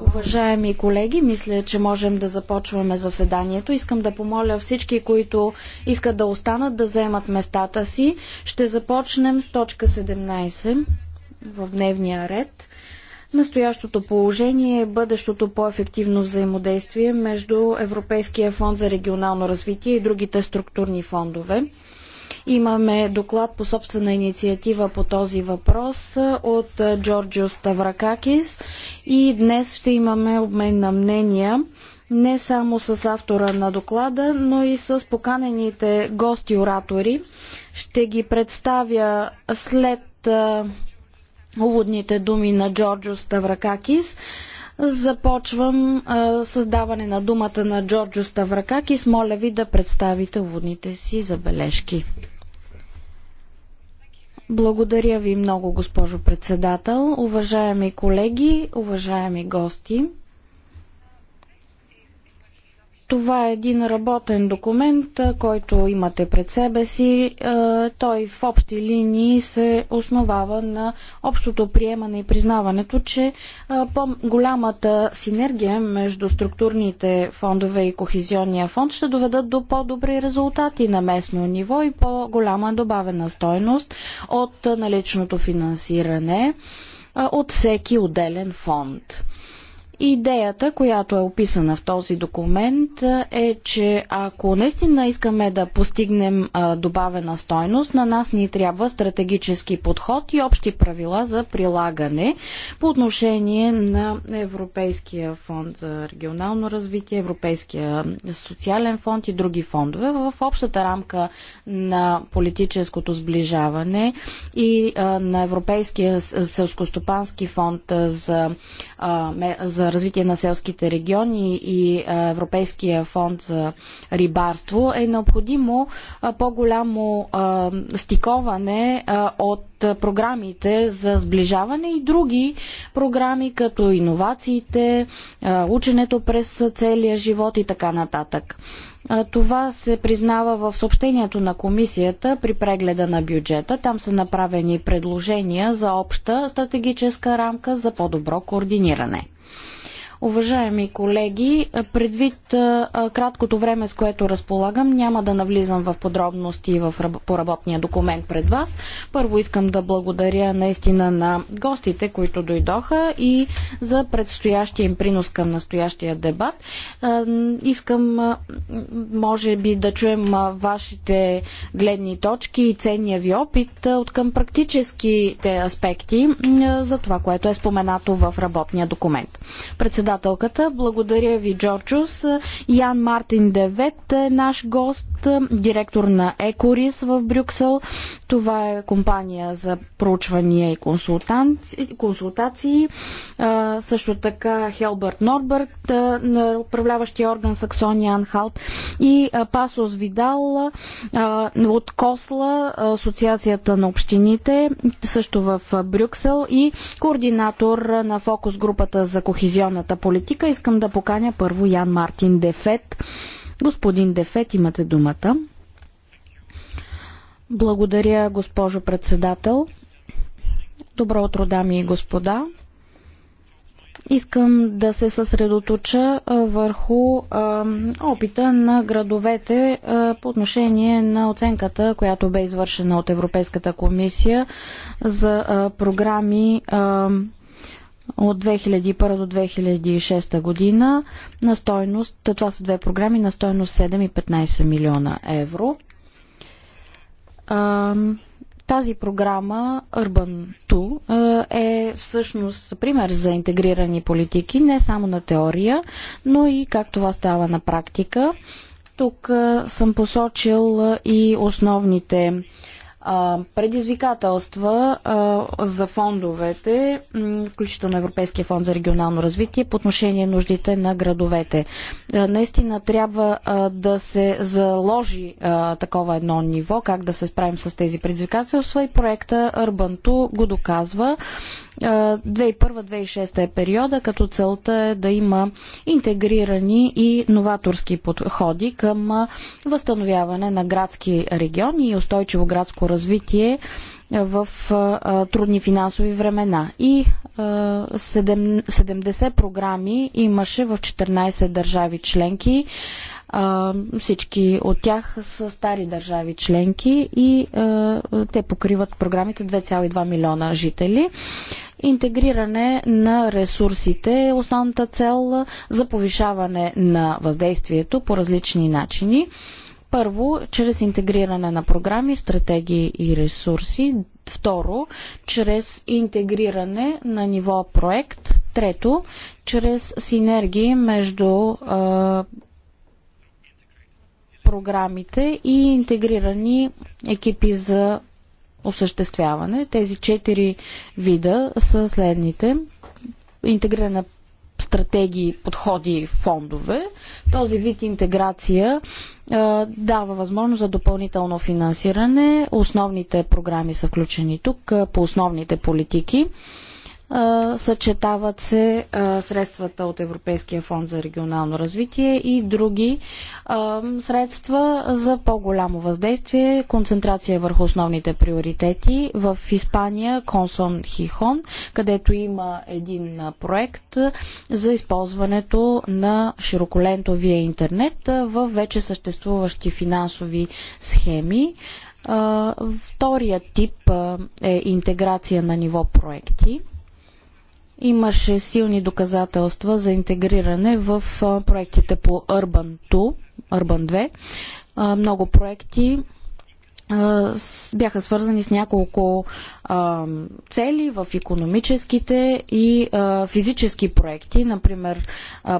Уважаеми колеги, мисля, че можем да започваме заседанието. Искам да помоля всички, които искат да останат, да заемат местата си. Ще започнем с точка 17 в дневния ред. Настоящото положение е бъдещото по-ефективно взаимодействие между Европейския фонд за регионално развитие и другите структурни фондове. Имаме доклад по собствена инициатива по този въпрос от Джорджио Ставракакис и днес ще имаме обмен на мнения не само с автора на доклада, но и с поканените гости-оратори. Ще ги представя след уводните думи на Джорджо Ставракакис. Започвам а, създаване на думата на Джорджо Ставракакис. Моля ви да представите уводните си забележки. Благодаря ви много, госпожо председател. Уважаеми колеги, уважаеми гости. Това е един работен документ, който имате пред себе си. Той в общи линии се основава на общото приемане и признаването, че по-голямата синергия между структурните фондове и кохезионния фонд ще доведат до по-добри резултати на местно ниво и по-голяма добавена стойност от наличното финансиране от всеки отделен фонд. Идеята, която е описана в този документ е, че ако наистина искаме да постигнем добавена стойност, на нас ни трябва стратегически подход и общи правила за прилагане по отношение на Европейския фонд за регионално развитие, Европейския социален фонд и други фондове в общата рамка на политическото сближаване и на Европейския селскостопански фонд за, за развитие на селските региони и Европейския фонд за рибарство, е необходимо по-голямо стиковане от програмите за сближаване и други програми, като иновациите, ученето през целия живот и така нататък. Това се признава в съобщението на комисията при прегледа на бюджета. Там са направени предложения за обща стратегическа рамка за по-добро координиране. Уважаеми колеги, предвид краткото време, с което разполагам, няма да навлизам в подробности в, по работния документ пред вас. Първо искам да благодаря наистина на гостите, които дойдоха и за предстоящия им принос към настоящия дебат. Искам, може би, да чуем вашите гледни точки и ценния ви опит от към практическите аспекти за това, което е споменато в работния документ. Председател Председателката, благодаря ви, Джорджус. Ян Мартин Девет е наш гост директор на Екорис в Брюксел. Това е компания за проучвания и консултации. Също така Хелбърт Норбърг, на управляващия орган Саксония Анхалт и Пасос Видал от Косла, Асоциацията на общините, също в Брюксел и координатор на фокус групата за кохизионната политика. Искам да поканя първо Ян Мартин Дефет. Господин Дефет, имате думата. Благодаря, госпожо председател. Добро утро, дами и господа. Искам да се съсредоточа върху а, опита на градовете а, по отношение на оценката, която бе извършена от Европейската комисия за а, програми от 2001 до 2006 година на стойност, това са две програми, на стойност 7 и 15 милиона евро. Тази програма Urban 2 е всъщност пример за интегрирани политики, не само на теория, но и как това става на практика. Тук съм посочил и основните предизвикателства за фондовете, включително Европейския фонд за регионално развитие, по отношение нуждите на градовете. Наистина трябва да се заложи такова едно ниво, как да се справим с тези предизвикателства и проекта Urban 2 го доказва. 2001-2006 е периода, като целта е да има интегрирани и новаторски подходи към възстановяване на градски региони и устойчиво градско развитие в трудни финансови времена. И 70 програми имаше в 14 държави членки а, всички от тях са стари държави членки и а, те покриват програмите 2,2 милиона жители. Интегриране на ресурсите е основната цел за повишаване на въздействието по различни начини. Първо, чрез интегриране на програми, стратегии и ресурси. Второ, чрез интегриране на ниво проект. Трето, чрез синергии между програмите и интегрирани екипи за осъществяване. Тези четири вида са следните. Интегрирана стратегии, подходи, фондове. Този вид интеграция е, дава възможност за допълнително финансиране. Основните програми са включени тук по основните политики съчетават се средствата от Европейския фонд за регионално развитие и други средства за по-голямо въздействие, концентрация върху основните приоритети. В Испания Консон Хихон, където има един проект за използването на широколентовия интернет в вече съществуващи финансови схеми. Вторият тип е интеграция на ниво проекти. Имаше силни доказателства за интегриране в проектите по Urban 2, Urban 2. Много проекти бяха свързани с няколко цели в економическите и физически проекти. Например,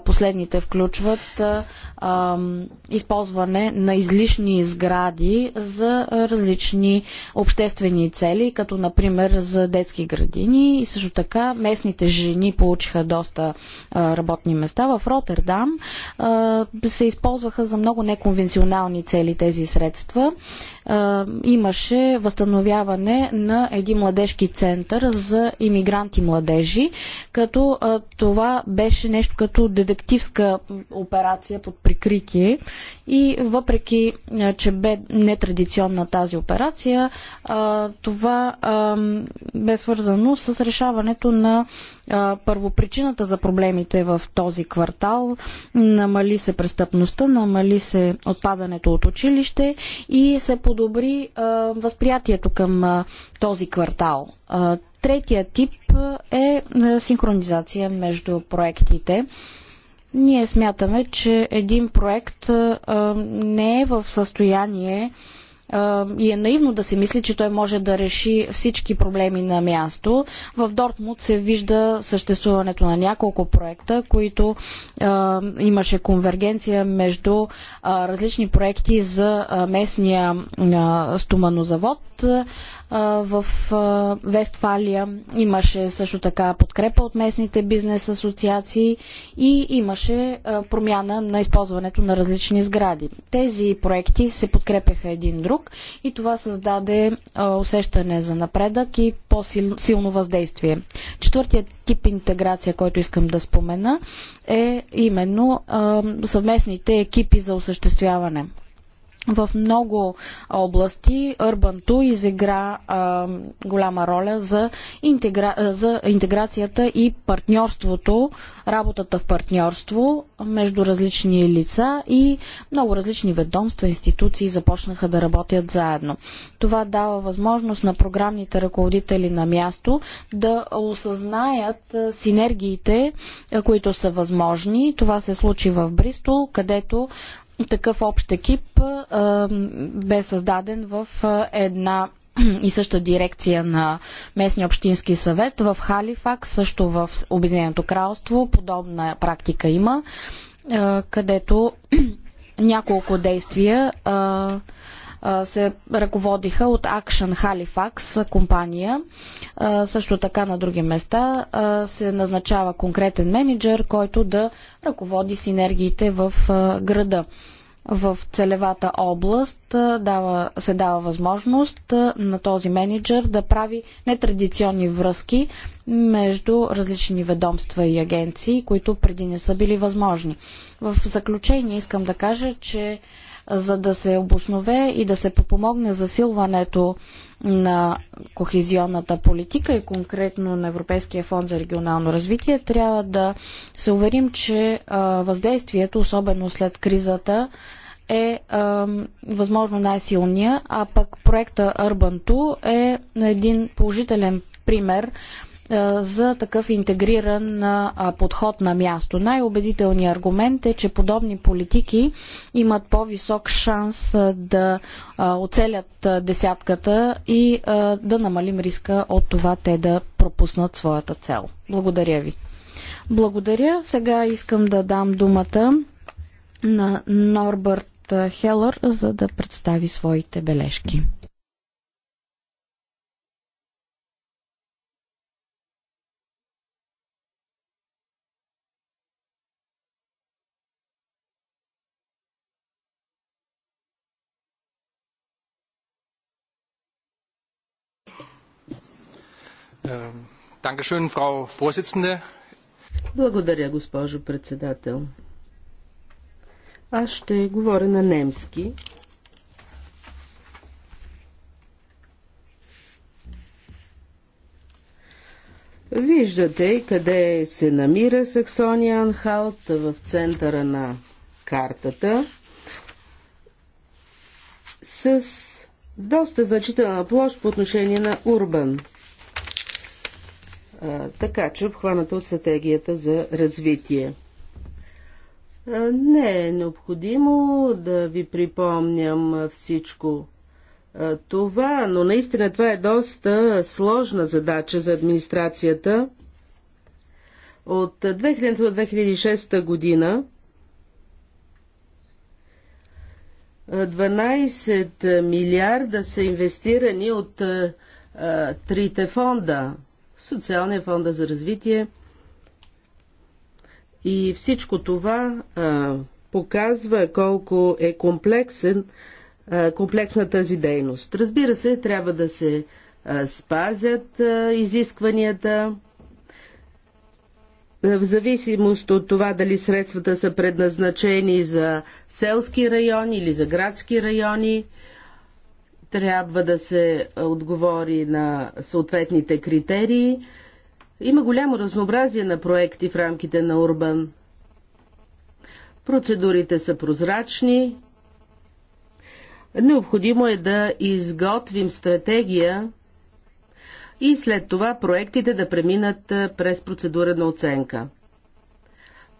последните включват използване на излишни сгради за различни обществени цели, като например за детски градини и също така местните жени получиха доста работни места. В Роттердам се използваха за много неконвенционални цели тези средства имаше възстановяване на един младежки център за иммигранти младежи, като а, това беше нещо като детективска операция под прикритие и въпреки, а, че бе нетрадиционна тази операция, а, това а, бе свързано с решаването на а, първопричината за проблемите в този квартал. Намали се престъпността, намали се отпадането от училище и се подобри подобри а, възприятието към а, този квартал. А, третия тип е синхронизация между проектите. Ние смятаме, че един проект а, не е в състояние а, и е наивно да се мисли, че той може да реши всички проблеми на място. В Дортмут се вижда съществуването на няколко проекта, които имаше конвергенция между различни проекти за местния стоманозавод, в Вестфалия. Имаше също така подкрепа от местните бизнес асоциации и имаше промяна на използването на различни сгради. Тези проекти се подкрепяха един друг и това създаде усещане за напредък и по-силно въздействие. Четвъртият тип интеграция, който искам да спомена, е именно съвместните екипи за осъществяване в много области Urban 2 изигра а, голяма роля за, интегра... за интеграцията и партньорството, работата в партньорство между различни лица и много различни ведомства, институции започнаха да работят заедно. Това дава възможност на програмните ръководители на място да осъзнаят синергиите, които са възможни. Това се случи в Бристол, където такъв общ екип бе създаден в една и съща дирекция на местния общински съвет в Халифакс, също в Обединеното кралство. Подобна практика има, където няколко действия се ръководиха от Action Halifax компания. Също така на други места се назначава конкретен менеджер, който да ръководи синергиите в града в целевата област дава, се дава възможност на този менеджер да прави нетрадиционни връзки между различни ведомства и агенции, които преди не са били възможни. В заключение искам да кажа, че за да се обоснове и да се подпомогне засилването на кохезионната политика и конкретно на Европейския фонд за регионално развитие, трябва да се уверим, че въздействието, особено след кризата, е, е възможно най-силния, а пък проекта Urban 2 е един положителен пример е, за такъв интегриран е, подход на място. Най-убедителният аргумент е, че подобни политики имат по-висок шанс е, да оцелят десятката и да намалим риска от това те да пропуснат своята цел. Благодаря ви. Благодаря. Сега искам да дам думата на Норбърт Хелър, за да представи своите бележки. Благодаря, госпожо председател. Аз ще говоря на немски. Виждате къде се намира Саксония Анхалт в центъра на картата с доста значителна площ по отношение на Урбан така че обхваната от стратегията за развитие. Не е необходимо да ви припомням всичко това, но наистина това е доста сложна задача за администрацията. От 2000 до 2006 година 12 милиарда са инвестирани от трите фонда Социалния фонд за развитие. И всичко това а, показва колко е комплексен, а, комплексна тази дейност. Разбира се, трябва да се а, спазят а, изискванията в зависимост от това дали средствата са предназначени за селски райони или за градски райони. А, трябва да се отговори на съответните критерии. Има голямо разнообразие на проекти в рамките на Урбан. Процедурите са прозрачни. Необходимо е да изготвим стратегия и след това проектите да преминат през процедура на оценка.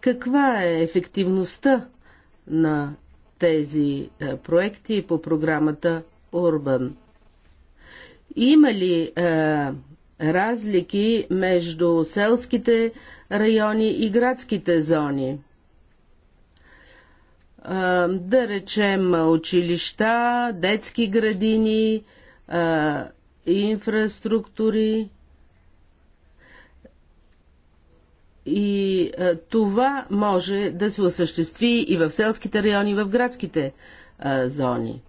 Каква е ефективността на тези проекти по програмата Урбан. Има ли е, разлики между селските райони и градските зони? Е, да речем училища, детски градини, е, инфраструктури. И а, е, това може да се осъществи и в селските райони, и в градските а, е, зони.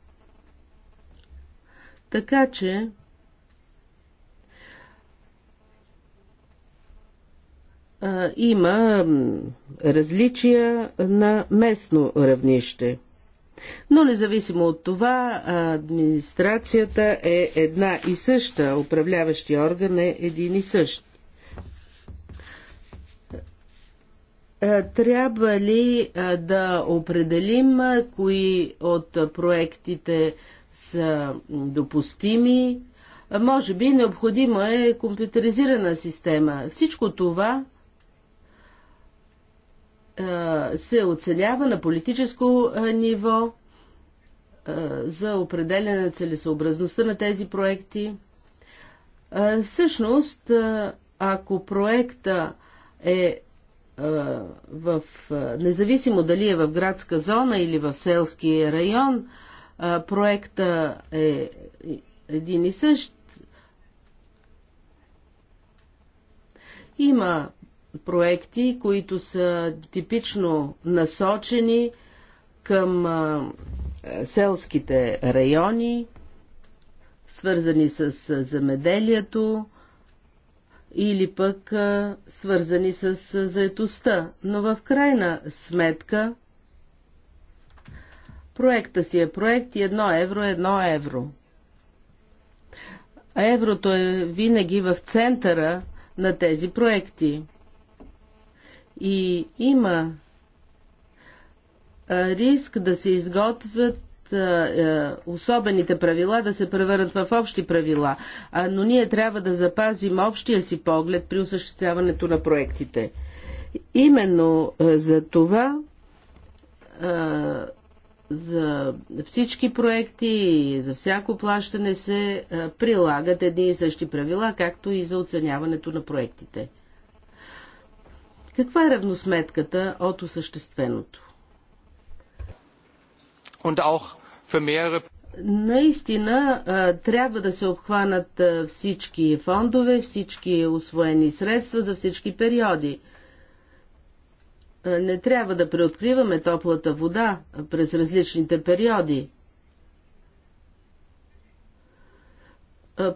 Така че а, има различия на местно равнище. Но независимо от това, администрацията е една и съща, управляващия орган е един и същ. Трябва ли да определим кои от проектите са допустими. Може би необходима е компютеризирана система. Всичко това се оцелява на политическо ниво за определяне на целесообразността на тези проекти. Всъщност, ако проекта е в, независимо дали е в градска зона или в селски район, проекта е един и същ. Има проекти, които са типично насочени към селските райони, свързани с земеделието или пък свързани с заетостта. Но в крайна сметка Проекта си е проект и едно евро е едно евро. Еврото е винаги в центъра на тези проекти. И има риск да се изготвят особените правила да се превърнат в общи правила, но ние трябва да запазим общия си поглед при осъществяването на проектите. Именно за това за всички проекти и за всяко плащане се прилагат едни и същи правила, както и за оценяването на проектите. Каква е равносметката от осъщественото? Mehrere... Наистина трябва да се обхванат всички фондове, всички освоени средства за всички периоди – не трябва да преоткриваме топлата вода през различните периоди.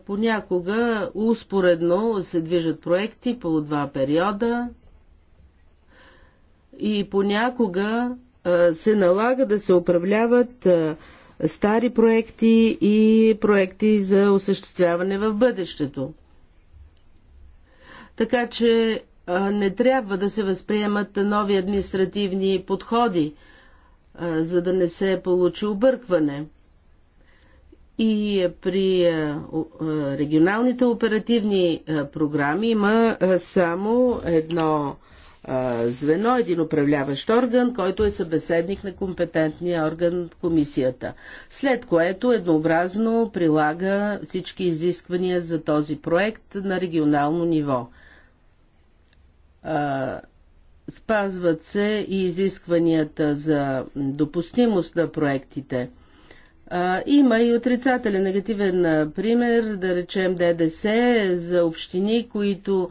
Понякога успоредно се движат проекти по два периода и понякога се налага да се управляват стари проекти и проекти за осъществяване в бъдещето. Така че не трябва да се възприемат нови административни подходи, за да не се получи объркване. И при регионалните оперативни програми има само едно звено, един управляващ орган, който е събеседник на компетентния орган комисията, след което еднообразно прилага всички изисквания за този проект на регионално ниво. Спазват се и изискванията за допустимост на проектите. Има и отрицателен, негативен пример, да речем ДДС за общини, които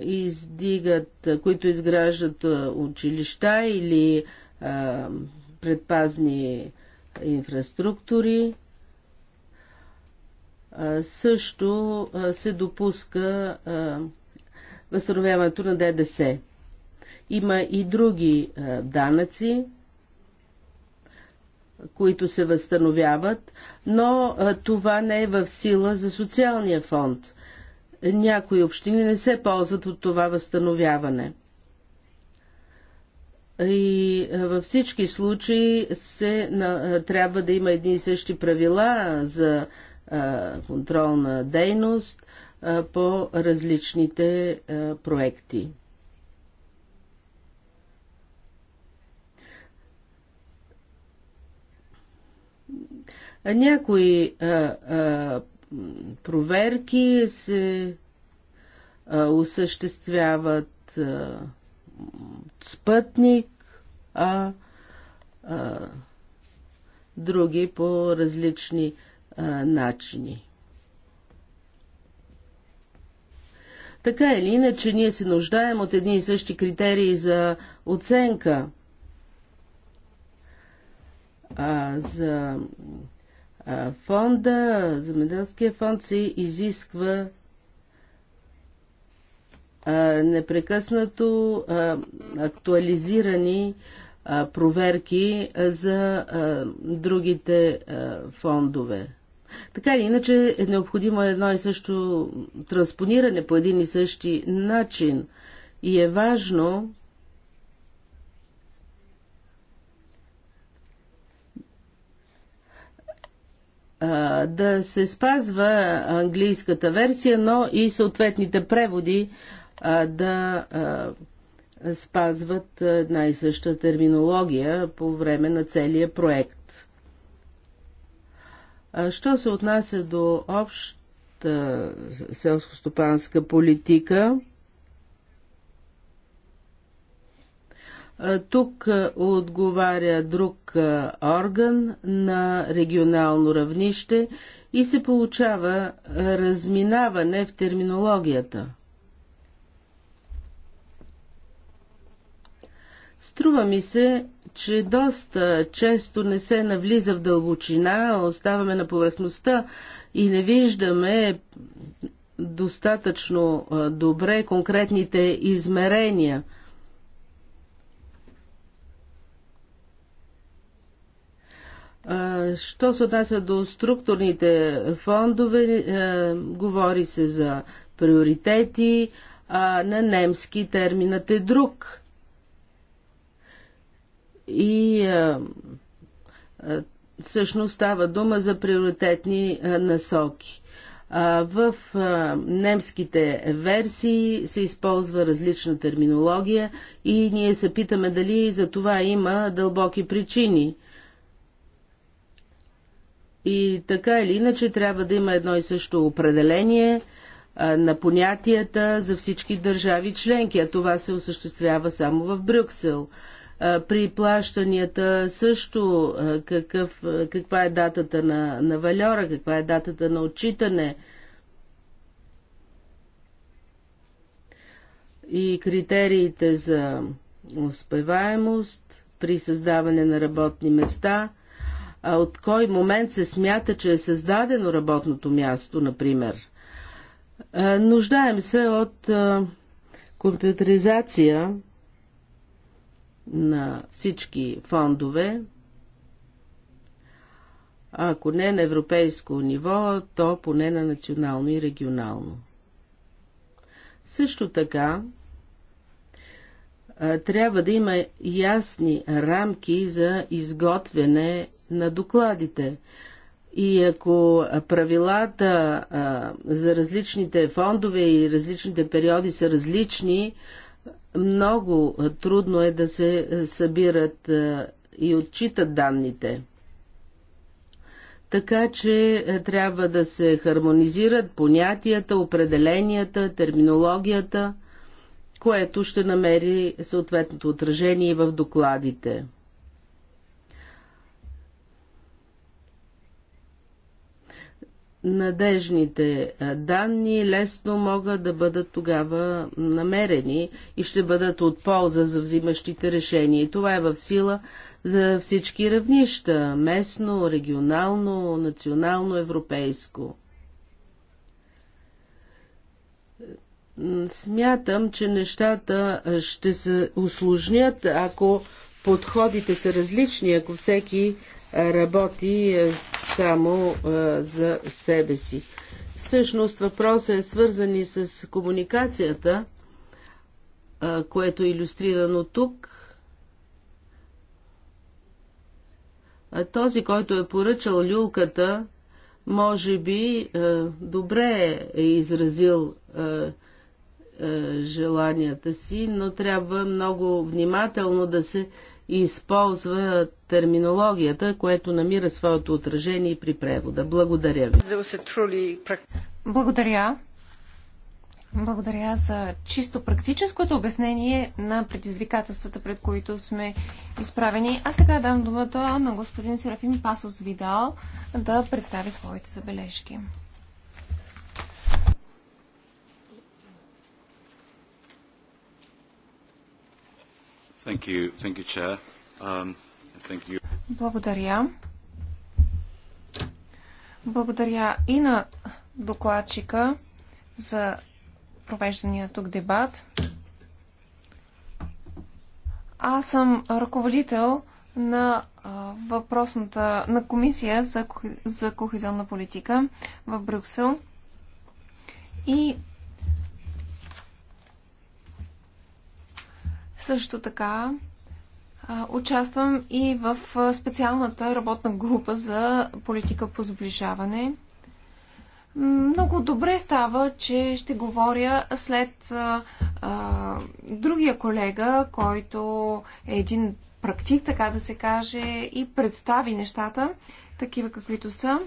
издигат, които изграждат училища или предпазни инфраструктури. също се допуска а, възстановяването на ДДС. Има и други е, данъци, които се възстановяват, но е, това не е в сила за социалния фонд. Някои общини не се ползват от това възстановяване. И е, във всички случаи се, на, трябва да има едни и същи правила за а, контролна дейност по различните проекти. Някои проверки се осъществяват спътник, а, а други по различни а, начини. Така или иначе, ние се нуждаем от едни и същи критерии за оценка, а, за а, фонда, за фонд се изисква а, непрекъснато а, актуализирани а, проверки за а, другите а, фондове. Така или иначе е необходимо едно и също транспониране по един и същи начин и е важно да се спазва английската версия, но и съответните преводи да спазват една и съща терминология по време на целия проект. Що се отнася до общата селско-стопанска политика, Тук отговаря друг орган на регионално равнище и се получава разминаване в терминологията. Струва ми се, че доста често не се навлиза в дълбочина, оставаме на повърхността и не виждаме достатъчно добре конкретните измерения. Що се отнася до структурните фондове, е, говори се за приоритети, а на немски терминът е друг и всъщност става дума за приоритетни насоки. В немските версии се използва различна терминология и ние се питаме дали за това има дълбоки причини. И така или иначе трябва да има едно и също определение на понятията за всички държави членки, а това се осъществява само в Брюксел. При плащанията също какъв, каква е датата на, на валера, каква е датата на отчитане и критериите за успеваемост при създаване на работни места, от кой момент се смята, че е създадено работното място, например. Нуждаем се от компютризация на всички фондове, а ако не на европейско ниво, то поне на национално и регионално. Също така, трябва да има ясни рамки за изготвяне на докладите. И ако правилата за различните фондове и различните периоди са различни, много трудно е да се е, събират е, и отчитат данните. Така че е, трябва да се хармонизират понятията, определенията, терминологията, което ще намери съответното отражение в докладите. надежните данни лесно могат да бъдат тогава намерени и ще бъдат от полза за взимащите решения. И това е в сила за всички равнища – местно, регионално, национално, европейско. Смятам, че нещата ще се усложнят, ако подходите са различни, ако всеки работи е, само е, за себе си. Всъщност въпросът е свързан и с комуникацията, е, което е иллюстрирано тук. Този, който е поръчал люлката, може би добре е изразил желанията си, но трябва много внимателно да се използва терминологията, което намира своето отражение и при превода. Благодаря ви. Благодаря. Благодаря за чисто практическото обяснение на предизвикателствата, пред които сме изправени. А сега дам думата на господин Серафим Пасос Видал да представи своите забележки. Thank you. Thank you, Chair. Um... Благодаря. Благодаря и на докладчика за провеждания тук дебат. Аз съм ръководител на въпросната на комисия за, за кохезионна политика в Брюксел. И също така Участвам и в специалната работна група за политика по сближаване. Много добре става, че ще говоря след а, другия колега, който е един практик, така да се каже, и представи нещата, такива каквито са.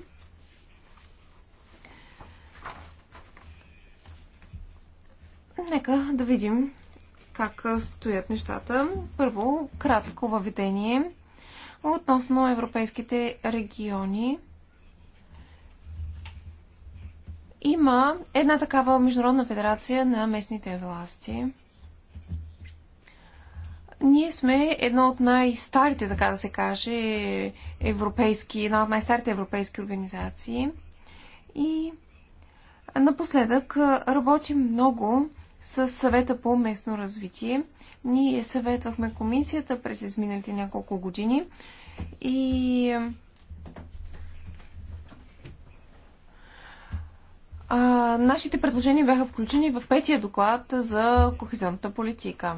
Нека да видим как стоят нещата. Първо, кратко въведение относно европейските региони. Има една такава международна федерация на местните власти. Ние сме едно от най-старите, така да се каже, европейски, една от най-старите европейски организации. И напоследък работим много с съвета по местно развитие. Ние съветвахме комисията през изминалите няколко години и а, нашите предложения бяха включени в петия доклад за кохезионната политика.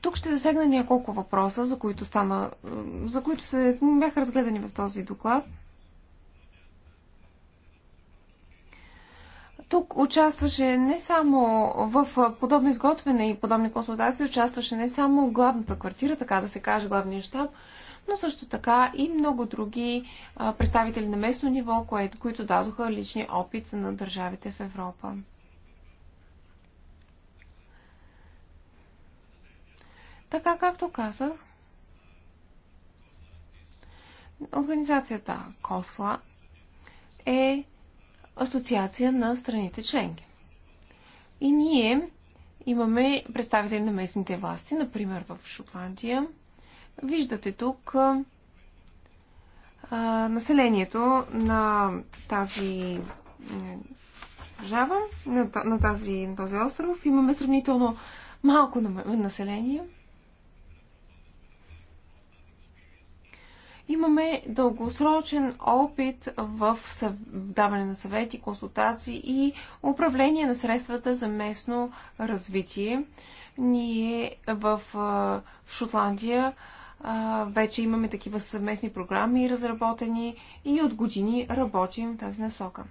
Тук ще засегна няколко въпроса, за които, стана, за които се, бяха разгледани в този доклад – Тук участваше не само в подобно изготвяне и подобни консултации, участваше не само главната квартира, така да се каже, главния щаб, но също така и много други представители на местно ниво, които дадоха лични опит на държавите в Европа. Така както казах, организацията КОСЛА е асоциация на страните членки. И ние имаме представители на местните власти, например в Шотландия. Виждате тук а, населението на тази държава, на, на, тази, на този остров. Имаме сравнително малко население – Имаме дългосрочен опит в даване на съвети, консултации и управление на средствата за местно развитие. Ние в Шотландия вече имаме такива съвместни програми разработени и от години работим в тази насока.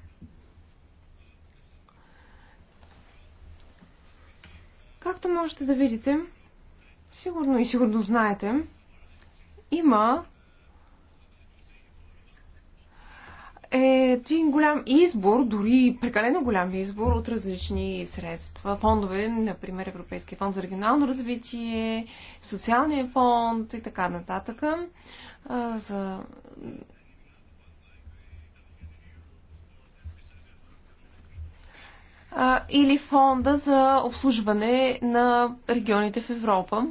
Както можете да видите, сигурно и сигурно знаете, има е един голям избор, дори прекалено голям избор от различни средства. Фондове, например Европейския фонд за регионално развитие, Социалния фонд и така нататък. А, за... А, или фонда за обслужване на регионите в Европа.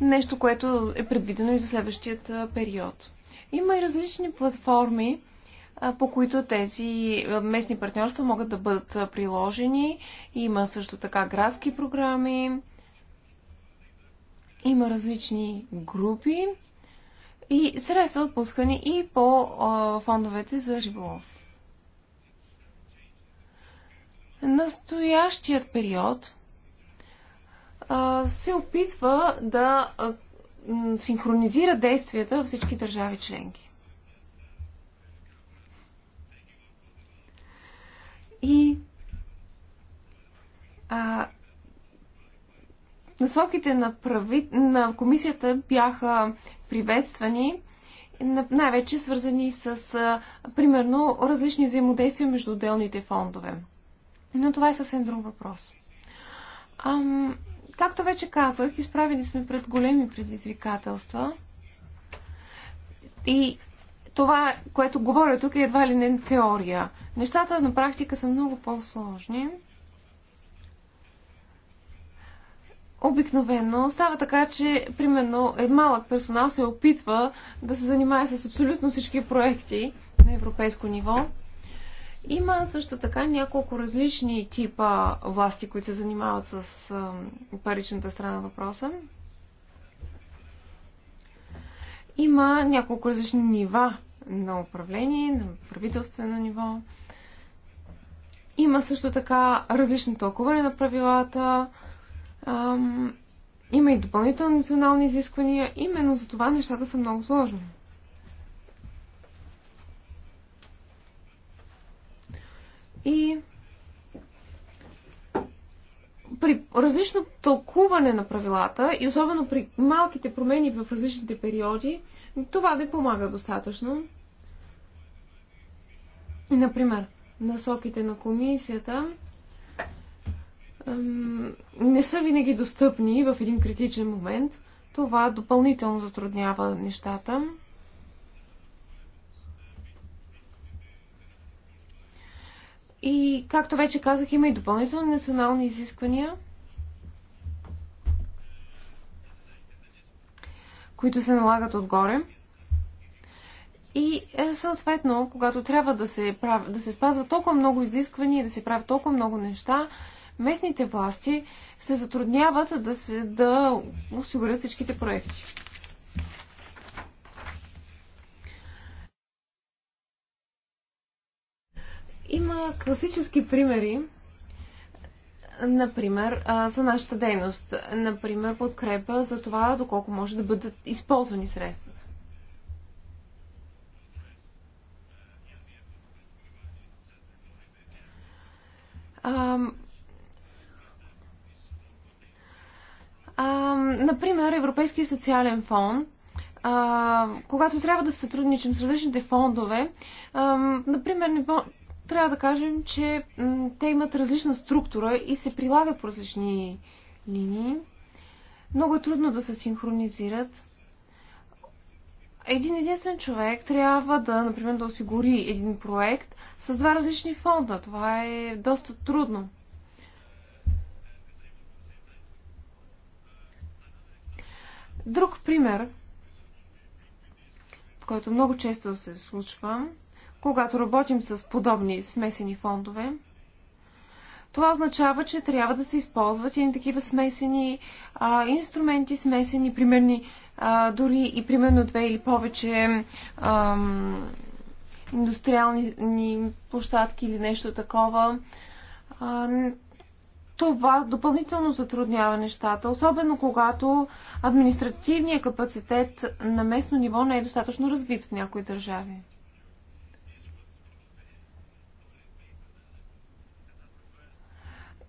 Нещо, което е предвидено и за следващият период. Има и различни платформи, по които тези местни партньорства могат да бъдат приложени. Има също така градски програми, има различни групи и средства отпускани и по фондовете за риболов. Настоящият период се опитва да синхронизира действията във всички държави членки. и а, насоките на, прави, на комисията бяха приветствани, най-вече свързани с, а, примерно, различни взаимодействия между отделните фондове. Но това е съвсем друг въпрос. Ам, както вече казах, изправени сме пред големи предизвикателства и това, което говоря тук е едва ли не теория. Нещата на практика са много по-сложни. Обикновено става така, че примерно е малък персонал се опитва да се занимае с абсолютно всички проекти на европейско ниво. Има също така няколко различни типа власти, които се занимават с паричната страна въпроса. Има няколко различни нива на управление, на правителствено ниво. Има също така различни тълкуване на правилата. Ам, има и допълнителни национални изисквания. Именно за това нещата са много сложни. И при различно тълкуване на правилата и особено при малките промени в различните периоди, това не помага достатъчно. Например, насоките на комисията не са винаги достъпни в един критичен момент. Това допълнително затруднява нещата. И, както вече казах, има и допълнителни национални изисквания, които се налагат отгоре. И е, съответно, когато трябва да се, прав... да се спазва толкова много изисквания и да се правят толкова много неща, местните власти се затрудняват да, се... да осигурят всичките проекти. Има класически примери, например, за нашата дейност. Например, подкрепа за това, доколко може да бъдат използвани средства. например, Европейския социален фонд, когато трябва да се сътрудничим с различните фондове, например, не, трябва да кажем, че те имат различна структура и се прилагат по различни линии. Много е трудно да се синхронизират. Един единствен човек трябва да, например, да осигури един проект с два различни фонда. Това е доста трудно. Друг пример, в който много често се случва, когато работим с подобни смесени фондове, това означава, че трябва да се използват и такива смесени а, инструменти, смесени, примерни, а, дори и примерно две или повече а, индустриални площадки или нещо такова. А, това допълнително затруднява нещата, особено когато административният капацитет на местно ниво не е достатъчно развит в някои държави.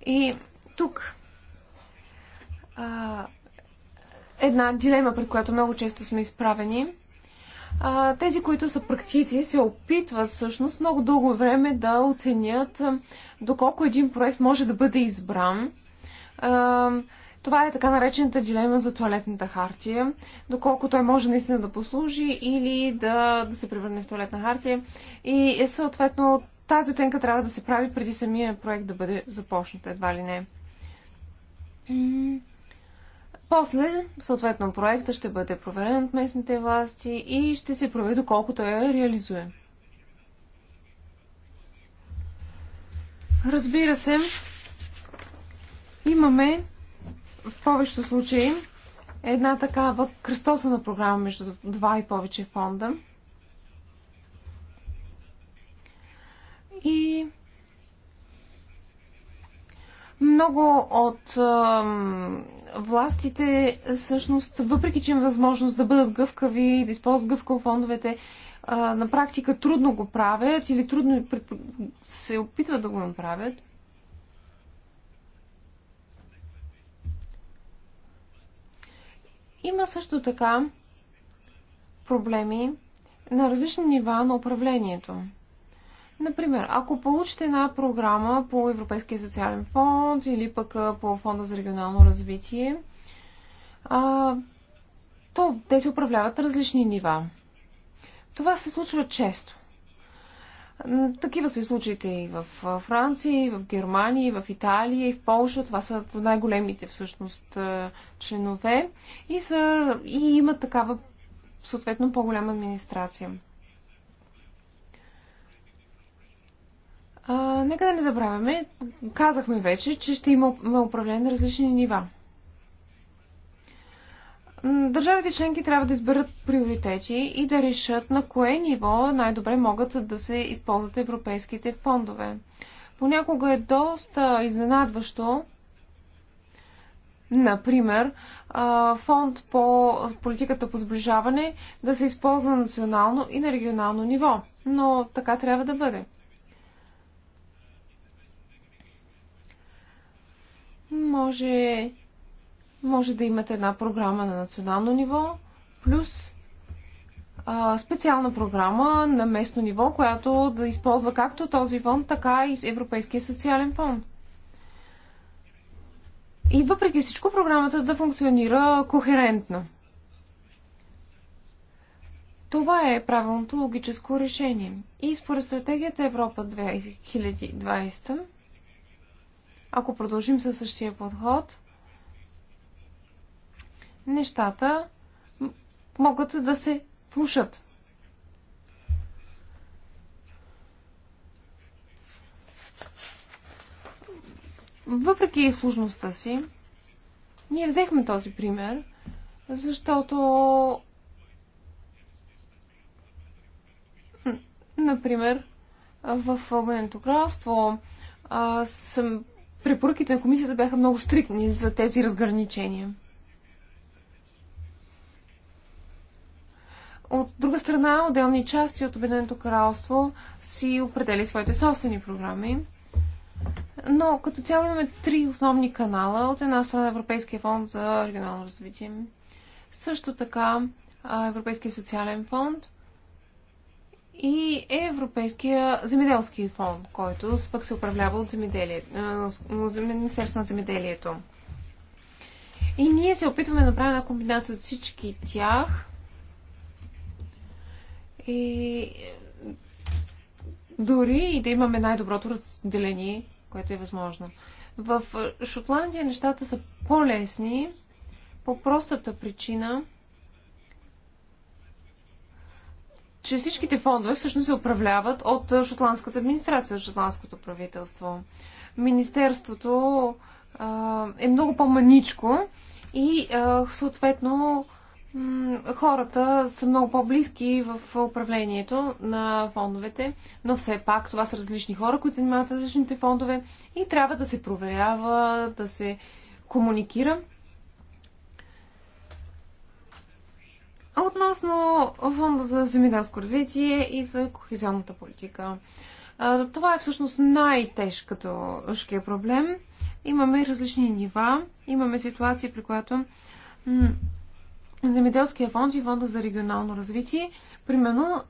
И тук а, една дилема, пред която много често сме изправени. А, тези, които са практици, се опитват всъщност много дълго време да оценят а, доколко един проект може да бъде избран. А, това е така наречената дилема за туалетната хартия. Доколко той може наистина да послужи или да, да се превърне в туалетна хартия. И е съответно тази оценка трябва да се прави преди самия проект да бъде започнат, едва ли не. После, съответно, проекта ще бъде проверен от местните власти и ще се провери доколкото я е реализуем. Разбира се, имаме в повечето случаи една такава кръстосана програма между два и повече фонда – И много от а, властите, всъщност, въпреки че им е възможност да бъдат гъвкави, да използват гъвкаво фондовете, а, на практика трудно го правят или трудно се опитват да го направят. Има също така проблеми на различни нива на управлението. Например, ако получите една програма по Европейския социален фонд или пък по Фонда за регионално развитие, а, то те се управляват различни нива. Това се случва често. Такива са и случаите и в Франция, и в Германия, и в Италия, и в Польша. Това са най-големите всъщност членове и, са, и имат такава съответно по-голяма администрация. А, нека да не забравяме, казахме вече, че ще има управление на различни нива. Държавите членки трябва да изберат приоритети и да решат на кое ниво най-добре могат да се използват европейските фондове. Понякога е доста изненадващо, например, фонд по политиката по сближаване да се използва национално и на регионално ниво. Но така трябва да бъде. може, може да имате една програма на национално ниво, плюс а, специална програма на местно ниво, която да използва както този фонд, така и Европейския социален фонд. И въпреки всичко, програмата да функционира кохерентно. Това е правилното логическо решение. И според стратегията Европа 2020 ако продължим със същия подход, нещата могат да се влушат. Въпреки сложността си, ние взехме този пример, защото например, в Обединеното кралство съм препоръките на комисията бяха много стрикни за тези разграничения. От друга страна, отделни части от Обединеното кралство си определи своите собствени програми. Но като цяло имаме три основни канала. От една страна Европейския фонд за регионално развитие. Също така Европейския социален фонд и Европейския земеделски фонд, който пък се управлява от Министерството на земеделието. И ние се опитваме да направим една комбинация от всички тях. И дори и да имаме най-доброто разделение, което е възможно. В Шотландия нещата са по-лесни, по простата причина, че всичките фондове всъщност се управляват от шотландската администрация, от шотландското правителство. Министерството е много по-маничко и съответно хората са много по-близки в управлението на фондовете, но все пак това са различни хора, които занимават различните фондове и трябва да се проверява, да се комуникира. Относно фонда за земеделско развитие и за кохезионната политика. Това е всъщност най-тежкия проблем. Имаме различни нива. Имаме ситуации, при която Земеделския фонд и фонда за регионално развитие, примерно,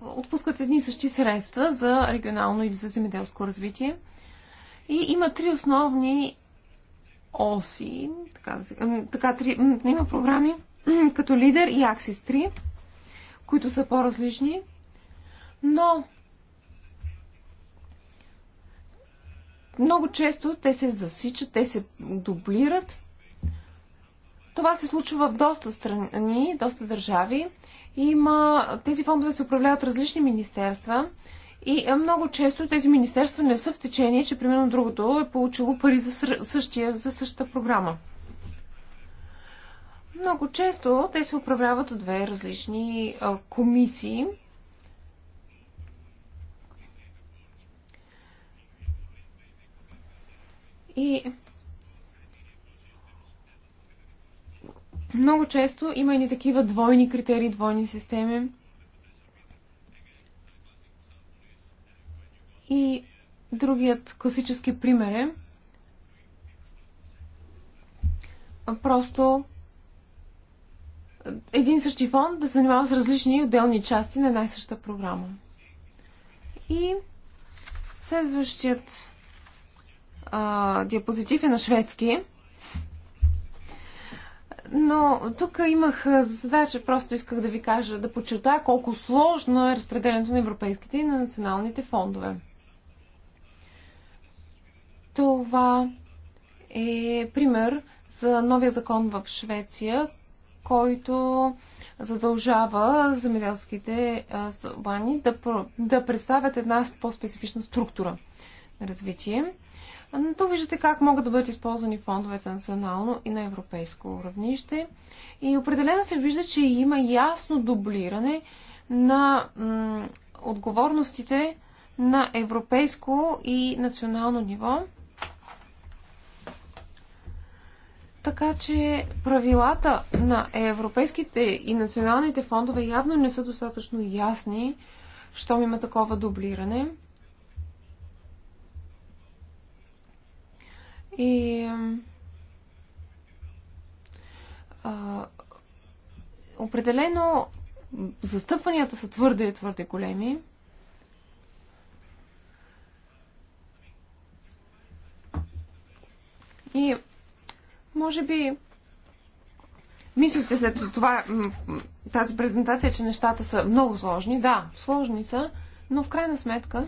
отпускат едни същи средства за регионално и за земеделско развитие. И има три основни оси, така да се, ами, така, три, има програми, като лидер и Аксис 3, които са по-различни. Но много често те се засичат, те се дублират. Това се случва в доста страни, доста държави. Има, тези фондове се управляват различни министерства и е, много често тези министерства не са в течение, че примерно другото е получило пари за същия, за същата програма. Много често те се управляват от две различни а, комисии. И много често има и такива двойни критерии, двойни системи. И другият класически пример е просто един същи фонд да се занимава с различни отделни части на една съща програма. И следващият а, диапозитив е на шведски. Но тук имах задача, просто исках да ви кажа, да подчертая колко сложно е разпределението на европейските и на националните фондове. Това е пример за новия закон в Швеция, който задължава земеделските стопани да, да представят една по-специфична структура на развитие. То виждате как могат да бъдат използвани фондовете национално и на европейско равнище. И определено се вижда, че има ясно дублиране на отговорностите на европейско и национално ниво. Така че правилата на европейските и националните фондове явно не са достатъчно ясни, щом има такова дублиране. И а, определено застъпванията са твърде, твърде големи. И може би мислите след това, тази презентация, че нещата са много сложни. Да, сложни са, но в крайна сметка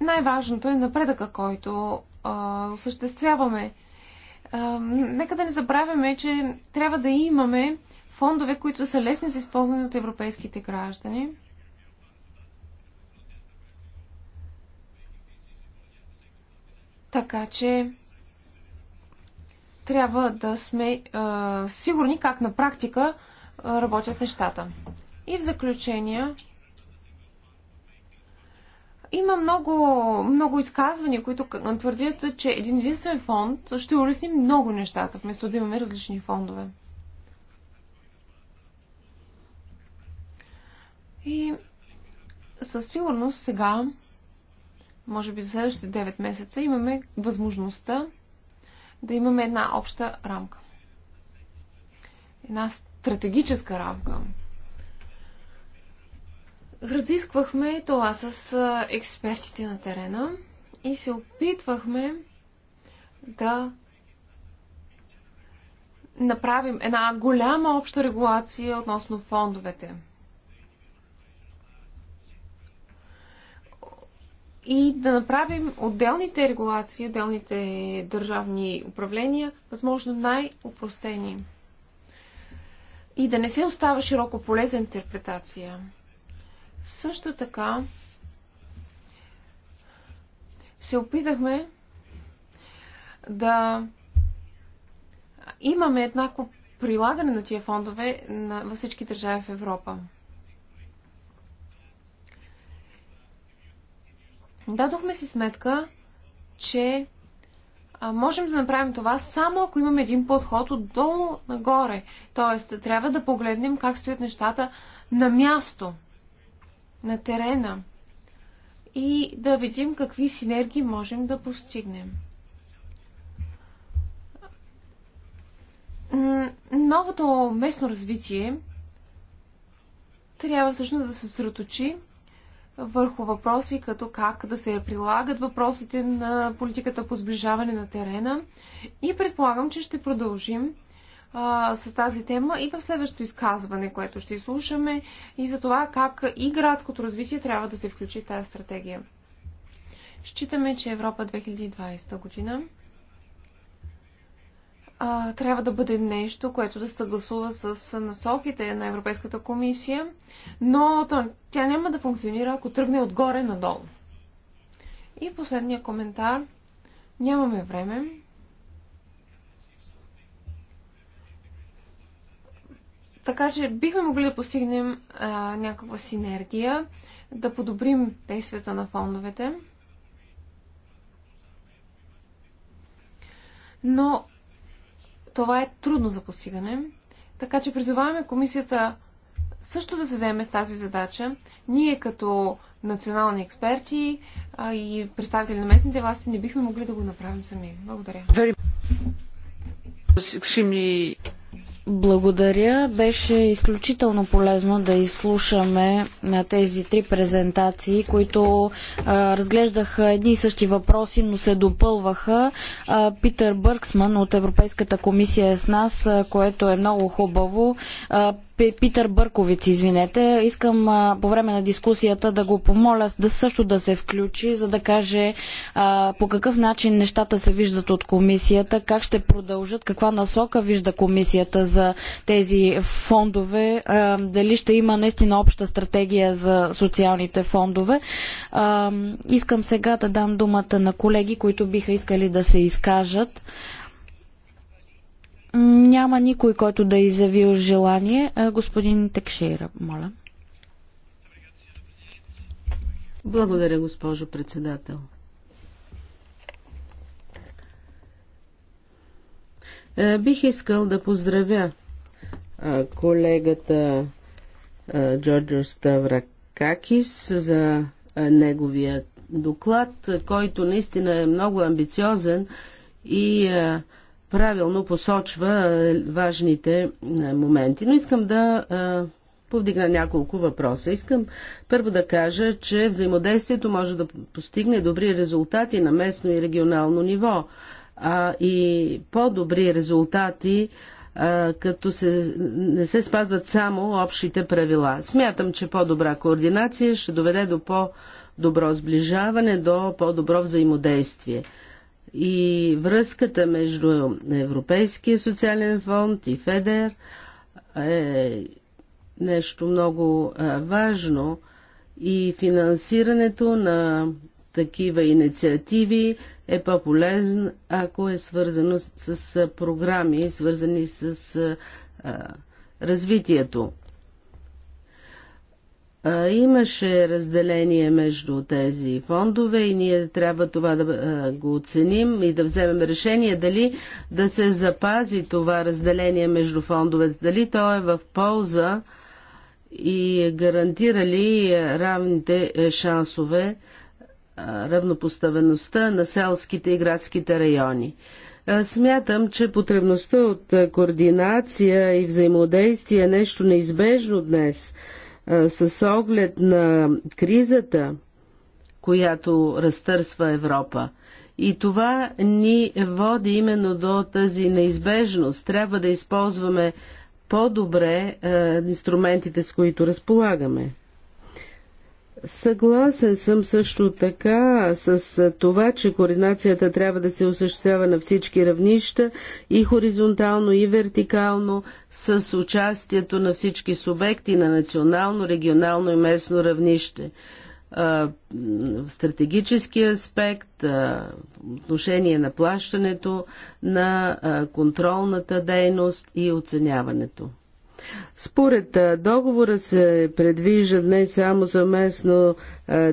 най-важното е напредъка, който а, осъществяваме. А, нека да не забравяме, че трябва да имаме фондове, които са лесни за използване от европейските граждани. Така че трябва да сме а, сигурни как на практика а, работят нещата. И в заключение, има много, много изказвания, които твърдят, че един единствен фонд ще улесни много нещата, вместо да имаме различни фондове. И със сигурност сега, може би за следващите 9 месеца, имаме възможността да имаме една обща рамка. Една стратегическа рамка. Разисквахме това с експертите на терена и се опитвахме да направим една голяма обща регулация относно фондовете – и да направим отделните регулации, отделните държавни управления, възможно най-упростени. И да не се остава широко поле за интерпретация. Също така се опитахме да имаме еднакво прилагане на тия фондове на, във всички държави в Европа. Дадохме си сметка, че а, можем да направим това само ако имаме един подход отдолу нагоре. Тоест, трябва да погледнем как стоят нещата на място, на терена и да видим какви синергии можем да постигнем. Новото местно развитие трябва всъщност да се съсредоточи върху въпроси като как да се прилагат въпросите на политиката по сближаване на терена. И предполагам, че ще продължим а, с тази тема и в следващото изказване, което ще изслушаме, и за това как и градското развитие трябва да се включи в тази стратегия. Считаме, че Европа 2020 година а, трябва да бъде нещо, което да съгласува с насоките на Европейската комисия, но тя няма да функционира, ако тръгне отгоре надолу. И последния коментар. Нямаме време. Така че бихме могли да постигнем а, някаква синергия, да подобрим действията на фондовете. Но това е трудно за постигане. Така че призоваваме комисията също да се заеме с тази задача. Ние като национални експерти а, и представители на местните власти не бихме могли да го направим сами. Благодаря. Благодаря. Беше изключително полезно да изслушаме тези три презентации, които а, разглеждаха едни и същи въпроси, но се допълваха. А, Питър Бърксман от Европейската комисия е с нас, а, което е много хубаво. Питър Бърковиц, извинете. Искам а, по време на дискусията да го помоля да също да се включи, за да каже а, по какъв начин нещата се виждат от комисията, как ще продължат, каква насока вижда комисията за тези фондове, а, дали ще има наистина обща стратегия за социалните фондове. искам сега да дам думата на колеги, които биха искали да се изкажат. Няма никой, който да е изявил желание. Е, господин Текшейра, моля. Благодаря, госпожо председател. Е, бих искал да поздравя колегата Джорджо Ставракакис за неговия доклад, който наистина е много амбициозен и правилно посочва важните моменти. Но искам да повдигна няколко въпроса. Искам първо да кажа, че взаимодействието може да постигне добри резултати на местно и регионално ниво а, и по-добри резултати, а, като се, не се спазват само общите правила. Смятам, че по-добра координация ще доведе до по-добро сближаване, до по-добро взаимодействие и връзката между Европейския социален фонд и ФЕДЕР е нещо много важно и финансирането на такива инициативи е по полезно ако е свързано с, програми, свързани с развитието Имаше разделение между тези фондове и ние трябва това да го оценим и да вземем решение дали да се запази това разделение между фондовете, дали то е в полза и гарантира ли равните шансове, равнопоставеността на селските и градските райони. Смятам, че потребността от координация и взаимодействие е нещо неизбежно днес – с оглед на кризата, която разтърсва Европа. И това ни води именно до тази неизбежност. Трябва да използваме по-добре инструментите, с които разполагаме. Съгласен съм също така с това, че координацията трябва да се осъществява на всички равнища и хоризонтално, и вертикално, с участието на всички субекти на национално, регионално и местно равнище. В стратегически аспект, отношение на плащането, на контролната дейност и оценяването. Според договора се предвижда не само съвместно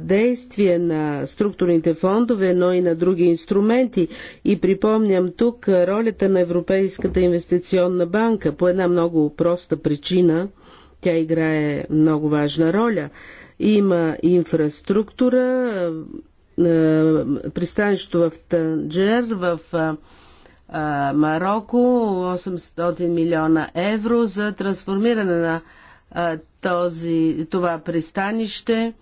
действие на структурните фондове, но и на други инструменти. И припомням тук ролята на Европейската инвестиционна банка по една много проста причина. Тя играе много важна роля. Има инфраструктура, пристанището в Танджер, в Марокко 800 милиона евро за трансформиране на този, това пристанище,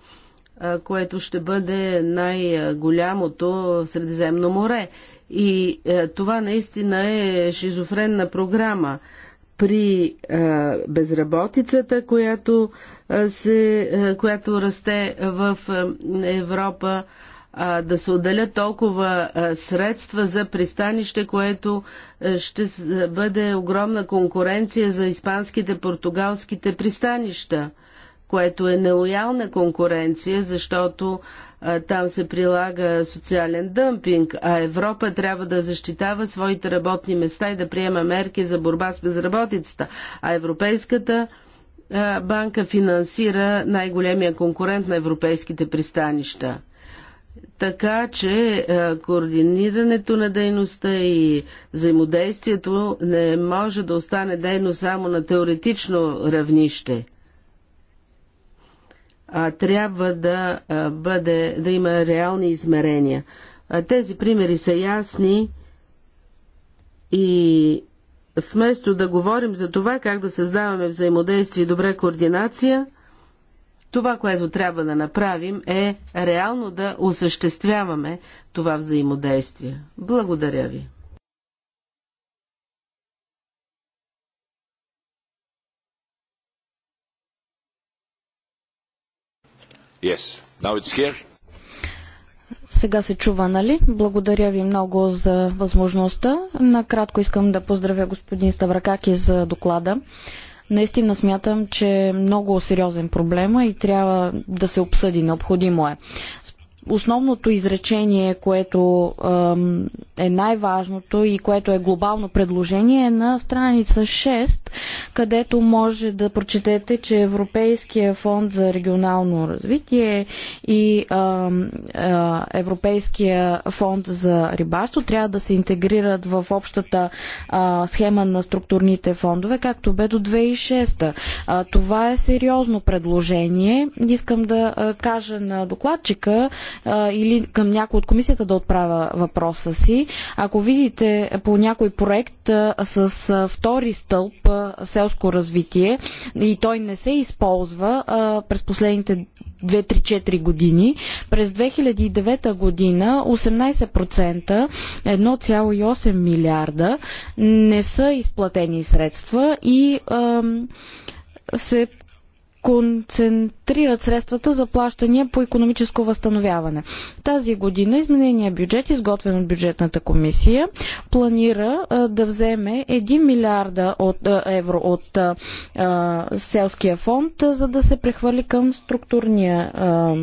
което ще бъде най-голямото в Средиземно море. И това наистина е шизофренна програма. При безработицата, която, се, която расте в Европа, а, да се отделят толкова а, средства за пристанище, което а, ще бъде огромна конкуренция за испанските, португалските пристанища, което е нелоялна конкуренция, защото а, там се прилага социален дъмпинг, а Европа трябва да защитава своите работни места и да приема мерки за борба с безработицата, а Европейската банка финансира най-големия конкурент на европейските пристанища. Така че е, координирането на дейността и взаимодействието не може да остане дейно само на теоретично равнище, а трябва да, е, бъде, да има реални измерения. Е, тези примери са ясни и вместо да говорим за това как да създаваме взаимодействие и добра координация – това, което трябва да направим е реално да осъществяваме това взаимодействие. Благодаря ви. Yes. Now it's here. Сега се чува, нали? Благодаря ви много за възможността. Накратко искам да поздравя господин Ставракаки за доклада. Наистина смятам, че е много сериозен проблема и трябва да се обсъди. Необходимо е основното изречение, което е най-важното и което е глобално предложение, е на страница 6, където може да прочетете, че Европейския фонд за регионално развитие и Европейския фонд за рибарство трябва да се интегрират в общата схема на структурните фондове, както бе до 2006. това е сериозно предложение. Искам да кажа на докладчика, а, или към някой от комисията да отправя въпроса си. Ако видите по някой проект а, с а, втори стълб а, селско развитие и той не се използва а, през последните 2-3-4 години. През 2009 година 18%, 1,8 милиарда не са изплатени средства и се концентрират средствата за плащания по економическо възстановяване. Тази година изменения бюджет, изготвен от бюджетната комисия, планира а, да вземе 1 милиарда от, а, евро от а, селския фонд, а, за да се прехвърли към структурния, а,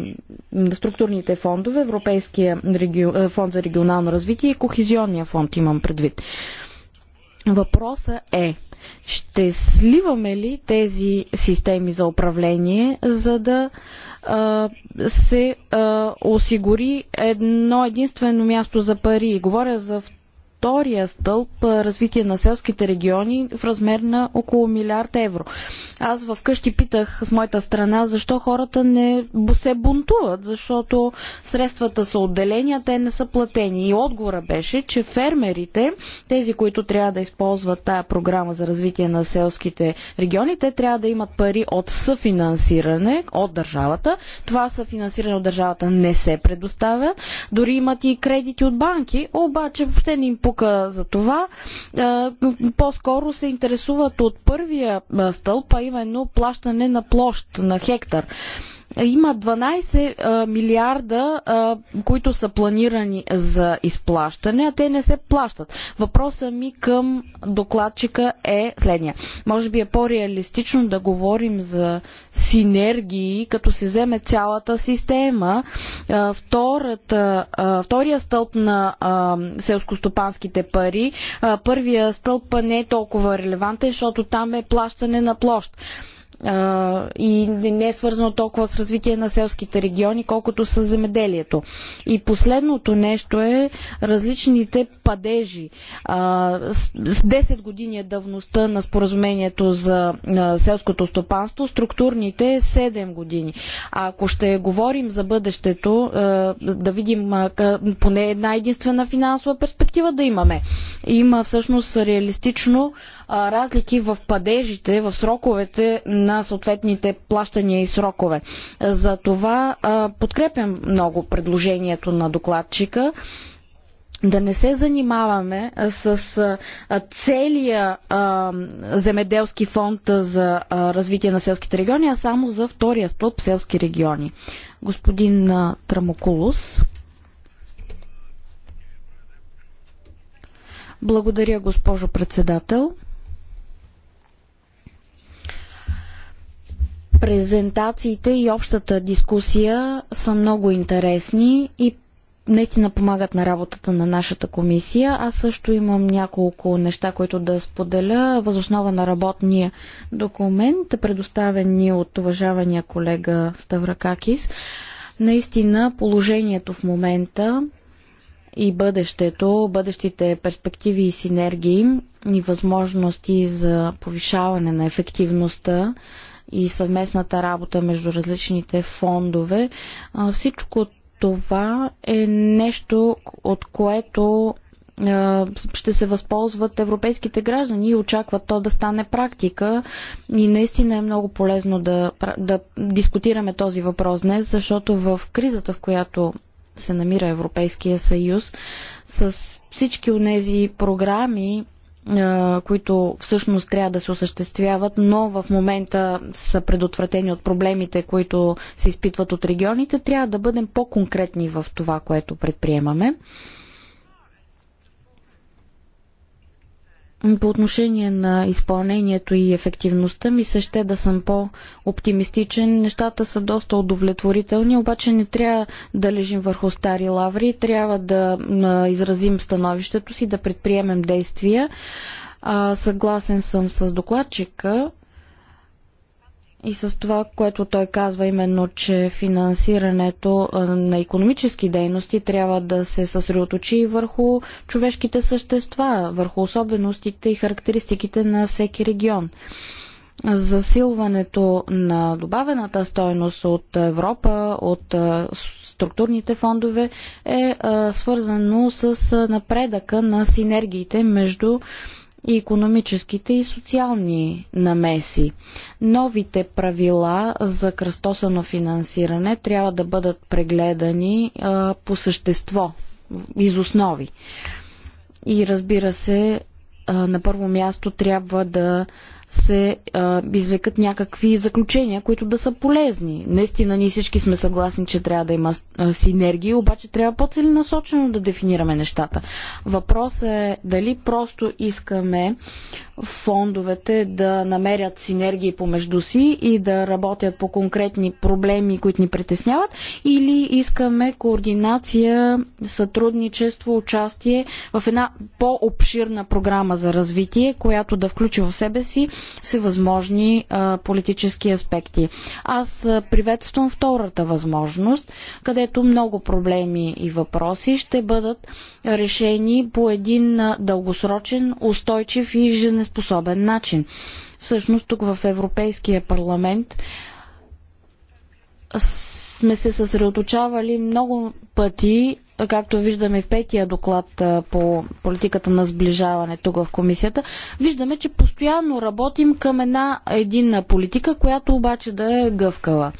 структурните фондове, Европейския регион, фонд за регионално развитие и Кохизионния фонд имам предвид. Въпросът е ще сливаме ли тези системи за управление, за да а, се а, осигури едно единствено място за пари? Говоря за втория стълб развитие на селските региони в размер на около милиард евро. Аз в къщи питах в моята страна защо хората не се бунтуват, защото средствата са отделени, а те не са платени. И отговора беше, че фермерите, тези, които трябва да използват тая програма за развитие на селските региони, те трябва да имат пари от съфинансиране от държавата. Това съфинансиране от държавата не се предоставя. Дори имат и кредити от банки, обаче въобще не им пука за това. По-скоро се интересуват от първия стълб, а именно плащане на площ на хектар има 12 милиарда, които са планирани за изплащане, а те не се плащат. Въпросът ми към докладчика е следния. Може би е по-реалистично да говорим за синергии, като се вземе цялата система. Втората, втория стълб на селскостопанските пари, първия стълб не е толкова релевантен, защото там е плащане на площ и не е свързано толкова с развитие на селските региони, колкото с земеделието. И последното нещо е различните падежи. С 10 години е давността на споразумението за селското стопанство, структурните 7 е години. А ако ще говорим за бъдещето, да видим поне една единствена финансова перспектива да имаме. Има всъщност реалистично разлики в падежите, в сроковете на съответните плащания и срокове. За това подкрепям много предложението на докладчика да не се занимаваме с целия земеделски фонд за развитие на селските региони, а само за втория стълб селски региони. Господин Трамокулус. Благодаря, госпожо председател. презентациите и общата дискусия са много интересни и наистина помагат на работата на нашата комисия. Аз също имам няколко неща, които да споделя. Възоснова на работния документ, предоставен ни от уважавания колега Ставракакис. Наистина положението в момента и бъдещето, бъдещите перспективи и синергии и възможности за повишаване на ефективността и съвместната работа между различните фондове. Всичко това е нещо, от което е, ще се възползват европейските граждани и очакват то да стане практика. И наистина е много полезно да, да дискутираме този въпрос днес, защото в кризата, в която се намира Европейския съюз, с всички от тези програми, които всъщност трябва да се осъществяват, но в момента са предотвратени от проблемите, които се изпитват от регионите, трябва да бъдем по-конкретни в това, което предприемаме. По отношение на изпълнението и ефективността ми се ще да съм по-оптимистичен. Нещата са доста удовлетворителни, обаче не трябва да лежим върху стари лаври. Трябва да изразим становището си, да предприемем действия. А, съгласен съм с докладчика и с това, което той казва, именно, че финансирането на економически дейности трябва да се съсредоточи върху човешките същества, върху особеностите и характеристиките на всеки регион. Засилването на добавената стойност от Европа, от структурните фондове е свързано с напредъка на синергиите между и економическите и социални намеси. Новите правила за кръстосано финансиране трябва да бъдат прегледани а, по същество, из основи. И разбира се, а, на първо място трябва да се а, извлекат някакви заключения, които да са полезни. Наистина, ние всички сме съгласни, че трябва да има синергии, обаче трябва по-целенасочено да дефинираме нещата. Въпросът е дали просто искаме фондовете да намерят синергии помежду си и да работят по конкретни проблеми, които ни притесняват, или искаме координация, сътрудничество, участие в една по-обширна програма за развитие, която да включи в себе си всевъзможни а, политически аспекти. Аз приветствам втората възможност, където много проблеми и въпроси ще бъдат решени по един дългосрочен, устойчив и жизнеспособен начин. Всъщност тук в Европейския парламент сме се съсредоточавали много пъти както виждаме в петия доклад по политиката на сближаване тук в комисията, виждаме, че постоянно работим към една единна политика, която обаче да е гъвкава.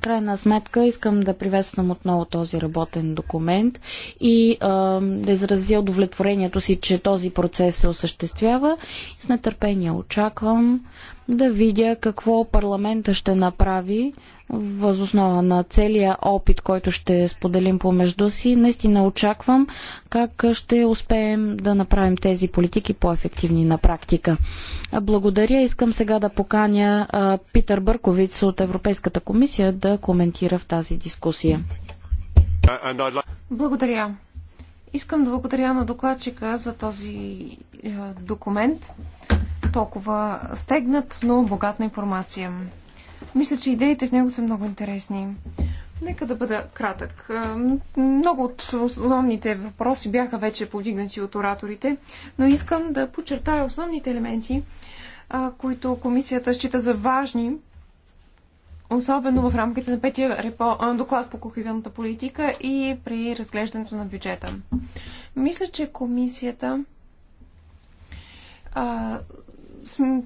Крайна сметка искам да приветствам отново този работен документ и а, да изразя удовлетворението си, че този процес се осъществява. С нетърпение очаквам да видя какво парламента ще направи възоснова на целия опит, който ще споделим помежду си. Наистина очаквам как ще успеем да направим тези политики по-ефективни на практика. Благодаря. Искам сега да поканя Питър Бърковиц от Европейската комисия да коментира в тази дискусия. Благодаря. Искам да благодаря на докладчика за този документ толкова стегнат, но богат на информация. Мисля, че идеите в него са много интересни. Нека да бъда кратък. Много от основните въпроси бяха вече повдигнати от ораторите, но искам да подчертая основните елементи, които комисията счита за важни, особено в рамките на петия доклад по кохезионната политика и при разглеждането на бюджета. Мисля, че комисията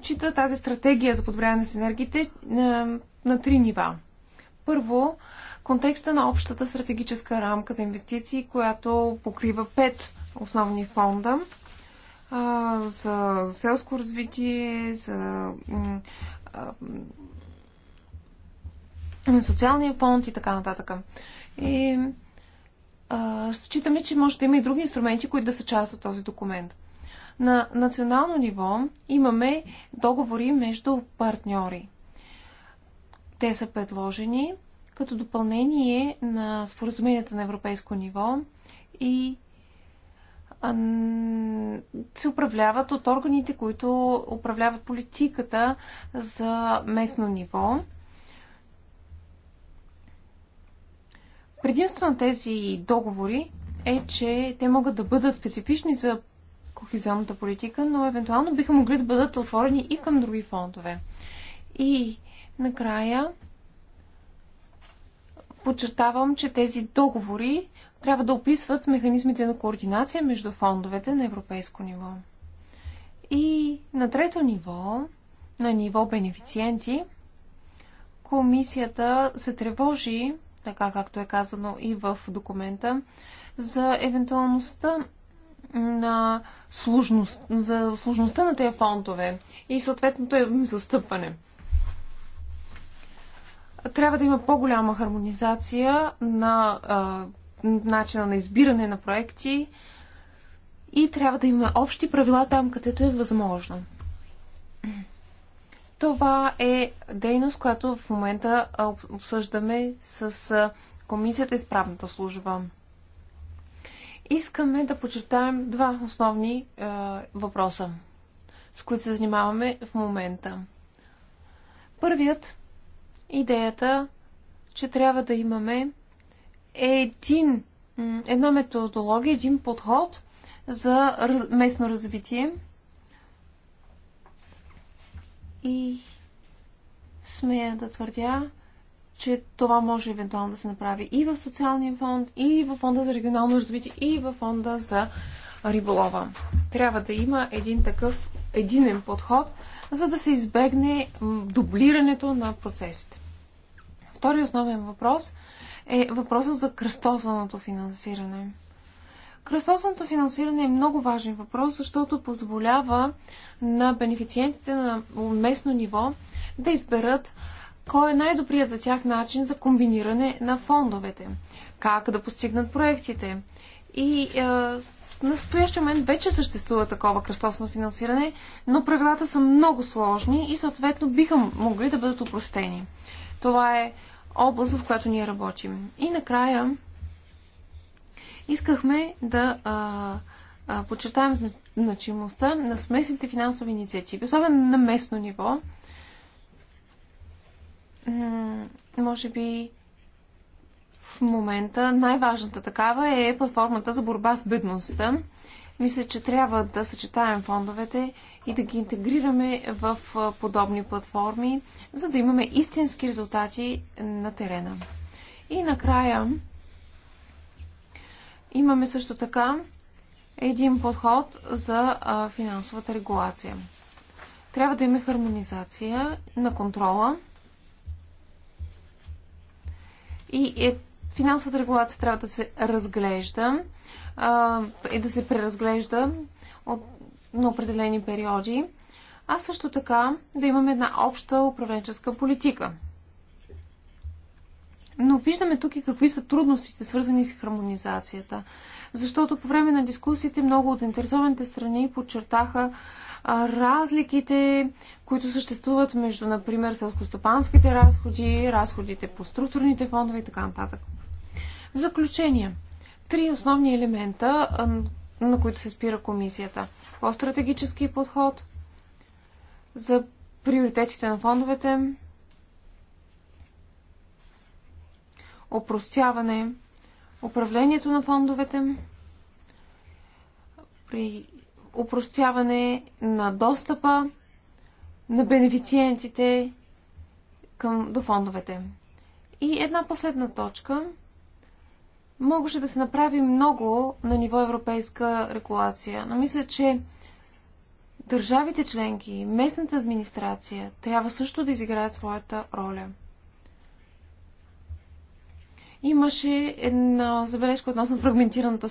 чита тази стратегия за подобряване на синергите на, е, на три нива. Първо, контекста на общата стратегическа рамка за инвестиции, която покрива пет основни фонда а, е, за селско развитие, за а, е, социалния фонд и така нататък. И а, считаме, че може да има и други инструменти, които да са част от този документ на национално ниво имаме договори между партньори. Те са предложени като допълнение на споразуменията на европейско ниво и се управляват от органите, които управляват политиката за местно ниво. Предимство на тези договори е, че те могат да бъдат специфични за кохезионната политика, но евентуално биха могли да бъдат отворени и към други фондове. И накрая подчертавам, че тези договори трябва да описват механизмите на координация между фондовете на европейско ниво. И на трето ниво, на ниво бенефициенти, комисията се тревожи, така както е казано и в документа, за евентуалността на сложност, за сложността на тези фондове и съответното е застъпване. Трябва да има по-голяма хармонизация на а, начина на избиране на проекти и трябва да има общи правила там, където е възможно. Това е дейност, която в момента обсъждаме с комисията и с правната служба. Искаме да почертаем два основни е, въпроса, с които се занимаваме в момента. Първият идеята, че трябва да имаме един, една методология, един подход за раз, местно развитие. И смея да твърдя, че това може евентуално да се направи и в социалния фонд, и в фонда за регионално развитие, и в фонда за риболова. Трябва да има един такъв единен подход, за да се избегне дублирането на процесите. Втори основен въпрос е въпросът за кръстосаното финансиране. Кръстосаното финансиране е много важен въпрос, защото позволява на бенефициентите на местно ниво да изберат кой е най-добрият за тях начин за комбиниране на фондовете, как да постигнат проектите. И е, в настоящия момент вече съществува такова кръстосно финансиране, но правилата са много сложни и съответно биха могли да бъдат упростени. Това е област, в която ние работим. И накрая искахме да а, а, подчертаем значимостта на смесните финансови инициативи, особено на местно ниво, може би в момента най-важната такава е платформата за борба с бедността. Мисля, че трябва да съчетаем фондовете и да ги интегрираме в подобни платформи, за да имаме истински резултати на терена. И накрая имаме също така един подход за финансовата регулация. Трябва да има хармонизация на контрола и е, финансовата регулация трябва да се разглежда а, и да се преразглежда от, на определени периоди, а също така да имаме една обща управленческа политика. Но виждаме тук и какви са трудностите, свързани с хармонизацията. Защото по време на дискусиите много от заинтересованите страни подчертаха, разликите, които съществуват между, например, селскостопанските разходи, разходите по структурните фондове и така нататък. В заключение, три основни елемента, на които се спира комисията. По-стратегически подход за приоритетите на фондовете, опростяване, управлението на фондовете при упростяване на достъпа на бенефициентите към, до фондовете. И една последна точка. Могаше да се направи много на ниво европейска регулация, но мисля, че държавите членки, местната администрация трябва също да изиграят своята роля. Имаше една забележка относно фрагментираната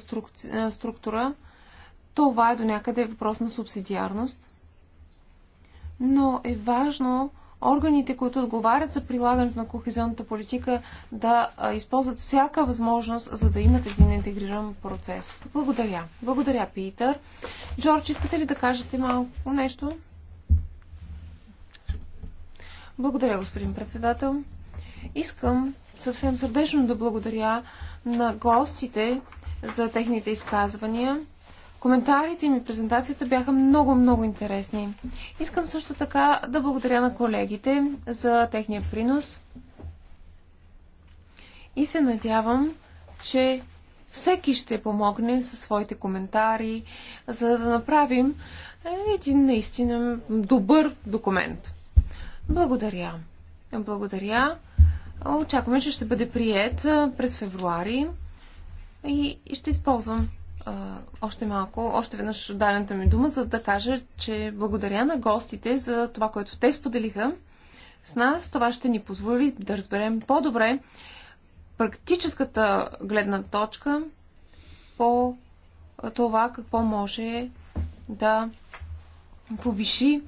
структура това е до някъде въпрос на субсидиарност. Но е важно органите, които отговарят за прилагането на кохезионната политика, да използват всяка възможност, за да имат един интегриран процес. Благодаря. Благодаря, Питър. Джордж, искате ли да кажете малко нещо? Благодаря, господин председател. Искам съвсем сърдечно да благодаря на гостите за техните изказвания. Коментарите ми и презентацията бяха много, много интересни. Искам също така да благодаря на колегите за техния принос. И се надявам, че всеки ще помогне със своите коментари, за да направим е, един наистина добър документ. Благодаря. Благодаря. Очакваме, че ще бъде прият през февруари и ще използвам още малко, още веднъж дадената ми дума, за да кажа, че благодаря на гостите за това, което те споделиха с нас. Това ще ни позволи да разберем по-добре практическата гледна точка по това какво може да повиши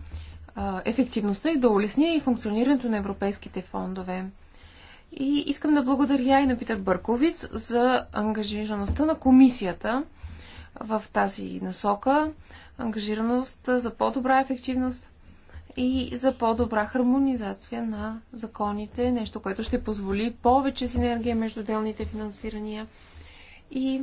ефективността и да улесни функционирането на европейските фондове. И искам да благодаря и на Питър Бърковиц за ангажираността на комисията – в тази насока ангажираност за по-добра ефективност и за по-добра хармонизация на законите, нещо, което ще позволи повече синергия между отделните финансирания и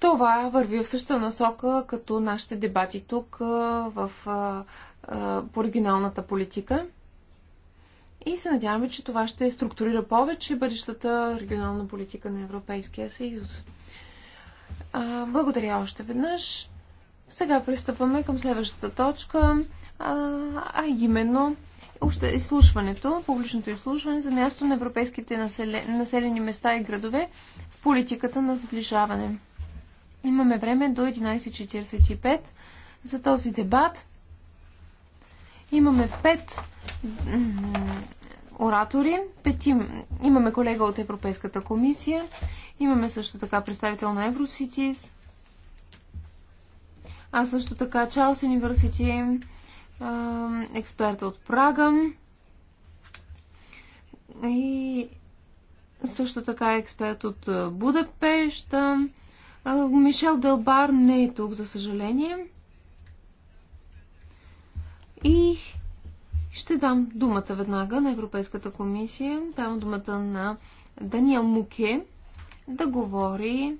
това върви в същата насока като нашите дебати тук в, в, в, в оригиналната политика. И се надяваме, че това ще структурира повече бъдещата регионална политика на Европейския съюз. А, благодаря още веднъж. Сега пристъпваме към следващата точка, а, а именно изслушването, публичното изслушване за място на европейските населени места и градове в политиката на сближаване. Имаме време до 11.45 за този дебат. Имаме пет оратори. Петим. Имаме колега от Европейската комисия. Имаме също така представител на Евроситис. А също така Чарлз Университи, експерт от Прага. И също така експерт от Будапешта. Мишел Делбар не е тук, за съжаление. И ще дам думата веднага на Европейската комисия. дам думата на Даниел Муке да говори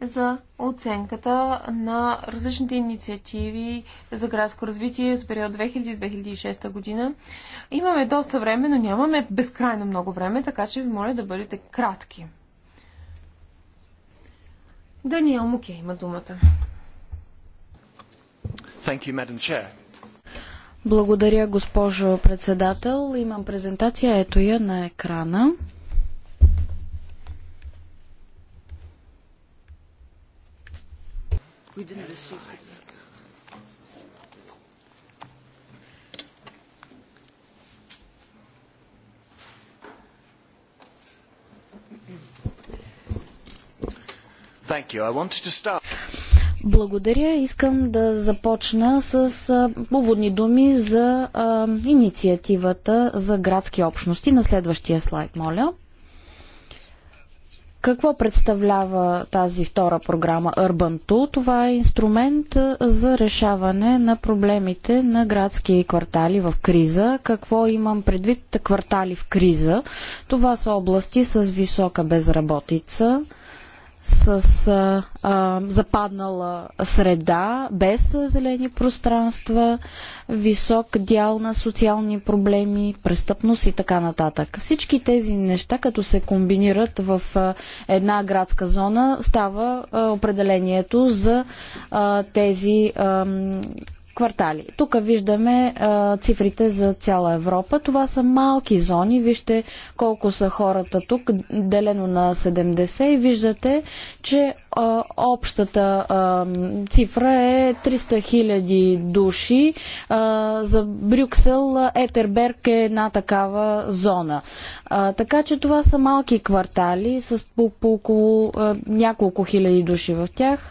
за оценката на различните инициативи за градско развитие с период 2000-2006 година. Имаме доста време, но нямаме безкрайно много време, така че ви моля да бъдете кратки. Даниел Муке има думата. Thank you, Madam Chair. Благодаря, госпожо председател. Имам презентация, ето я на екрана. Thank you. I wanted to start благодаря. Искам да започна с поводни думи за а, инициативата за градски общности. На следващия слайд, моля. Какво представлява тази втора програма Urban Tool? Това е инструмент за решаване на проблемите на градски квартали в криза. Какво имам предвид квартали в криза? Това са области с висока безработица, с а, а, западнала среда, без зелени пространства, висок дял на социални проблеми, престъпност и така нататък. Всички тези неща, като се комбинират в а, една градска зона, става а, определението за а, тези а, квартали. Тук виждаме а, цифрите за цяла Европа. Това са малки зони. Вижте колко са хората тук, делено на 70 и виждате, че общата цифра е 300 хиляди души. За Брюксел Етерберг е една такава зона. Така че това са малки квартали с по, по около няколко хиляди души в тях,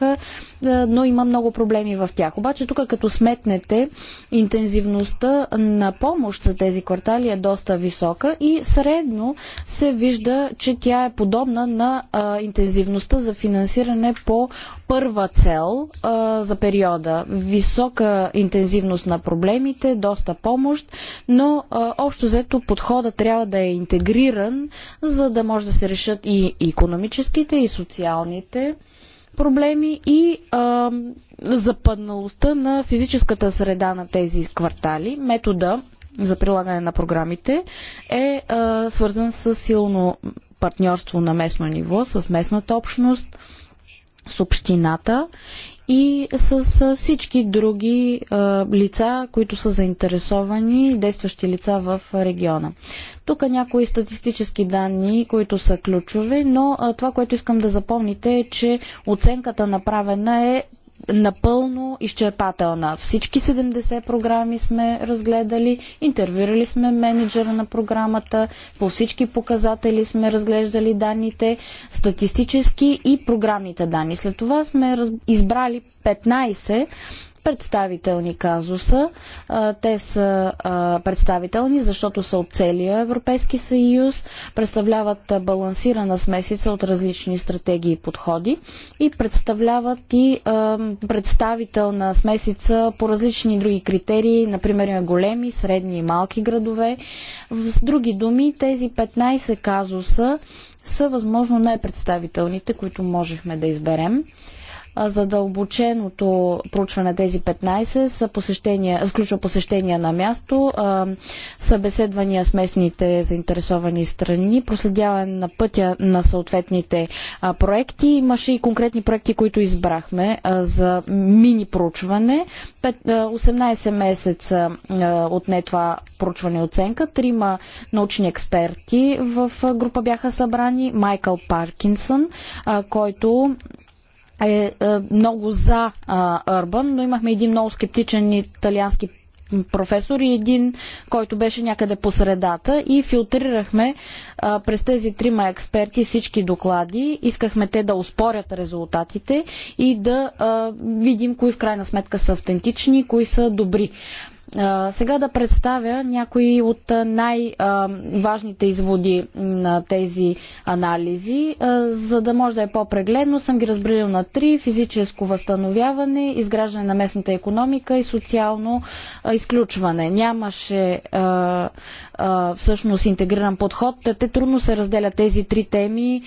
но има много проблеми в тях. Обаче тук като сметнете, интензивността на помощ за тези квартали е доста висока и средно се вижда, че тя е подобна на интензивността за финансиране финансиране по първа цел а, за периода. Висока интензивност на проблемите, доста помощ, но а, общо взето подхода трябва да е интегриран, за да може да се решат и економическите, и социалните проблеми и а, западналостта на физическата среда на тези квартали. Метода за прилагане на програмите е а, свързан с силно партньорство на местно ниво, с местната общност, с общината и с, с всички други а, лица, които са заинтересовани, действащи лица в региона. Тук някои статистически данни, които са ключови, но а, това, което искам да запомните е, че оценката направена е напълно изчерпателна. Всички 70 програми сме разгледали, Интервюирали сме менеджера на програмата, по всички показатели сме разглеждали данните, статистически и програмните данни. След това сме избрали 15 представителни казуса. Те са представителни, защото са от целия Европейски съюз, представляват балансирана смесица от различни стратегии и подходи и представляват и представителна смесица по различни други критерии, например на големи, средни и малки градове. С други думи, тези 15 казуса са възможно най-представителните, които можехме да изберем задълбоченото проучване на тези 15 са посещения, включва посещения на място, събеседвания с местните заинтересовани страни, проследяване на пътя на съответните проекти. Имаше и конкретни проекти, които избрахме за мини проучване. 18 месеца отне това проучване и оценка. Трима научни експерти в група бяха събрани. Майкъл Паркинсън, който е, е много за Арбан, но имахме един много скептичен италиански професор и един, който беше някъде по средата и филтрирахме а, през тези трима експерти всички доклади. Искахме те да успорят резултатите и да а, видим кои в крайна сметка са автентични, кои са добри. Сега да представя някои от най-важните изводи на тези анализи, за да може да е по-прегледно. Съм ги разбрил на три. Физическо възстановяване, изграждане на местната економика и социално изключване. Нямаше всъщност интегриран подход. Те трудно се разделят тези три теми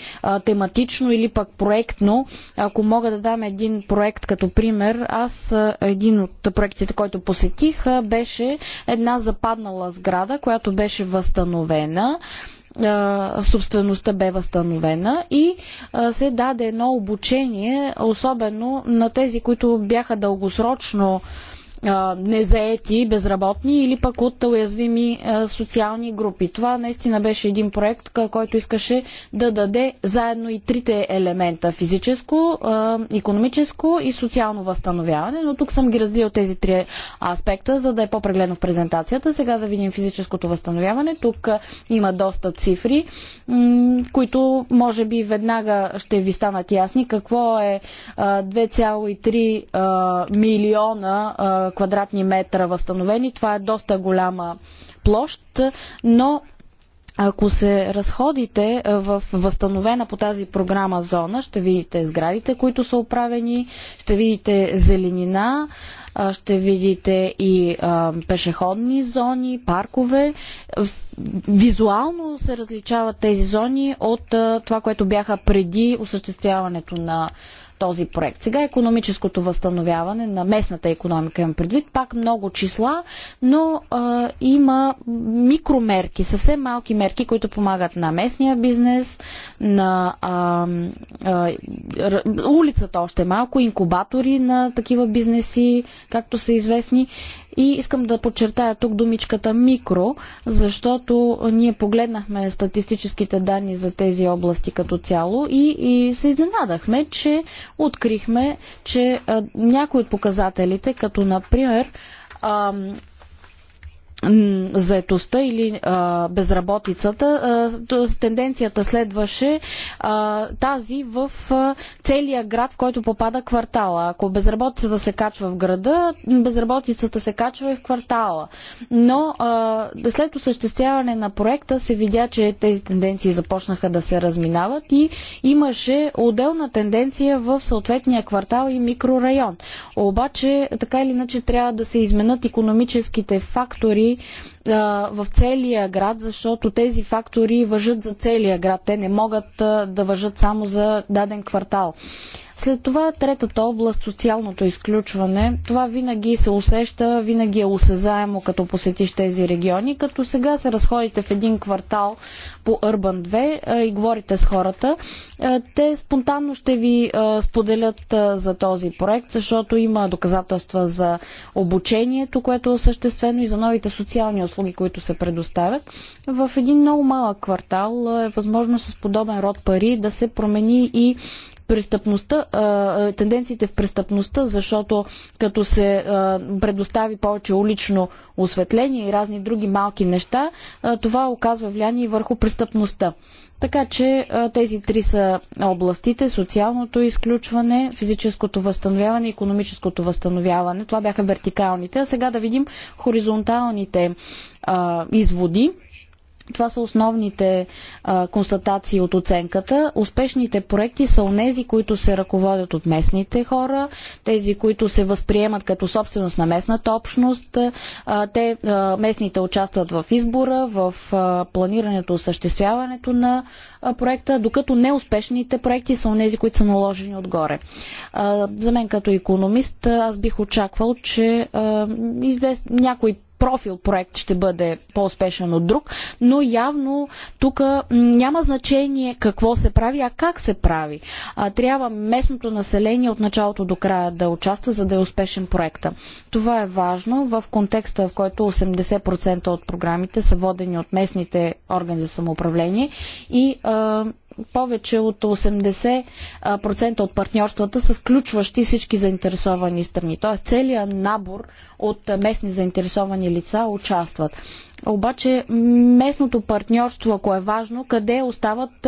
тематично или пък проектно. Ако мога да дам един проект като пример, аз един от проектите, който посетих, бе беше една западнала сграда, която беше възстановена собствеността бе възстановена и се даде едно обучение, особено на тези, които бяха дългосрочно незаети, безработни или пък от уязвими социални групи. Това наистина беше един проект, който искаше да даде заедно и трите елемента физическо, економическо и социално възстановяване, но тук съм ги разделил тези три аспекта, за да е по-прегледно в презентацията. Сега да видим физическото възстановяване. Тук има доста цифри, които може би веднага ще ви станат ясни какво е 2,3 милиона квадратни метра възстановени. Това е доста голяма площ, но ако се разходите в възстановена по тази програма зона, ще видите сградите, които са оправени, ще видите зеленина, ще видите и а, пешеходни зони, паркове. Визуално се различават тези зони от а, това, което бяха преди осъществяването на този проект. Сега економическото възстановяване на местната економика имам предвид, пак много числа, но а, има микромерки, съвсем малки мерки, които помагат на местния бизнес, на а, а, улицата още малко, инкубатори на такива бизнеси, както са известни. И искам да подчертая тук думичката микро, защото ние погледнахме статистическите данни за тези области като цяло и, и се изненадахме, че открихме, че а, някои от показателите, като например а, заетостта или а, безработицата, а, тенденцията следваше а, тази в а, целия град, в който попада квартала. Ако безработицата се качва в града, безработицата се качва и в квартала. Но а, след осъществяване на проекта се видя, че тези тенденции започнаха да се разминават и имаше отделна тенденция в съответния квартал и микрорайон. Обаче, така или иначе, трябва да се изменят економическите фактори а, в целия град, защото тези фактори въжат за целия град. Те не могат а, да въжат само за даден квартал. А, след това третата област, социалното изключване, това винаги се усеща, винаги е осезаемо като посетиш тези региони, като сега се разходите в един квартал по Urban 2 и говорите с хората, те спонтанно ще ви споделят за този проект, защото има доказателства за обучението, което е осъществено и за новите социални услуги, които се предоставят. В един много малък квартал е възможно с подобен род пари да се промени и престъпността, тенденциите в престъпността, защото като се предостави повече улично осветление и разни други малки неща, това оказва влияние върху престъпността. Така че тези три са областите социалното изключване, физическото възстановяване и економическото възстановяване. Това бяха вертикалните. А сега да видим хоризонталните а, изводи. Това са основните а, констатации от оценката. Успешните проекти са онези, които се ръководят от местните хора, тези, които се възприемат като собственост на местната общност. А, те, а, местните участват в избора, в а, планирането, осъществяването на а, проекта, докато неуспешните проекти са онези, които са наложени отгоре. А, за мен като економист аз бих очаквал, че а, извест... някои профил проект ще бъде по-успешен от друг, но явно тук няма значение какво се прави, а как се прави. А, трябва местното население от началото до края да участва, за да е успешен проекта. Това е важно в контекста, в който 80% от програмите са водени от местните органи за самоуправление и а, повече от 80% от партньорствата са включващи всички заинтересовани страни. Тоест целият набор от местни заинтересовани лица участват. Обаче местното партньорство, ако е важно, къде остават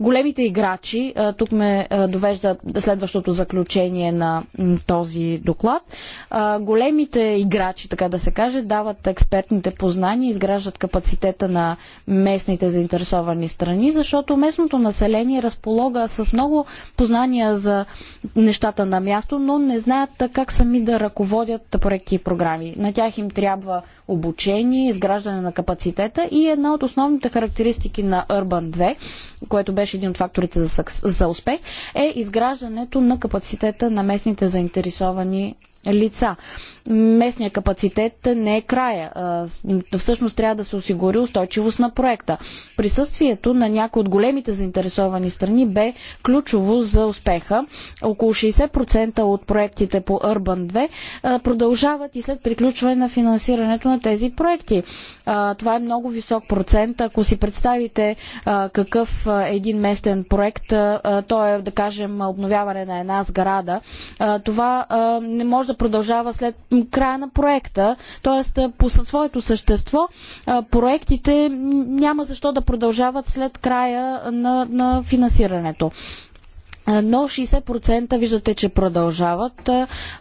големите играчи? Тук ме довежда следващото заключение на този доклад. Големите играчи, така да се каже, дават експертните познания, изграждат капацитета на местните заинтересовани страни, защото местното население разполага с много познания за нещата на място, но не знаят как сами да ръководят проекти и програми. На тях им трябва обучение, изграждане изграждане на капацитета и една от основните характеристики на Urban 2, което беше един от факторите за, за успех, е изграждането на капацитета на местните заинтересовани лица. Местният капацитет не е края. Всъщност трябва да се осигури устойчивост на проекта. Присъствието на някои от големите заинтересовани страни бе ключово за успеха. Около 60% от проектите по Urban 2 продължават и след приключване на финансирането на тези проекти. Това е много висок процент. Ако си представите какъв един местен проект, то е, да кажем, обновяване на една сграда, това не може да продължава след края на проекта. Тоест, по своето същество, проектите няма защо да продължават след края на, на финансирането но 60% виждате, че продължават.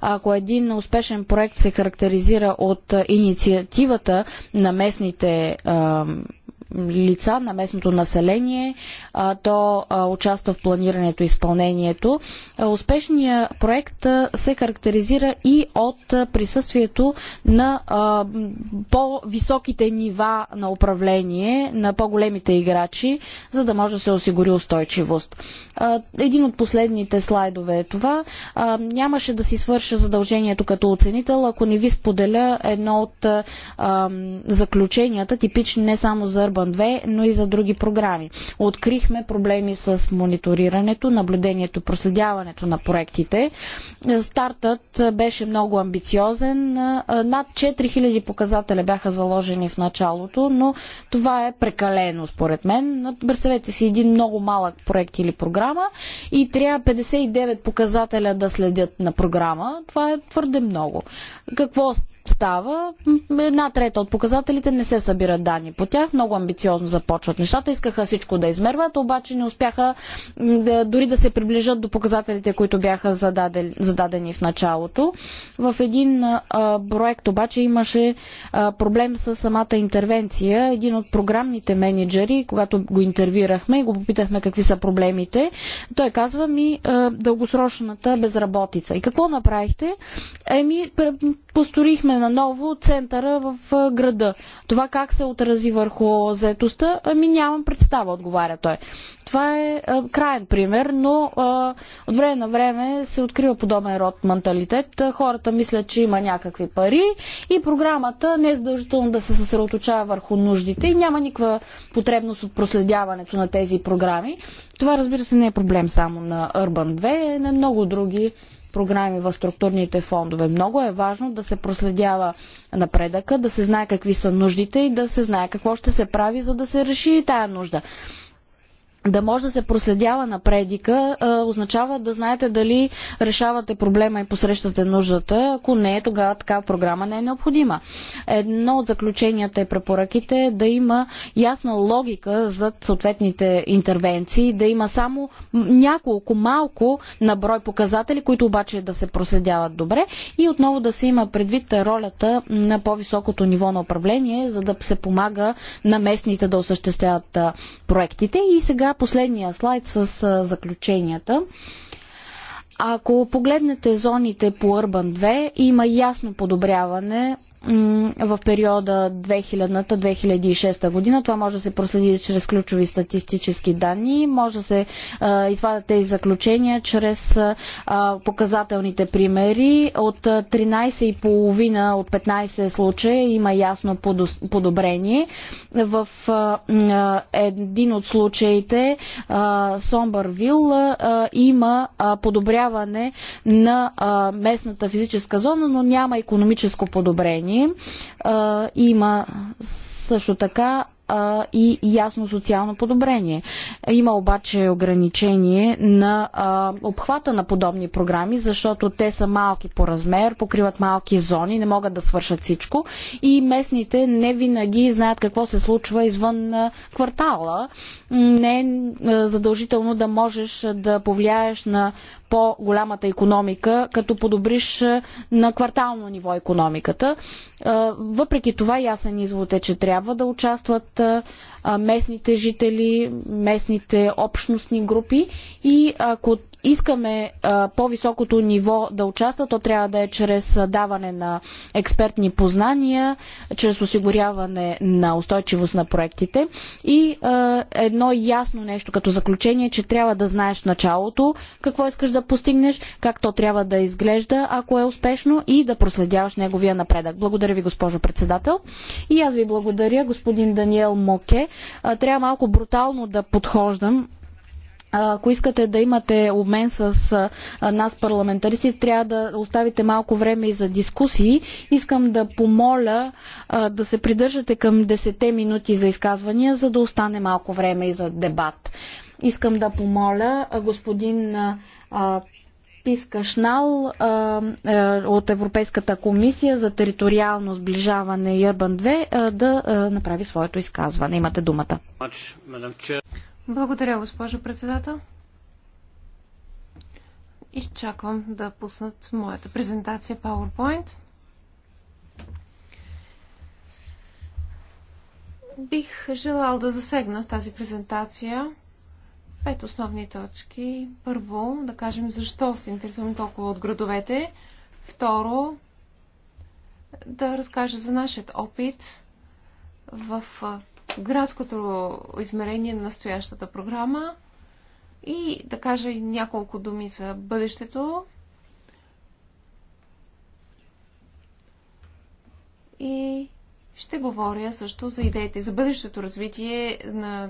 Ако един успешен проект се характеризира от инициативата на местните лица на местното население. То участва в планирането и изпълнението. Успешният проект се характеризира и от присъствието на по-високите нива на управление на по-големите играчи, за да може да се осигури устойчивост. Един от последните слайдове е това. Нямаше да си свърша задължението като оценител, ако не ви споделя едно от заключенията, типични не само за Urban 2, но и за други програми. Открихме проблеми с мониторирането, наблюдението, проследяването на проектите. Стартът беше много амбициозен. Над 4000 показателя бяха заложени в началото, но това е прекалено според мен. Представете си един много малък проект или програма и трябва 59 показателя да следят на програма. Това е твърде много. Какво става. Една трета от показателите не се събират данни по тях. Много амбициозно започват нещата. Искаха всичко да измерват, обаче не успяха да, дори да се приближат до показателите, които бяха зададени, зададени в началото. В един а, проект обаче имаше а, проблем с самата интервенция. Един от програмните менеджери, когато го интервюирахме и го попитахме какви са проблемите, той казва ми а, дългосрочната безработица. И какво направихте? Еми, построихме започне наново центъра в града. Това как се отрази върху заетостта, ами нямам представа, отговаря той. Това е крайен пример, но а, от време на време се открива подобен род менталитет. Хората мислят, че има някакви пари и програмата не е задължително да се съсредоточава върху нуждите и няма никаква потребност от проследяването на тези програми. Това разбира се не е проблем само на Urban 2, е на много други програми в структурните фондове. Много е важно да се проследява напредъка, да се знае какви са нуждите и да се знае какво ще се прави, за да се реши тая нужда да може да се проследява напредика, а, означава да знаете дали решавате проблема и посрещате нуждата. Ако не, тогава такава програма не е необходима. Едно от заключенията и препоръките е да има ясна логика за съответните интервенции, да има само няколко малко на брой показатели, които обаче да се проследяват добре и отново да се има предвид ролята на по-високото ниво на управление, за да се помага на местните да осъществяват проектите. И сега последния слайд с заключенията. Ако погледнете зоните по Urban 2, има ясно подобряване в периода 2000-2006 година. Това може да се проследи чрез ключови статистически данни. Може да се а, извадят тези заключения чрез а, показателните примери. От 13,5 от 15 случая има ясно подобрение. В а, един от случаите Сомбървил има подобряване на местната физическа зона, но няма економическо подобрение изпълнение. Има също така а, и ясно социално подобрение. Има обаче ограничение на а, обхвата на подобни програми, защото те са малки по размер, покриват малки зони, не могат да свършат всичко и местните не винаги знаят какво се случва извън а, квартала. Не е задължително да можеш да повлияеш на по-голямата економика, като подобриш на квартално ниво економиката. Въпреки това, ясен извод е, че трябва да участват от местните жители, местните общностни групи и ако искаме по-високото ниво да участва, то трябва да е чрез даване на експертни познания, чрез осигуряване на устойчивост на проектите. И едно ясно нещо като заключение, че трябва да знаеш в началото какво искаш да постигнеш, как то трябва да изглежда, ако е успешно и да проследяваш неговия напредък. Благодаря ви, госпожо председател. И аз ви благодаря, господин Даниел Моке, трябва малко брутално да подхождам ако искате да имате обмен с нас парламентаристи, трябва да оставите малко време и за дискусии. Искам да помоля да се придържате към 10 минути за изказвания, за да остане малко време и за дебат. Искам да помоля господин Писка Шнал а, а, от Европейската комисия за териториално сближаване и Urban 2 а, да а, направи своето изказване. Имате думата. Благодаря, госпожо председател. Изчаквам да пуснат моята презентация PowerPoint. Бих желал да засегна тази презентация пет основни точки. Първо, да кажем защо се интересуваме толкова от градовете. Второ, да разкажа за нашият опит в градското измерение на настоящата програма и да кажа и няколко думи за бъдещето. И ще говоря също за идеите за бъдещето развитие на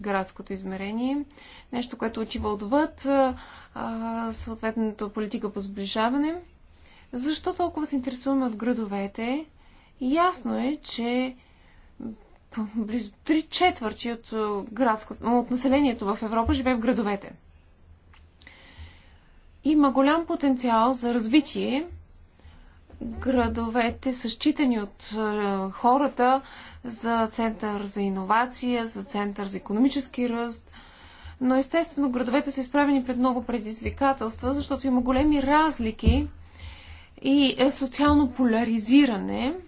градското измерение. Нещо, което отива отвъд съответната политика по сближаване. Защо толкова се интересуваме от градовете? Ясно е, че близо три четвърти от, градско, от населението в Европа живее в градовете. Има голям потенциал за развитие градовете са считани от е, хората за център за иновация, за център за економически ръст. Но естествено градовете са изправени пред много предизвикателства, защото има големи разлики и е социално поляризиране –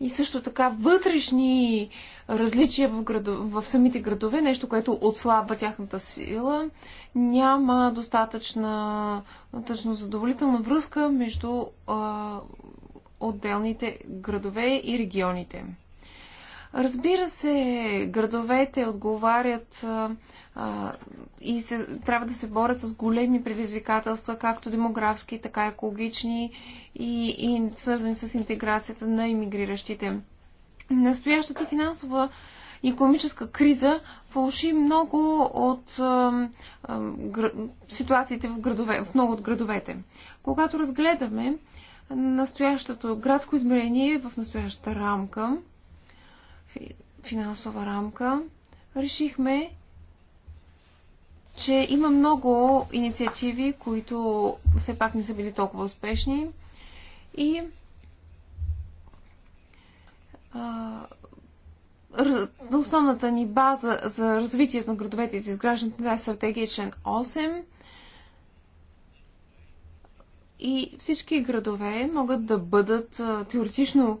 и също така вътрешни различия в, градо, в самите градове, нещо, което отслабва тяхната сила. Няма достатъчна, достатъчно задоволителна връзка между а, отделните градове и регионите. Разбира се, градовете отговарят а, и се, трябва да се борят с големи предизвикателства, както демографски, така екологични и, и свързани с интеграцията на иммигриращите. Настоящата финансова и економическа криза фалши много от а, а, гр... ситуациите в, градове, в много от градовете. Когато разгледаме настоящото градско измерение в настоящата рамка, финансова рамка, решихме че има много инициативи, които все пак не са били толкова успешни. И а, основната ни база за развитието на градовете и за изграждането на стратегия е член 8. И всички градове могат да бъдат теоретично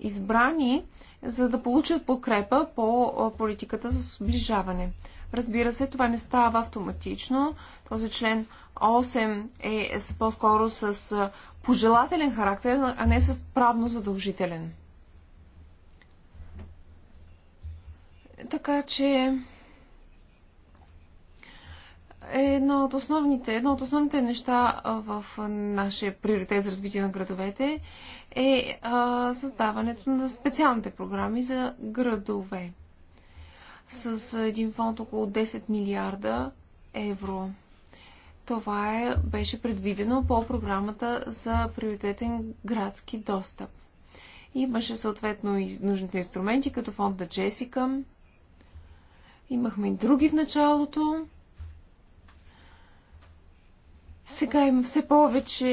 избрани, за да получат подкрепа по политиката за сближаване. Разбира се, това не става автоматично. Този член 8 е по-скоро с пожелателен характер, а не с правно задължителен. Така че е едно от основните, едно от основните неща в нашия приоритет за развитие на градовете е създаването на специалните програми за градове с един фонд около 10 милиарда евро. Това е, беше предвидено по програмата за приоритетен градски достъп. Имаше съответно и нужните инструменти, като фонд на Джесика. Имахме и други в началото. Сега има все повече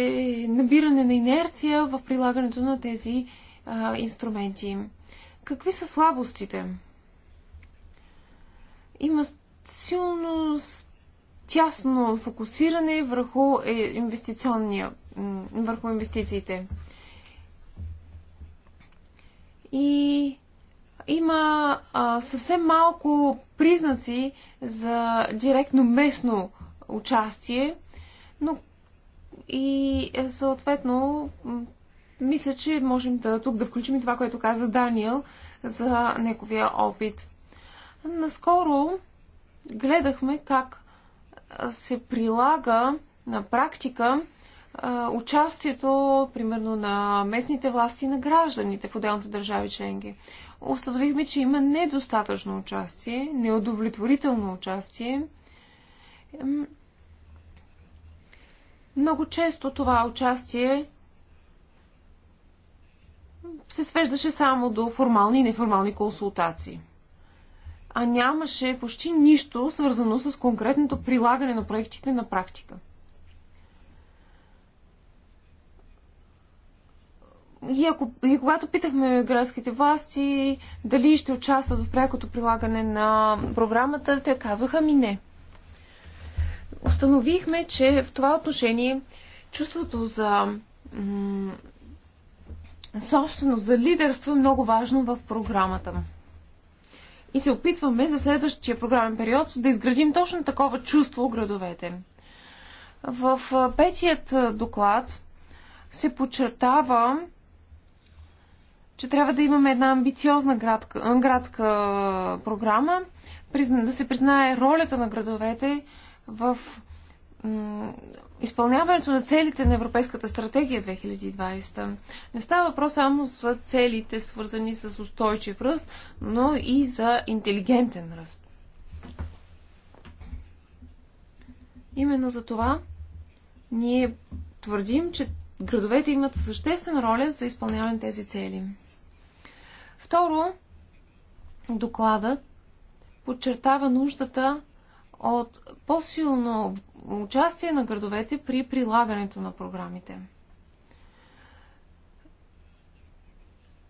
набиране на инерция в прилагането на тези а, инструменти. Какви са слабостите? Има силно тясно фокусиране върху, е, инвестиционния, върху инвестициите. И има а, съвсем малко признаци за директно местно участие, но и е, съответно мисля, че можем да, тук да включим и това, което каза Даниел за неговия опит. Наскоро гледахме как се прилага на практика участието, примерно, на местните власти и на гражданите в отделните държави членки. Установихме, че има недостатъчно участие, неудовлетворително участие. Много често това участие се свеждаше само до формални и неформални консултации а нямаше почти нищо свързано с конкретното прилагане на проектите на практика. И, ако, и когато питахме градските власти дали ще участват в прякото прилагане на програмата, те казваха ми не. Установихме, че в това отношение чувството за собственост за лидерство е много важно в програмата. И се опитваме за следващия програмен период да изградим точно такова чувство у градовете. В петият доклад се подчертава, че трябва да имаме една амбициозна градка, градска програма, да се признае ролята на градовете в изпълняването на целите на Европейската стратегия 2020. Не става въпрос само за целите, свързани с устойчив ръст, но и за интелигентен ръст. Именно за това ние твърдим, че градовете имат съществена роля за изпълняване на тези цели. Второ, докладът подчертава нуждата от по-силно участие на градовете при прилагането на програмите.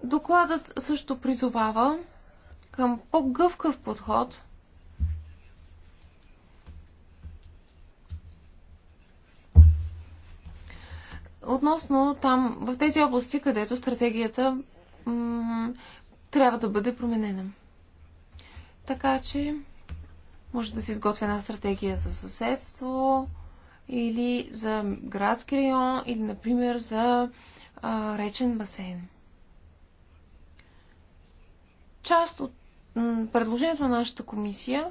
Докладът също призовава към по-гъвкав подход относно там, в тези области, където стратегията трябва да бъде променена. Така че може да се изготви една стратегия за съседство или за градски район или, например, за а, речен басейн. Част от предложението на нашата комисия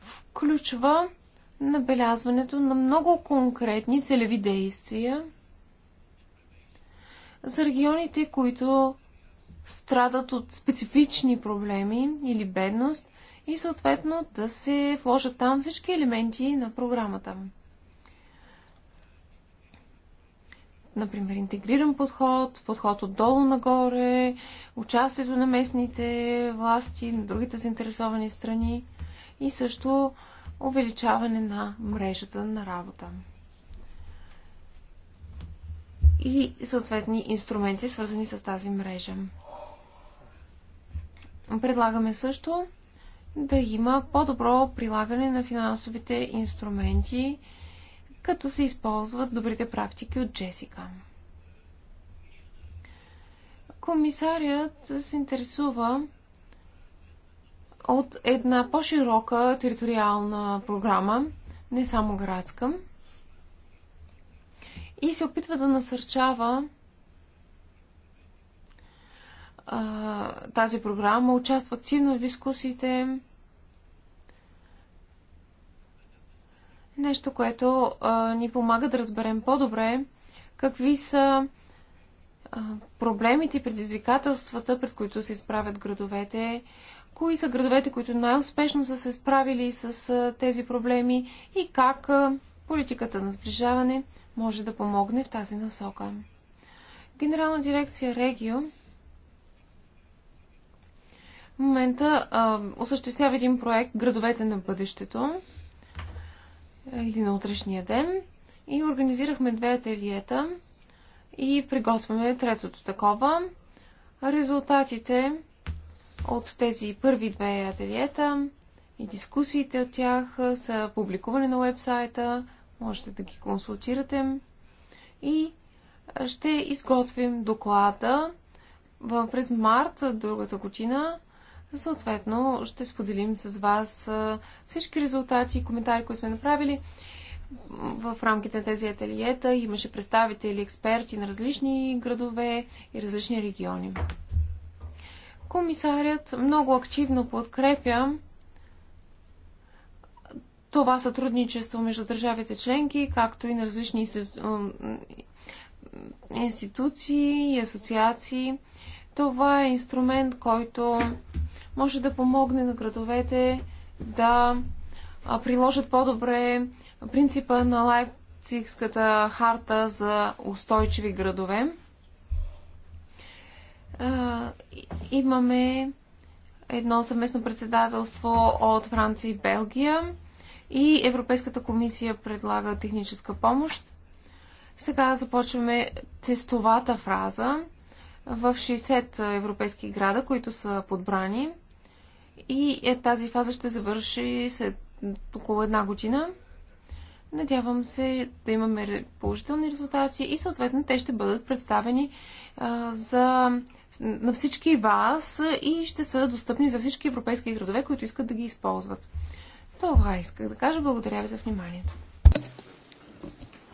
включва набелязването на много конкретни целеви действия за регионите, които страдат от специфични проблеми или бедност и съответно да се вложат там всички елементи на програмата. Например, интегриран подход, подход отдолу нагоре, участието на местните власти, на другите заинтересовани страни и също увеличаване на мрежата на работа. И съответни инструменти, свързани с тази мрежа. Предлагаме също да има по-добро прилагане на финансовите инструменти, като се използват добрите практики от Джесика. Комисарият се интересува от една по-широка териториална програма, не само градска, и се опитва да насърчава тази програма, участва активно в дискусиите. Нещо, което а, ни помага да разберем по-добре какви са а, проблемите и предизвикателствата, пред които се изправят градовете, кои са градовете, които най-успешно са се справили с а, тези проблеми и как а, политиката на сближаване може да помогне в тази насока. Генерална дирекция Регио момента а, осъществява един проект Градовете на бъдещето е, или на утрешния ден и организирахме две ателиета и приготвяме третото такова. Резултатите от тези първи две ателиета и дискусиите от тях са публикувани на вебсайта, можете да ги консултирате и ще изготвим доклада през март другата година Съответно, ще споделим с вас всички резултати и коментари, които сме направили. В рамките на тези ателиета имаше представители, експерти на различни градове и различни региони. Комисарят много активно подкрепя това сътрудничество между държавите членки, както и на различни институции и асоциации. Това е инструмент, който може да помогне на градовете да приложат по-добре принципа на Лайпцигската харта за устойчиви градове. Имаме едно съвместно председателство от Франция и Белгия и Европейската комисия предлага техническа помощ. Сега започваме тестовата фраза в 60 европейски града, които са подбрани. И е, тази фаза ще завърши след около една година. Надявам се да имаме положителни резултати и съответно те ще бъдат представени а, за, на всички вас и ще са достъпни за всички европейски градове, които искат да ги използват. Това исках да кажа. Благодаря ви за вниманието.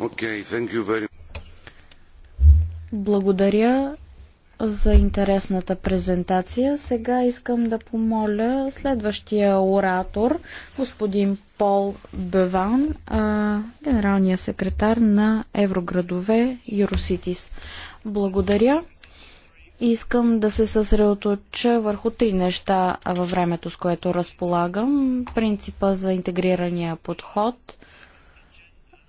Okay, thank you very... Благодаря за интересната презентация. Сега искам да помоля следващия оратор, господин Пол Беван, генералния секретар на Евроградове Юроситис. Благодаря. Искам да се съсредоточа върху три неща във времето, с което разполагам. Принципа за интегрирания подход –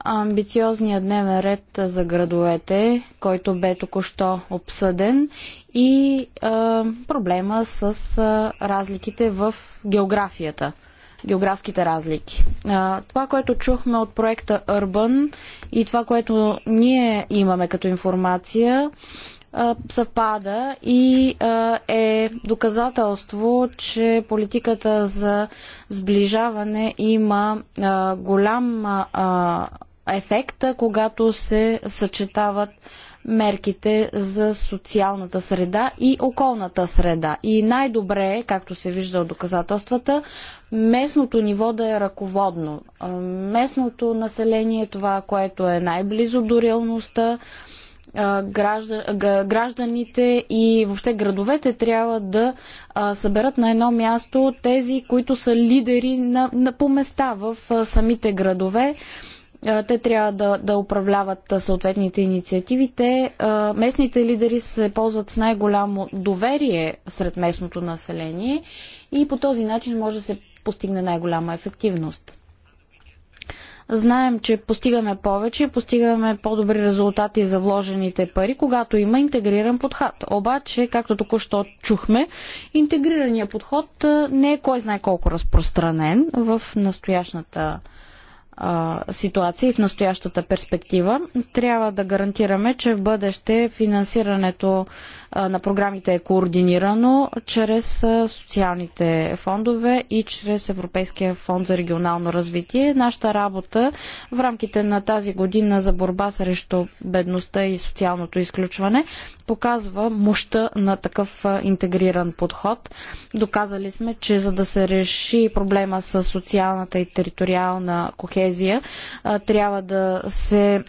амбициозния дневен ред за градовете, който бе току-що обсъден и а, проблема с а, разликите в географията, географските разлики. А, това, което чухме от проекта Urban и това, което ние имаме като информация, съвпада и е доказателство, че политиката за сближаване има голям ефекта, когато се съчетават мерките за социалната среда и околната среда. И най-добре е, както се вижда от доказателствата, местното ниво да е ръководно. Местното население е това, което е най-близо до реалността. Гражданите и въобще градовете трябва да съберат на едно място тези, които са лидери на, на по места в самите градове е, те трябва да, да управляват е, съответните инициативите. Е, местните лидери се ползват с най-голямо доверие сред местното население и по този начин може да се постигне най-голяма ефективност. Знаем, че постигаме повече, постигаме по-добри резултати за вложените пари, когато има интегриран подход. Обаче, както току-що чухме, интегрираният подход не е кой знае колко разпространен в настоящата а, и в настоящата перспектива. Трябва да гарантираме, че в бъдеще финансирането на програмите е координирано чрез социалните фондове и чрез Европейския фонд за регионално развитие. Нашата работа в рамките на тази година за борба срещу бедността и социалното изключване показва мощта на такъв интегриран подход. Доказали сме, че за да се реши проблема с социалната и териториална кохезия, трябва да се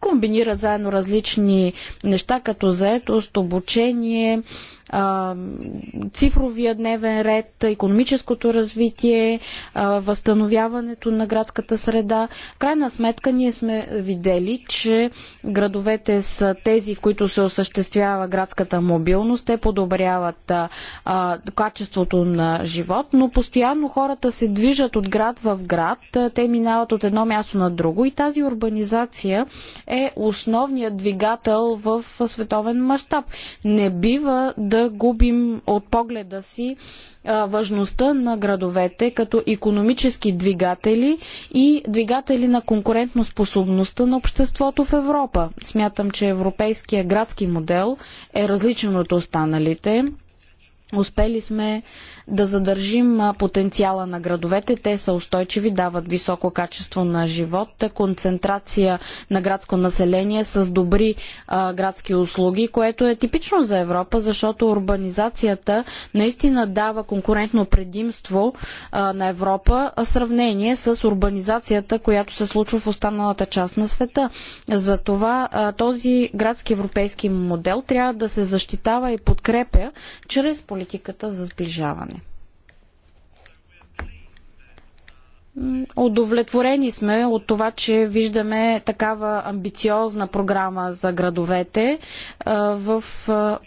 комбинират заедно различни неща, като заето заетост, обучение, цифровия дневен ред, економическото развитие, възстановяването на градската среда. В крайна сметка ние сме видели, че градовете са тези, в които се осъществява градската мобилност. Те подобряват качеството на живот, но постоянно хората се движат от град в град. Те минават от едно място на друго и тази урбанизация е основният двигател в световен мащаб. Не бива да да губим от погледа си важността на градовете като економически двигатели и двигатели на конкурентноспособността на обществото в Европа. Смятам, че европейския градски модел е различен от останалите. Успели сме да задържим потенциала на градовете. Те са устойчиви, дават високо качество на живот, концентрация на градско население с добри а, градски услуги, което е типично за Европа, защото урбанизацията наистина дава конкурентно предимство а, на Европа в сравнение с урбанизацията, която се случва в останалата част на света. Затова а, този градски европейски модел трябва да се защитава и подкрепя чрез политиката за сближаване. Удовлетворени сме от това, че виждаме такава амбициозна програма за градовете в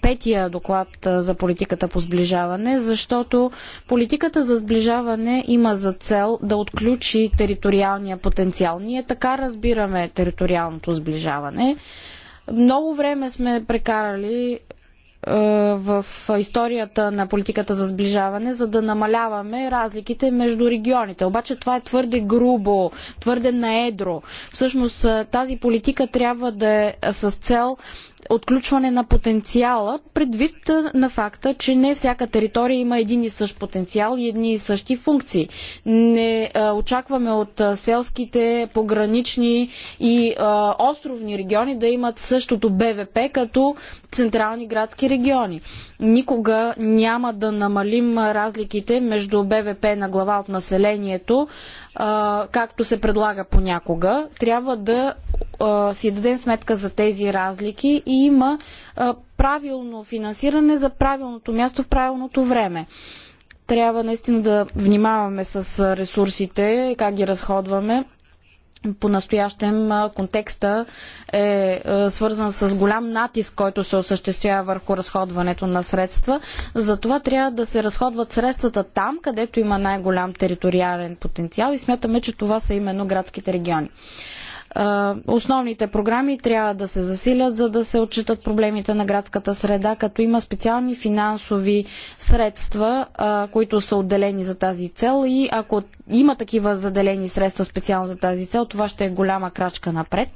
петия доклад за политиката по сближаване, защото политиката за сближаване има за цел да отключи териториалния потенциал. Ние така разбираме териториалното сближаване. Много време сме прекарали е, в историята на политиката за сближаване, за да намаляваме разликите между регионите. Обаче това е твърде грубо, твърде наедро. Всъщност е, тази политика трябва да е с цел отключване на потенциала, предвид на факта, че не всяка територия има един и същ потенциал и едни и същи функции. Не очакваме от селските, погранични и островни региони да имат същото БВП като централни градски региони. Никога няма да намалим разликите между БВП на глава от населението, както се предлага понякога. Трябва да а, си дадем сметка за тези разлики и има а, правилно финансиране за правилното място в правилното време. Трябва наистина да внимаваме с ресурсите и как ги разходваме. По-настоящем контекста е свързан с голям натиск, който се осъществява върху разходването на средства. Затова трябва да се разходват средствата там, където има най-голям териториален потенциал и смятаме, че това са именно градските региони. Основните програми трябва да се засилят, за да се отчитат проблемите на градската среда, като има специални финансови средства, които са отделени за тази цел и ако има такива заделени средства специално за тази цел, това ще е голяма крачка напред.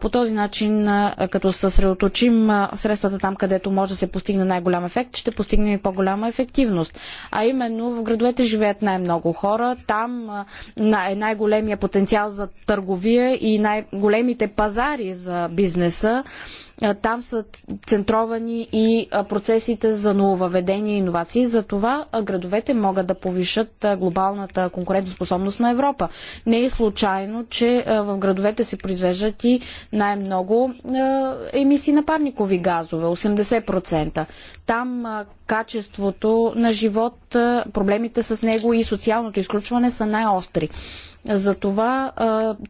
По този начин, като съсредоточим средствата там, където може да се постигне най-голям ефект, ще постигнем и по-голяма ефективност. А именно в градовете живеят най-много хора, там е най-големия потенциал за търговия и най-големите пазари за бизнеса. Е, там са центровани и процесите за нововъведение и иновации. Затова градовете могат да повишат глобалната конкурентоспособност на Европа. Не е случайно, че в градовете се произвеждат и най-много емисии на парникови газове 80%. Там качеството на живот, проблемите с него и социалното изключване са най-остри. Затова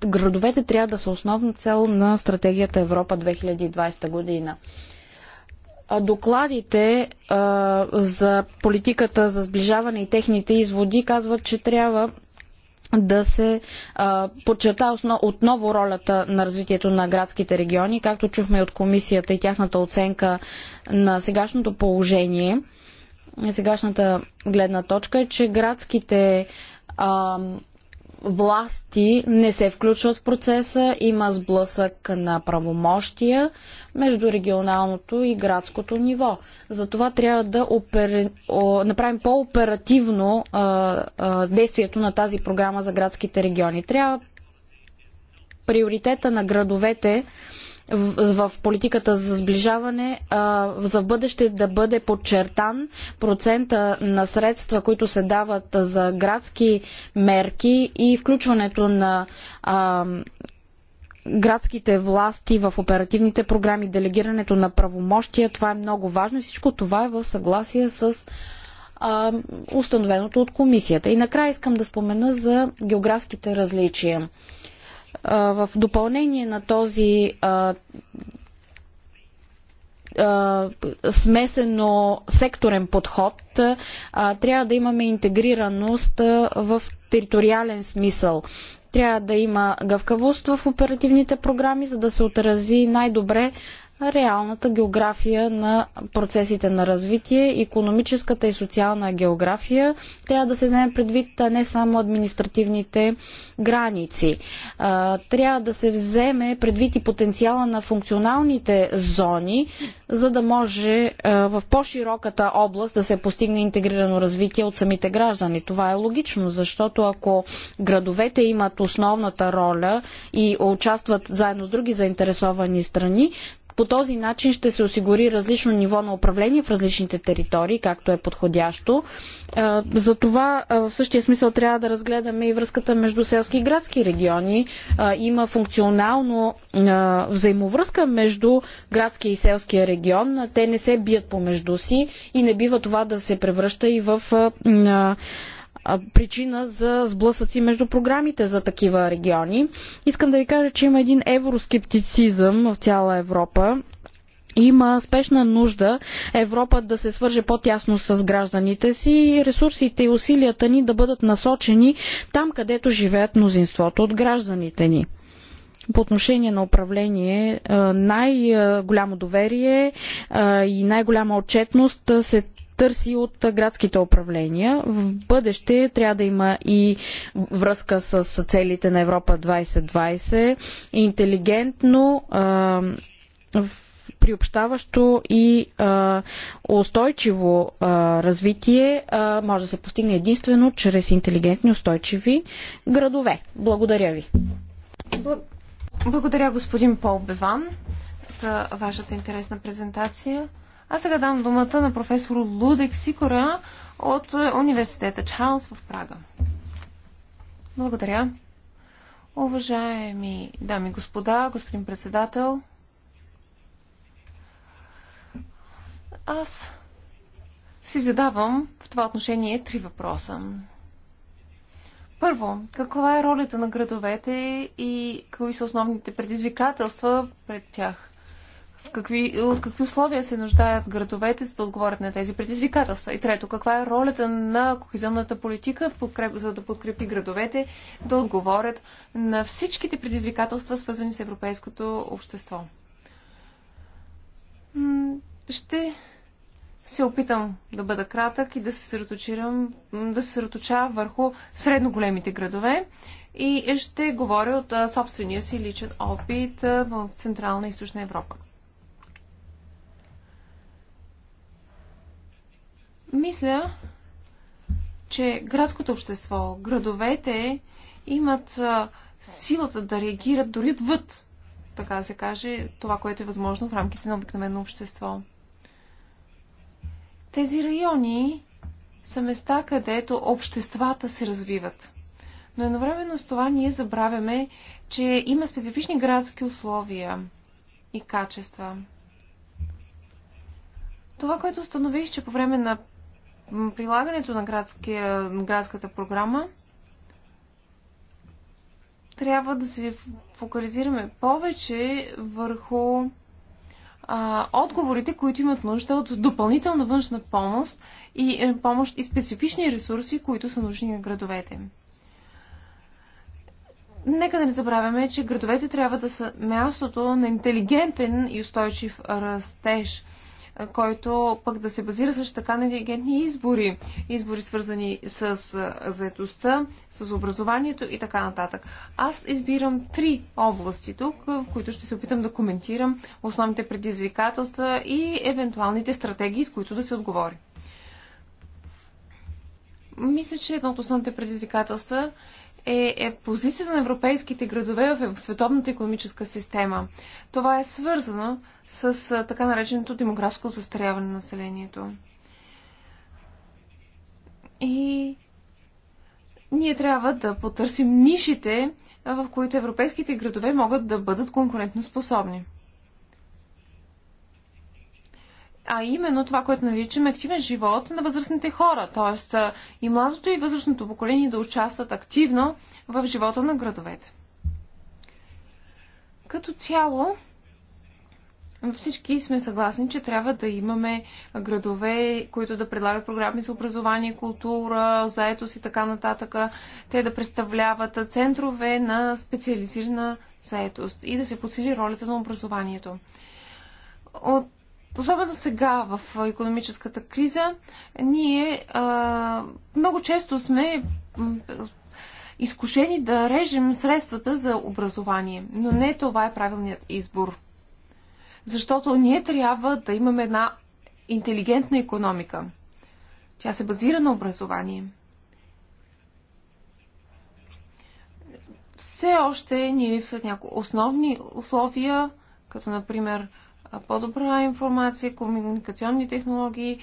градовете трябва да са основна цел на стратегията Европа 2020 година докладите а, за политиката за сближаване и техните изводи казват, че трябва да се а, подчерта отново ролята на развитието на градските региони, както чухме от комисията и тяхната оценка на сегашното положение. Сегашната гледна точка е, че градските а, власти не се включват в процеса, има сблъсък на правомощия между регионалното и градското ниво. Затова трябва да опер... о, направим по-оперативно действието на тази програма за градските региони. Трябва приоритета на градовете в, в политиката за сближаване а, за бъдеще да бъде подчертан процента на средства, които се дават за градски мерки и включването на а, градските власти в оперативните програми, делегирането на правомощия. Това е много важно и всичко това е в съгласие с установеното от комисията. И накрая искам да спомена за географските различия в допълнение на този смесено секторен подход, трябва да имаме интегрираност в териториален смисъл. Трябва да има гъвкавост в оперативните програми, за да се отрази най-добре реалната география на процесите на развитие, економическата и социална география трябва да се вземе предвид не само административните граници. Трябва да се вземе предвид и потенциала на функционалните зони, за да може в по-широката област да се постигне интегрирано развитие от самите граждани. Това е логично, защото ако градовете имат основната роля и участват заедно с други заинтересовани страни, по този начин ще се осигури различно ниво на управление в различните територии, както е подходящо. Е, за това е, в същия смисъл трябва да разгледаме и връзката между селски и градски региони. Е, има функционално взаимовръзка между градския и селския регион. Те не се бият помежду си и не бива това да се превръща и в причина за сблъсъци между програмите за такива региони. Искам да ви кажа, че има един евроскептицизъм в цяла Европа. Има спешна нужда Европа да се свърже по-тясно с гражданите си и ресурсите и усилията ни да бъдат насочени там, където живеят мнозинството от гражданите ни по отношение на управление най-голямо доверие и най-голяма отчетност се търси от градските управления. В бъдеще трябва да има и връзка с целите на Европа 2020, интелигентно, приобщаващо и устойчиво развитие може да се постигне единствено чрез интелигентни устойчиви градове. Благодаря ви. Благодаря господин Пол Беван за вашата интересна презентация. А сега дам думата на професор Лудек Сикора от е, университета Чарлз в Прага. Благодаря. Уважаеми дами и господа, господин председател, аз си задавам в това отношение три въпроса. Първо, каква е ролята на градовете и кои са основните предизвикателства пред тях? какви, от какви условия се нуждаят градовете, за да отговорят на тези предизвикателства. И трето, каква е ролята на кохезионната политика, подкреп, за да подкрепи градовете да отговорят на всичките предизвикателства, свързани с европейското общество. Ще се опитам да бъда кратък и да се съсредоточирам, да се съсредоточа върху средно големите градове и ще говоря от собствения си личен опит в Централна и Източна Европа. Мисля, че градското общество, градовете имат силата да реагират дори отвъд, така се каже, това, което е възможно в рамките на обикновено общество. Тези райони са места, където обществата се развиват. Но едновременно с това ние забравяме, че има специфични градски условия и качества. Това, което установих, че по време на прилагането на градския, градската програма трябва да се фокализираме повече върху а, отговорите, които имат нужда от допълнителна външна помощ и, е, помощ и специфични ресурси, които са нужни на градовете. Нека да не забравяме, че градовете трябва да са мястото на интелигентен и устойчив растеж който пък да се базира също така на интелигентни избори. Избори свързани с заедостта, с образованието и така нататък. Аз избирам три области тук, в които ще се опитам да коментирам основните предизвикателства и евентуалните стратегии, с които да се отговори. Мисля, че едно от основните предизвикателства е, е позицията на европейските градове в световната економическа система. Това е свързано с така нареченото демографско застаряване на населението. И ние трябва да потърсим нишите, в които европейските градове могат да бъдат конкурентно способни. а именно това, което наричаме активен живот на възрастните хора, т.е. и младото и възрастното поколение да участват активно в живота на градовете. Като цяло, всички сме съгласни, че трябва да имаме градове, които да предлагат програми за образование, култура, заетост и така нататък. Те да представляват центрове на специализирана заетост и да се подсили ролята на образованието. От особено сега в економическата криза, ние а, много често сме изкушени да режем средствата за образование. Но не това е правилният избор. Защото ние трябва да имаме една интелигентна економика. Тя се базира на образование. Все още ни липсват някои основни условия, като например по-добра информация, комуникационни технологии,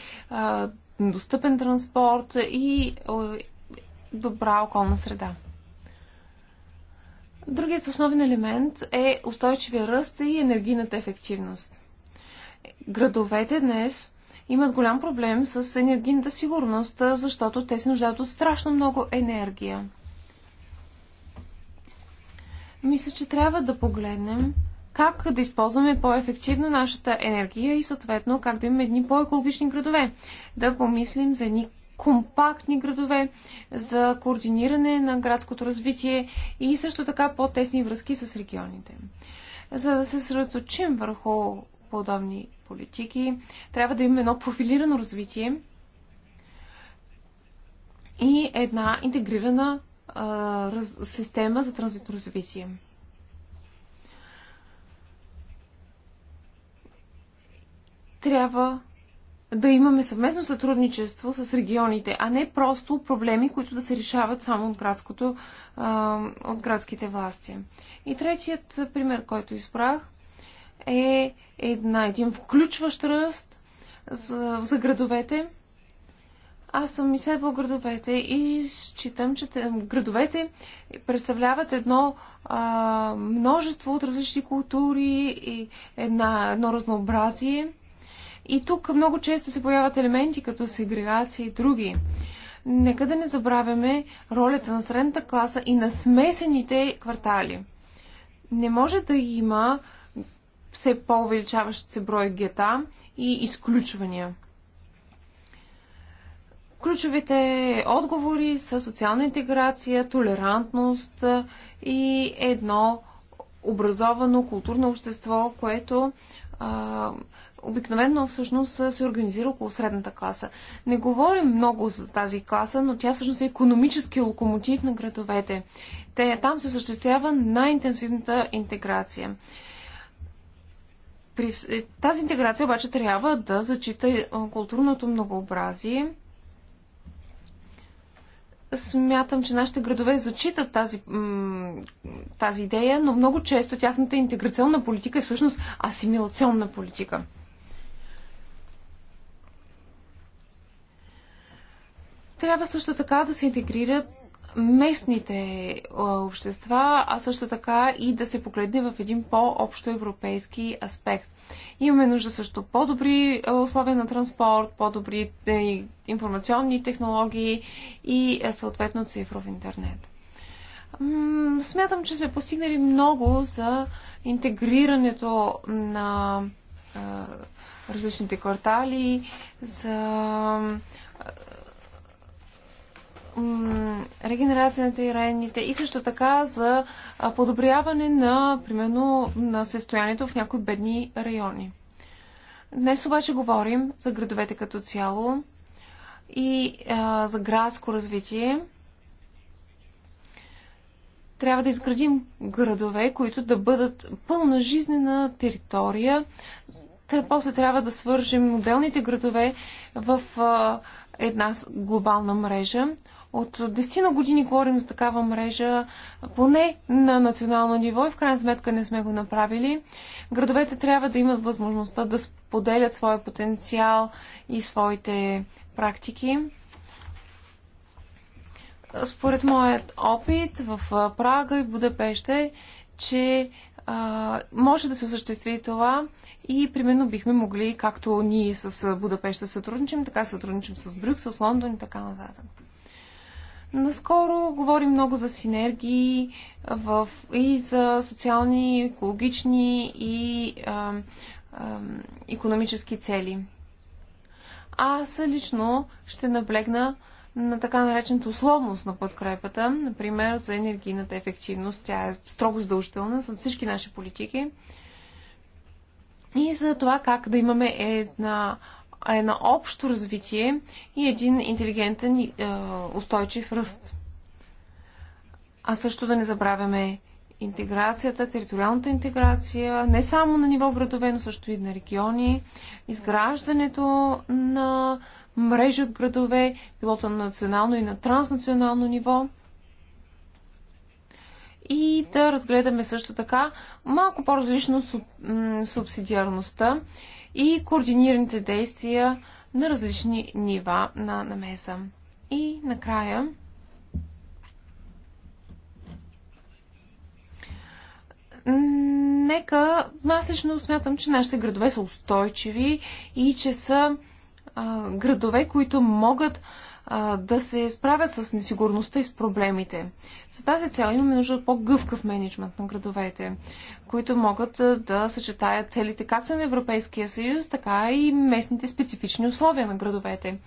достъпен транспорт и добра околна среда. Другият основен елемент е устойчивия ръст и енергийната ефективност. Градовете днес имат голям проблем с енергийната сигурност, защото те се нуждаят от страшно много енергия. Мисля, че трябва да погледнем как да използваме по-ефективно нашата енергия и съответно как да имаме едни по-екологични градове. Да помислим за едни компактни градове за координиране на градското развитие и също така по-тесни връзки с регионите. За да се средоточим върху подобни политики, трябва да имаме едно профилирано развитие и една интегрирана система за транзитно развитие. трябва да имаме съвместно сътрудничество с регионите, а не просто проблеми, които да се решават само от, градското, от градските власти. И третият пример, който избрах, е една, един включващ ръст за, за градовете. Аз съм изследвал градовете и считам, че градовете представляват едно а, множество от различни култури и една, едно разнообразие – и тук много често се появят елементи като сегрегация и други. Нека да не забравяме ролята на средната класа и на смесените квартали. Не може да има все по-увеличаващ се брой гета и изключвания. Ключовите отговори са социална интеграция, толерантност и едно образовано културно общество, което а, обикновено всъщност се организира около средната класа. Не говорим много за тази класа, но тя всъщност е економически локомотив на градовете. Те, там се осъществява най-интенсивната интеграция. При, е, тази интеграция обаче трябва да зачита е, културното многообразие. Смятам, че нашите градове зачитат тази, тази идея, но много често тяхната интеграционна политика е всъщност асимилационна политика. Трябва също така да се интегрират местните общества, а също така и да се погледне в един по-общо европейски аспект. Имаме нужда също по-добри условия на транспорт, по-добри е, информационни технологии и е, съответно цифров интернет. Смятам, че сме постигнали много за интегрирането на различните квартали, за регенерация на тирените и също така за подобряване на, примерно, на състоянието в някои бедни райони. Днес обаче говорим за градовете като цяло и а, за градско развитие. Трябва да изградим градове, които да бъдат пълна жизнена територия. Тър, после трябва да свържем отделните градове в а, една глобална мрежа. От 10 на години говорим за такава мрежа, поне на национално ниво и в крайна сметка не сме го направили. Градовете трябва да имат възможността да споделят своя потенциал и своите практики. Според моят опит в Прага и Будапеще, че а, може да се осъществи това и примерно бихме могли, както ние с Будапеща сътрудничим, така сътрудничим с Брюксел, с Лондон и така нататък. Наскоро говорим много за синергии в, и за социални, екологични и а, а, економически цели. Аз лично ще наблегна на така наречената условност на подкрепата, например за енергийната ефективност. Тя е строго задължителна за всички наши политики. И за това как да имаме една а е на общо развитие и един интелигентен и устойчив ръст. А също да не забравяме интеграцията, териториалната интеграция, не само на ниво градове, но също и на региони, изграждането на мрежи от градове, пилота на национално и на транснационално ниво. И да разгледаме също така малко по-различно суб, субсидиарността и координираните действия на различни нива на намеса. И накрая нека, аз лично смятам, че нашите градове са устойчиви и че са а, градове, които могат да се справят с несигурността и с проблемите. За тази цел имаме нужда от по-гъвкав менеджмент на градовете, които могат да съчетаят целите както на Европейския съюз, така и местните специфични условия на градовете.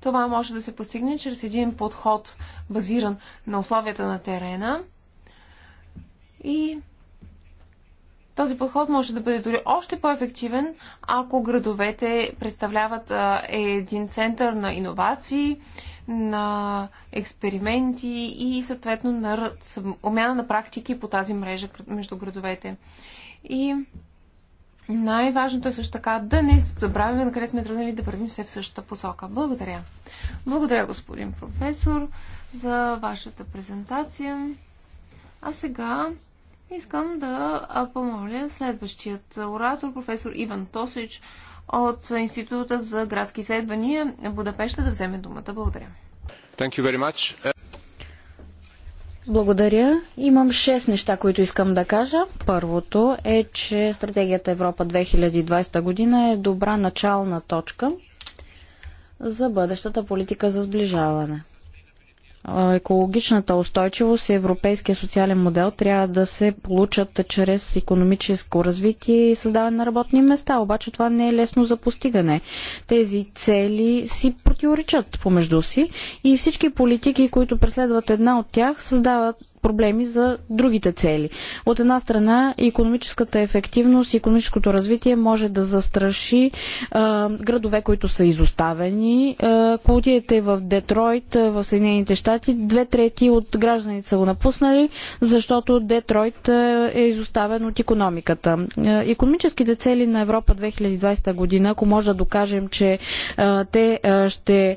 Това може да се постигне чрез един подход, базиран на условията на терена и този подход може да бъде дори още по-ефективен, ако градовете представляват един център на иновации, на експерименти и съответно на умяна на практики по тази мрежа между градовете. И най-важното е също така да не забравяме на къде сме тръгнали да вървим все в същата посока. Благодаря. Благодаря, господин професор, за вашата презентация. А сега Искам да помоля следващият оратор, професор Иван Тосич от Института за градски изследвания Будапешта да вземе думата. Благодаря. Thank you very much. Благодаря. Имам 6 неща, които искам да кажа. Първото е, че стратегията Европа 2020 година е добра начална точка за бъдещата политика за сближаване екологичната устойчивост и европейския социален модел трябва да се получат чрез економическо развитие и създаване на работни места. Обаче това не е лесно за постигане. Тези цели си противоречат помежду си и всички политики, които преследват една от тях, създават проблеми за другите цели. От една страна, економическата ефективност и економическото развитие може да застраши а, градове, които са изоставени. Ако отидете в Детройт, в Съединените щати, две трети от гражданите са го напуснали, защото Детройт е изоставен от економиката. Економическите цели на Европа 2020 година, ако може да докажем, че а, те а, ще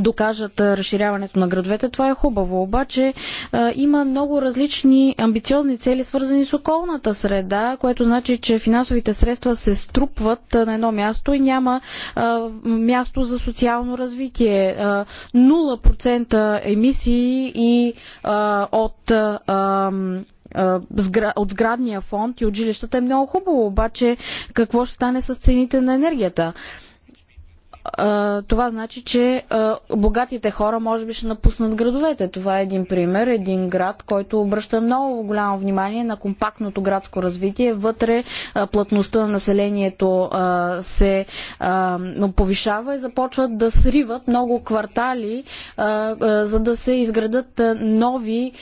докажат разширяването на градовете. Това е хубаво, обаче а, има много различни амбициозни цели, свързани с околната среда, което значи, че финансовите средства се струпват на едно място и няма а, място за социално развитие. А, 0% емисии и а, от а, от сградния фонд и от жилищата е много хубаво, обаче какво ще стане с цените на енергията? това значи, че богатите хора може би ще напуснат градовете. Това е един пример, един град, който обръща много голямо внимание на компактното градско развитие. Вътре плътността на населението се повишава и започват да сриват много квартали, за да се изградат нови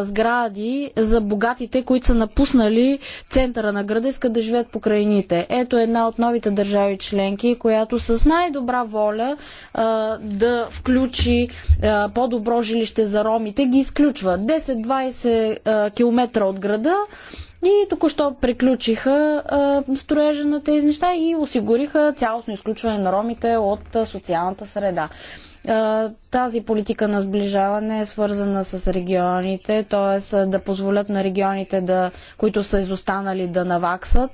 сгради за богатите, които са напуснали центъра на града и искат да живеят по крайните. Ето една от новите държави членки, която с най добра воля а, да включи а, по-добро жилище за ромите, ги изключва. 10-20 км от града и току-що приключиха а, строежа на тези неща и осигуриха цялостно изключване на ромите от а, социалната среда. А, тази политика на сближаване е свързана с регионите, т.е. да позволят на регионите, да, които са изостанали, да наваксат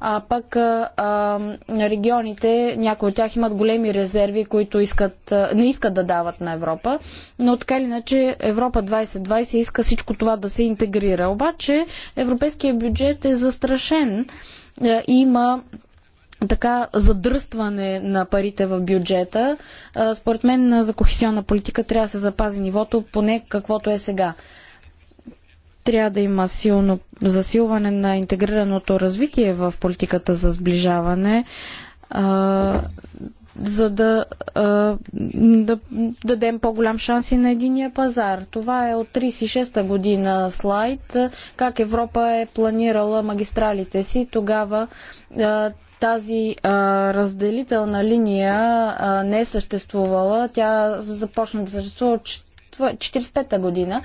а пък а, а, регионите, някои от тях имат големи резерви, които искат, а, не искат да дават на Европа, но така или иначе Европа 2020 иска всичко това да се интегрира. Обаче европейският бюджет е застрашен. А, е, има така задръстване на парите в бюджета. А, е, според мен за кохесионна политика трябва да се запази нивото поне каквото е сега. Трябва да има силно засилване на интегрираното развитие в политиката за сближаване, а, за да, а, да дадем по-голям шанс и на единия пазар. Това е от 36-та година слайд, как Европа е планирала магистралите си. Тогава а, тази а, разделителна линия а, не е съществувала. Тя започна да съществува от 45-та година.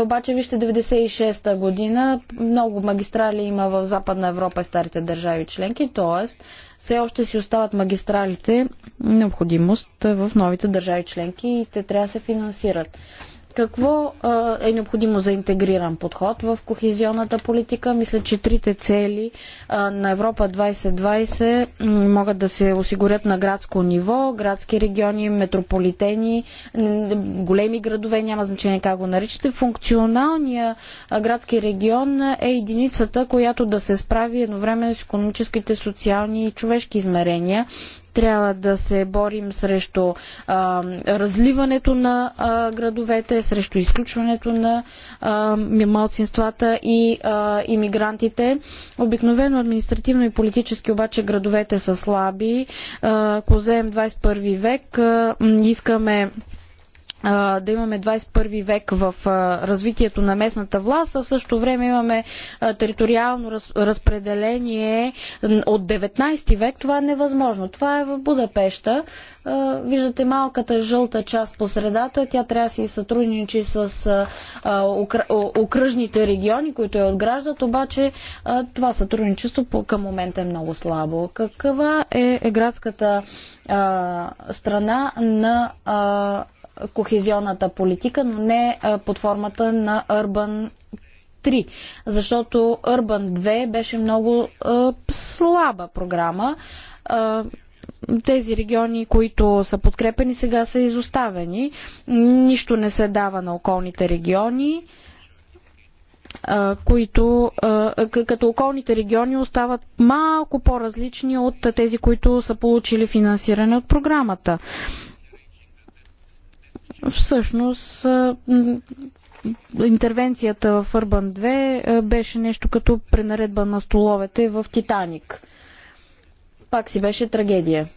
Обаче, вижте, 96-та година много магистрали има в Западна Европа и старите държави членки, т.е. все още си остават магистралите необходимост в новите държави членки и те трябва да се финансират. Какво е необходимо за интегриран подход в кохезионната политика? Мисля, че трите цели на Европа 2020 могат да се осигурят на градско ниво, градски региони, метрополитени, големи градове, няма значение как го наричате. Функционалния градски регион е единицата, която да се справи едновременно с економическите, социални и човешки измерения трябва да се борим срещу а, разливането на а, градовете, срещу изключването на а, малцинствата и а, иммигрантите. Обикновено административно и политически обаче градовете са слаби. Ако вземем 21 век, а, искаме да имаме 21 век в развитието на местната власт, а в същото време имаме териториално разпределение от 19 век. Това е невъзможно. Това е в Будапешта. Виждате малката жълта част по средата. Тя трябва да си сътрудничи с окръжните региони, които я отграждат, обаче това сътрудничество към момента е много слабо. Каква е, е градската страна на кохезионната политика, но не под формата на Urban 3, защото Urban 2 беше много слаба програма. тези региони, които са подкрепени, сега са изоставени. Нищо не се дава на околните региони, които като околните региони остават малко по-различни от тези, които са получили финансиране от програмата. Всъщност, интервенцията в Urban 2 беше нещо като пренаредба на столовете в Титаник. Пак си беше трагедия.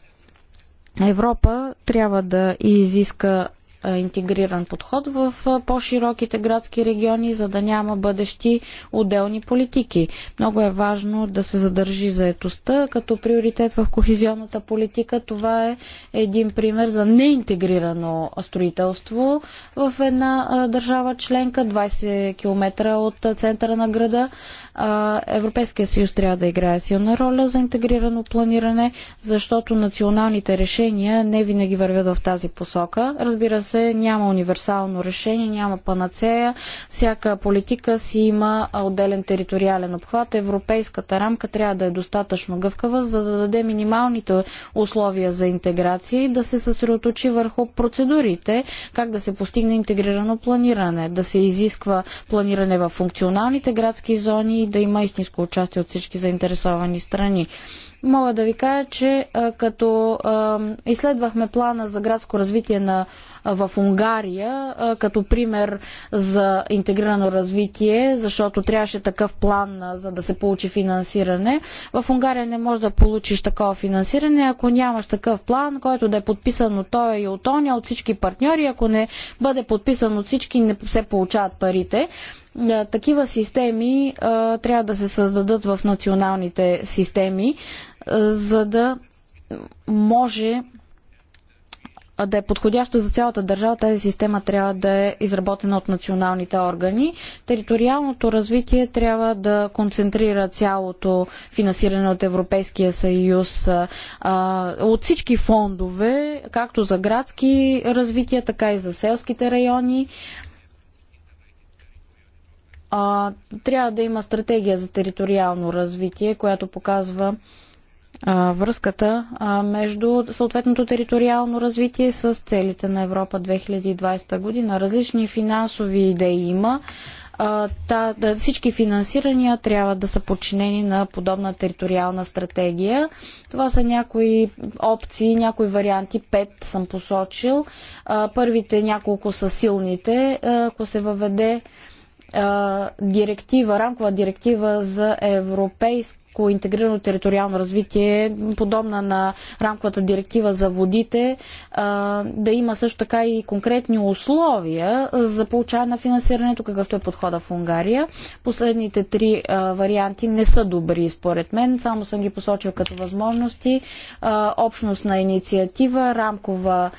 Европа трябва да изиска е, интегриран подход в е, по-широките градски региони, за да няма бъдещи отделни политики. Много е важно да се задържи заетостта като приоритет в кохезионната политика. Това е един пример за неинтегрирано строителство в една е, държава членка, 20 км от центъра на града. Европейския съюз трябва да играе силна роля за интегрирано планиране, защото националните решения не винаги вървят в тази посока. Разбира се, няма универсално решение, няма панацея. Всяка политика си има отделен териториален обхват. Европейската рамка трябва да е достатъчно гъвкава, за да даде минималните условия за интеграция и да се съсредоточи върху процедурите, как да се постигне интегрирано планиране, да се изисква планиране в функционалните градски зони да има истинско участие от всички заинтересовани страни. Мога да ви кажа, че като изследвахме плана за градско развитие на, в Унгария, като пример за интегрирано развитие, защото трябваше такъв план, за да се получи финансиране, в Унгария не може да получиш такова финансиране, ако нямаш такъв план, който да е подписан от той и от оня, от всички партньори. Ако не бъде подписан от всички, не се получават парите. Такива системи трябва да се създадат в националните системи, за да може да е подходяща за цялата държава, тази система трябва да е изработена от националните органи. Териториалното развитие трябва да концентрира цялото финансиране от Европейския съюз от всички фондове, както за градски развития, така и за селските райони а, трябва да има стратегия за териториално развитие, която показва а, връзката а, между съответното териториално развитие с целите на Европа 2020 година. Различни финансови идеи има. А, та, да, всички финансирания трябва да са подчинени на подобна териториална стратегия. Това са някои опции, някои варианти. Пет съм посочил. А, първите няколко са силните. Ако се въведе директива, рамкова директива за европейски върху интегрирано териториално развитие, подобна на рамковата директива за водите, да има също така и конкретни условия за получаване на финансирането, какъвто е подхода в Унгария. Последните три варианти не са добри, според мен. Само съм ги посочил като възможности. Общностна инициатива, рамкова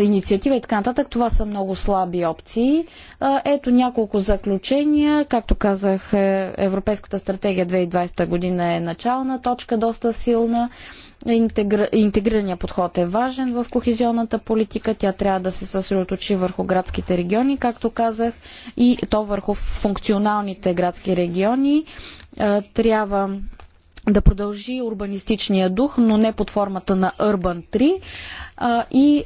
инициатива и така нататък. Това са много слаби опции. Ето няколко заключения. Както казах, е, Европейската стратегия 2020 2015 година е начална точка, доста силна. Интегр... Интегрирания подход е важен в кохезионната политика. Тя трябва да се съсредоточи върху градските региони, както казах, и то върху функционалните градски региони. Е, трябва да продължи урбанистичния дух, но не под формата на Urban 3. Е, и е,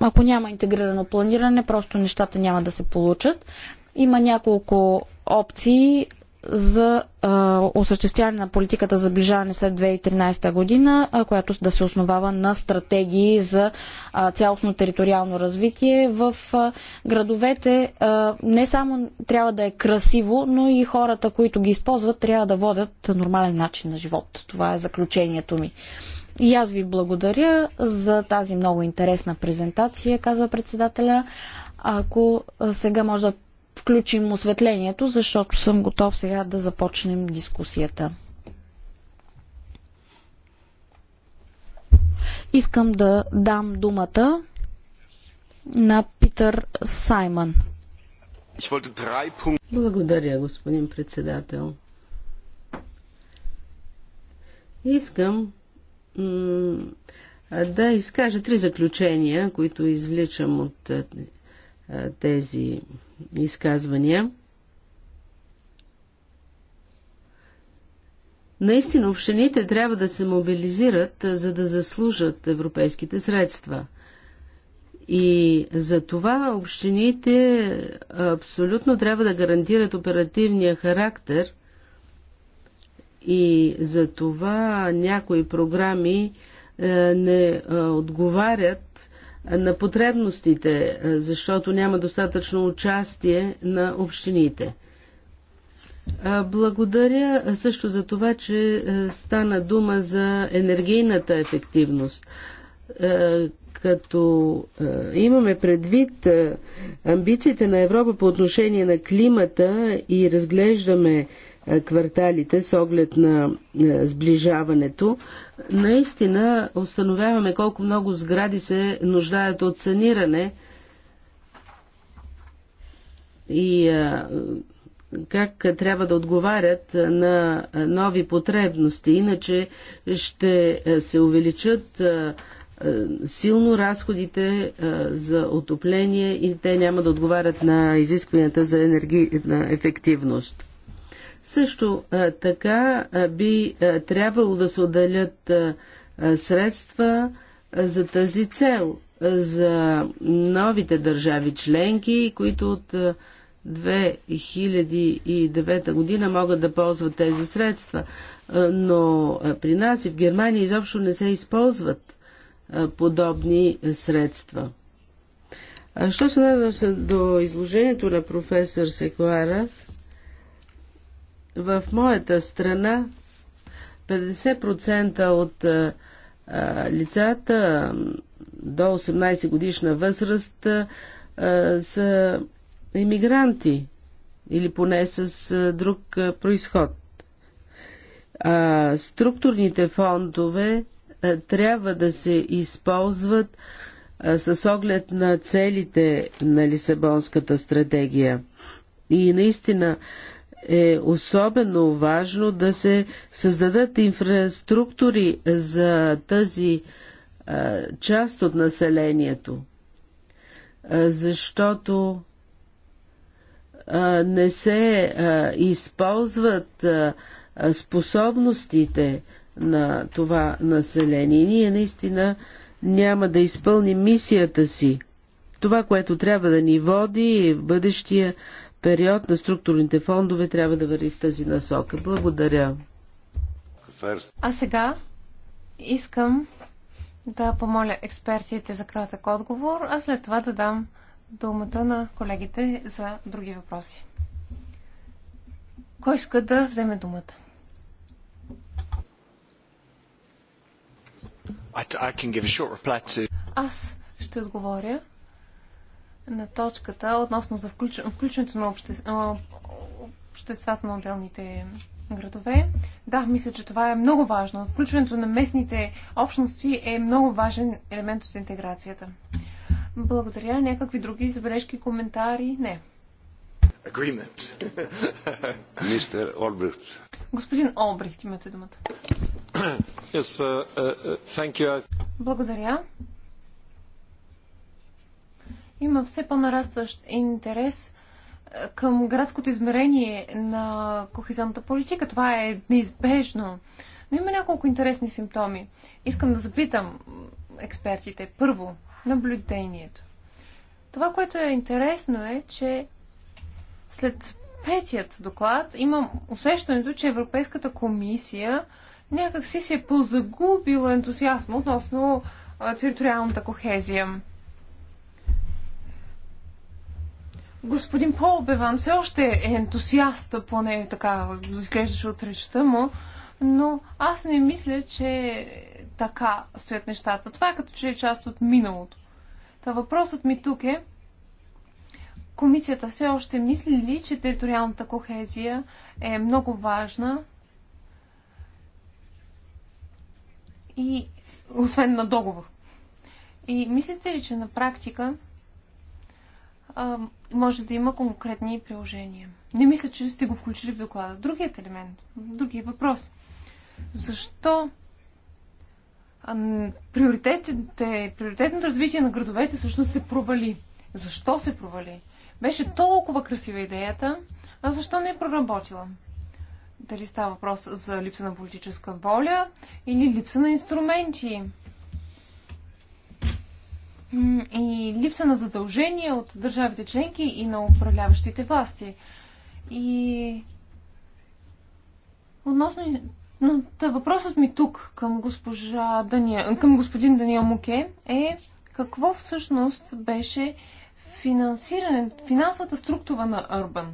ако няма интегрирано планиране, просто нещата няма да се получат. Има няколко опции за а, осъществяване на политиката за ближаване след 2013 година, а, която да се основава на стратегии за а, цялостно териториално развитие. В а, градовете а, не само трябва да е красиво, но и хората, които ги използват, трябва да водят нормален начин на живот. Това е заключението ми. И аз ви благодаря за тази много интересна презентация, казва председателя. Ако сега може да включим осветлението, защото съм готов сега да започнем дискусията. Искам да дам думата на Питър Саймън. Благодаря, господин председател. Искам да изкажа три заключения, които извличам от тези изказвания. Наистина общините трябва да се мобилизират, за да заслужат европейските средства. И за това общините абсолютно трябва да гарантират оперативния характер и за това някои програми не отговарят на потребностите, е, защото няма достатъчно участие на общините. Е, благодаря също за това, че е, стана дума за енергийната ефективност. Като имаме предвид амбициите на Европа по отношение на климата и разглеждаме е, кварталите с оглед на е, сближаването, наистина установяваме колко много сгради се нуждаят от саниране и е, как трябва да отговарят на нови потребности. Иначе ще се увеличат силно разходите за отопление и те няма да отговарят на изискванията за енергийна ефективност. Също така би трябвало да се отделят средства за тази цел, за новите държави членки, които от 2009 година могат да ползват тези средства. Но при нас и в Германия изобщо не се използват подобни средства. що се надаше до изложението на професор Секуара, в моята страна 50% от а, лицата до 18 годишна възраст а, са иммигранти или поне с а, друг а, происход. А, структурните фондове а, трябва да се използват а, с оглед на целите на Лисабонската стратегия. И наистина е особено важно да се създадат инфраструктури за тази а, част от населението, а, защото а, не се използват способностите на това население. Ние наистина няма да изпълним мисията си. Това, което трябва да ни води е в бъдещия период на структурните фондове трябва да върви в тази насока. Благодаря. А сега искам да помоля експертите за кратък отговор, а след това да дам думата на колегите за други въпроси. Кой иска да вземе думата? Аз ще отговоря на точката относно за включ... включването на обще... обществата на отделните градове. Да, мисля, че това е много важно. Включването на местните общности е много важен елемент от интеграцията. Благодаря. Някакви други забележки, коментари? Не. Agreement. Мистер Олбрихт. Господин Олбрихт, имате думата. Yes, uh, uh, uh Благодаря има все по-нарастващ интерес е, към градското измерение на кохезионната политика. Това е неизбежно. Но има няколко интересни симптоми. Искам да запитам експертите. Първо, наблюдението. Това, което е интересно е, че след петият доклад имам усещането, че Европейската комисия някак си се е позагубила ентусиазма относно териториалната кохезия. Господин Пол Беван все още е ентусиаст, поне така изглеждаше от речта му, но аз не мисля, че така стоят нещата. Това е като че е част от миналото. Та въпросът ми тук е, комисията все още мисли ли, че териториалната кохезия е много важна и освен на договор? И мислите ли, че на практика може да има конкретни приложения. Не мисля, че сте го включили в доклада. Другият елемент, другият въпрос. Защо приоритетите, приоритетното развитие на градовете всъщност се провали? Защо се провали? Беше толкова красива идеята, а защо не е проработила? Дали става въпрос за липса на политическа воля или липса на инструменти? и липса на задължения от държавите членки и на управляващите власти. И относно но, да, въпросът ми тук към, госпожа Дания, към господин Даниел Муке е какво всъщност беше финансиране, финансовата структура на Урбан?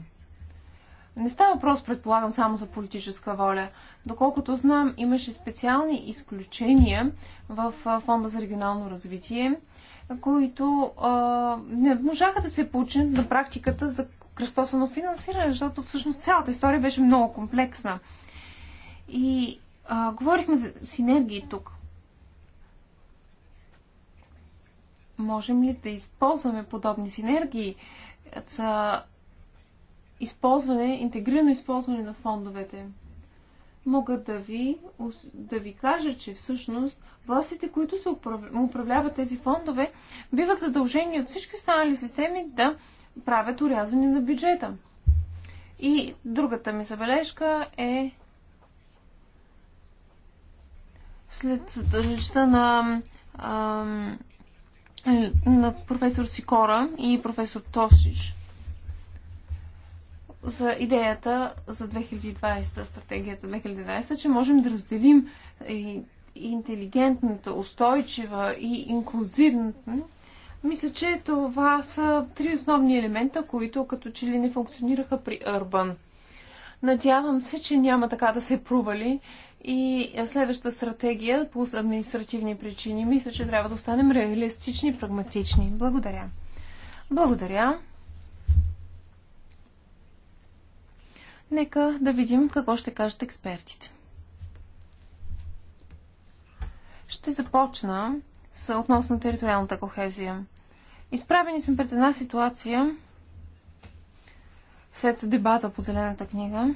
Не става въпрос, предполагам, само за политическа воля. Доколкото знам, имаше специални изключения в Фонда за регионално развитие които а, не можаха да се получат на практиката за кръстосано финансиране, защото всъщност цялата история беше много комплексна. И а, говорихме за синергии тук. Можем ли да използваме подобни синергии за използване, интегрирано използване на фондовете? Мога да ви, да ви кажа, че всъщност властите, които се управляват тези фондове, биват задължени от всички останали системи да правят урязване на бюджета. И другата ми забележка е след речта на, на професор Сикора и професор Тошич за идеята за 2020, стратегията 2020, че можем да разделим и интелигентната, устойчива и инклюзивната, мисля, че това са три основни елемента, които като че ли не функционираха при Urban. Надявам се, че няма така да се провали и следващата стратегия по административни причини мисля, че трябва да останем реалистични и прагматични. Благодаря. Благодаря. Нека да видим какво ще кажат експертите. Ще започна с относно териториалната кохезия. Изправени сме пред една ситуация след дебата по Зелената книга.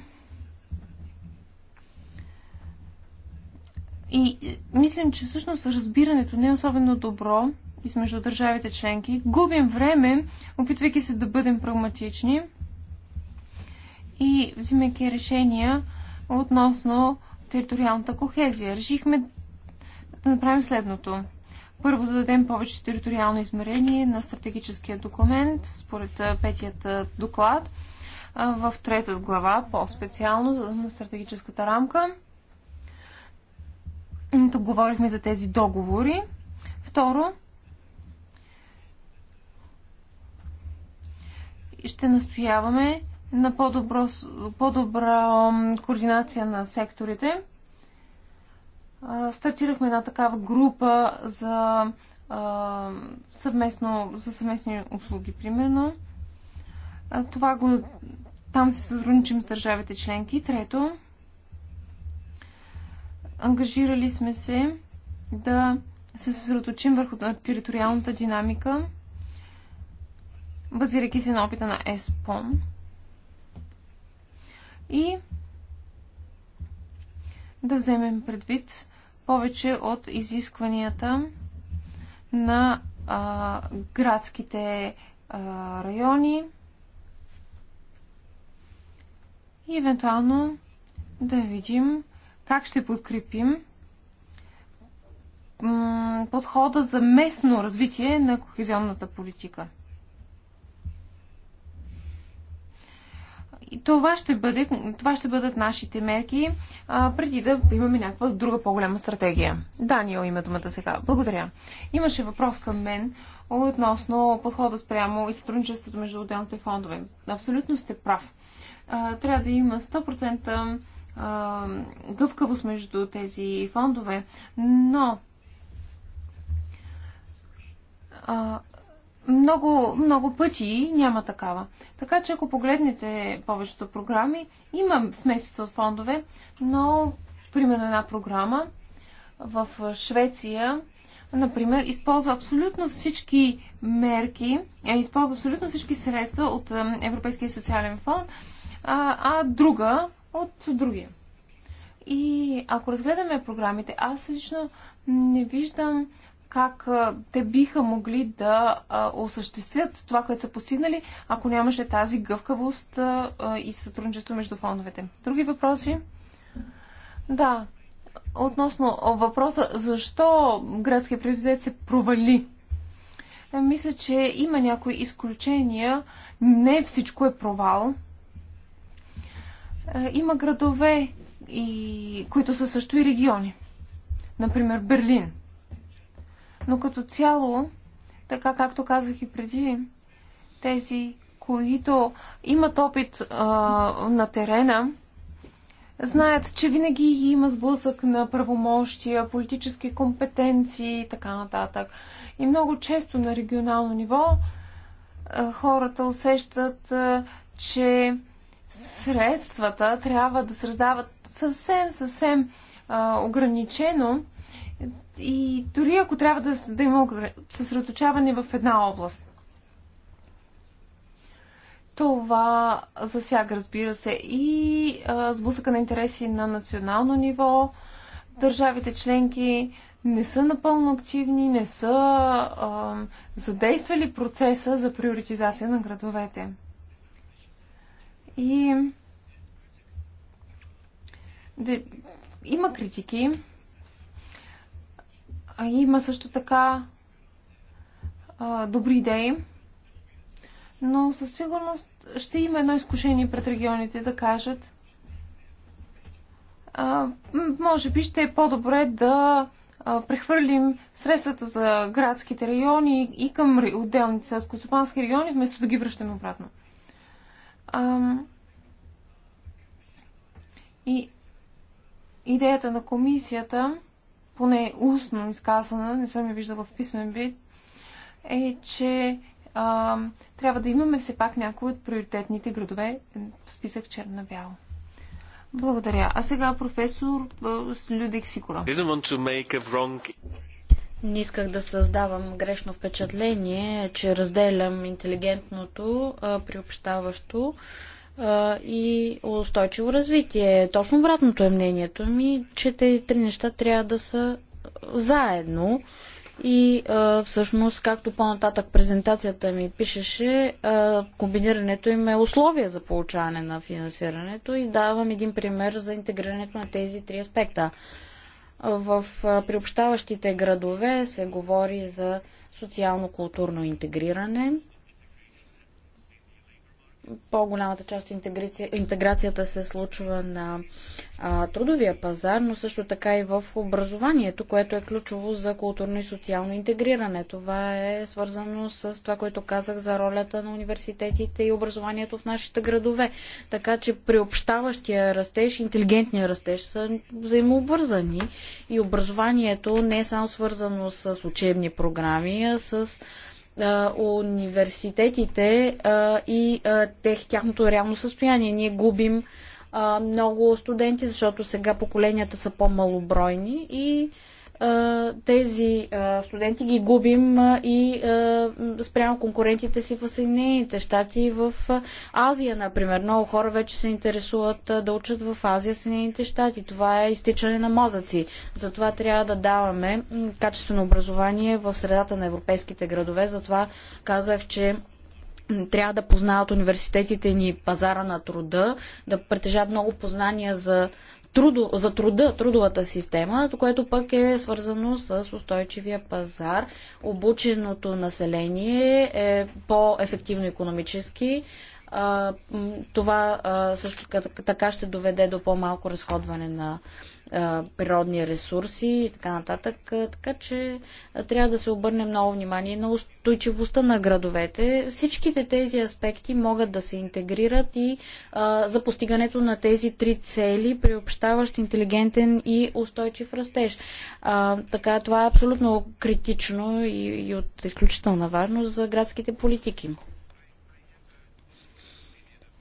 И е, мислим, че всъщност разбирането не е особено добро и между държавите членки. Губим време, опитвайки се да бъдем прагматични и взимайки решения относно териториалната кохезия. Решихме да направим следното. Първо да дадем повече териториално измерение на стратегическия документ, според петият доклад, в трета глава, по-специално на стратегическата рамка. Тук говорихме за тези договори. Второ, ще настояваме на по-добра координация на секторите – стартирахме една такава група за, а, съвместно, за съвместни услуги, примерно. А, това го, там се сътрудничим с държавите членки. Трето, ангажирали сме се да се съсредоточим върху териториалната динамика, базирайки се на опита на ЕСПОМ. И да вземем предвид повече от изискванията на а, градските а, райони и евентуално да видим как ще подкрепим подхода за местно развитие на кохезионната политика. И това ще, бъде, това ще бъдат нашите мерки а, преди да имаме някаква друга по-голяма стратегия. Даниел има думата сега. Благодаря. Имаше въпрос към мен относно подхода спрямо и сътрудничеството между отделните фондове. Абсолютно сте прав. А, трябва да има 100% а, гъвкавост между тези фондове, но а, много, много пъти няма такава. Така че ако погледнете повечето програми, има смесица от фондове, но примерно една програма в Швеция, например, използва абсолютно всички мерки, е, използва абсолютно всички средства от Европейския социален фонд, а, а друга от другия. И ако разгледаме програмите, аз лично не виждам как те биха могли да осъществят това, което са постигнали, ако нямаше тази гъвкавост и сътрудничество между фондовете. Други въпроси? Да. Относно въпроса защо градския приоритет се провали е, мисля, че има някои изключения. Не всичко е провал. Е, има градове, и... които са също и региони. Например, Берлин. Но като цяло, така както казах и преди, тези, които имат опит а, на терена, знаят, че винаги има сблъсък на правомощия, политически компетенции и така нататък. И много често на регионално ниво а, хората усещат, а, че средствата трябва да се раздават съвсем, съвсем а, ограничено и дори ако трябва да, да има съсредоточаване в една област. Това засяга, разбира се, и а, сблъсъка на интереси на национално ниво. Държавите членки не са напълно активни, не са а, задействали процеса за приоритизация на градовете. И де, има критики, а има също така а, добри идеи, но със сигурност ще има едно изкушение пред регионите да кажат а, може би ще е по-добре да а, прехвърлим средствата за градските райони и към отделните селско-стопански райони, вместо да ги връщаме обратно. А, и идеята на комисията поне устно изказана, не съм я виждала в писмен вид, е, че а, трябва да имаме все пак някои от приоритетните градове в списък черно-бяло. Благодаря. А сега професор Людик Сикора. Не исках да създавам грешно впечатление, че разделям интелигентното, приобщаващо и устойчиво развитие. Точно обратното е мнението ми, че тези три неща трябва да са заедно. И а, всъщност, както по-нататък презентацията ми пишеше, а, комбинирането им е условие за получаване на финансирането и давам един пример за интегрирането на тези три аспекта. В а, приобщаващите градове се говори за социално-културно интегриране, по-голямата част от интеграцията се случва на а, трудовия пазар, но също така и в образованието, което е ключово за културно и социално интегриране. Това е свързано с това, което казах за ролята на университетите и образованието в нашите градове. Така че приобщаващия растеж, интелигентния растеж са взаимообвързани и образованието не е само свързано с учебни програми, а с университетите и тех, тяхното реално състояние. Ние губим много студенти, защото сега поколенията са по-малобройни и тези студенти ги губим и спрямо конкурентите си в Съединените щати в Азия, например. Много хора вече се интересуват да учат в Азия, Съединените щати. Това е изтичане на мозъци. Затова трябва да даваме качествено образование в средата на европейските градове. Затова казах, че трябва да познават университетите ни пазара на труда, да притежават много познания за трудо, за труда, трудовата система, което пък е свързано с устойчивия пазар. Обученото население е по-ефективно економически. Това също така ще доведе до по-малко разходване на природни ресурси и така нататък. Така че трябва да се обърне много внимание на устойчивостта на градовете. Всичките тези аспекти могат да се интегрират и а, за постигането на тези три цели, приобщаващ интелигентен и устойчив растеж. А, така, това е абсолютно критично и, и от изключителна важност за градските политики.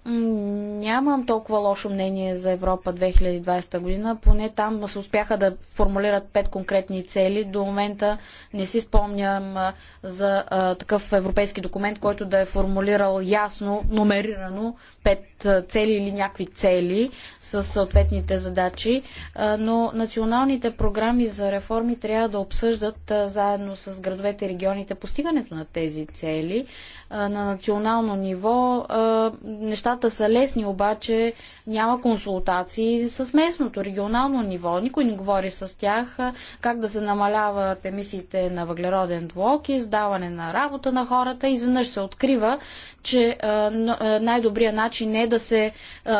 Нямам толкова лошо мнение за Европа 2020 година. Поне там се успяха да формулират пет конкретни цели. До момента не си спомням за а, такъв европейски документ, който да е формулирал ясно, номерирано пет цели или някакви цели с съответните задачи. А, но националните програми за реформи трябва да обсъждат а, заедно с градовете и регионите постигането на тези цели. на национално ниво нещата нещата са лесни, обаче няма консултации с местното, регионално ниво. Никой не говори с тях как да се намаляват емисиите на въглероден двуок и издаване на работа на хората. Изведнъж се открива, че най-добрият начин не е да се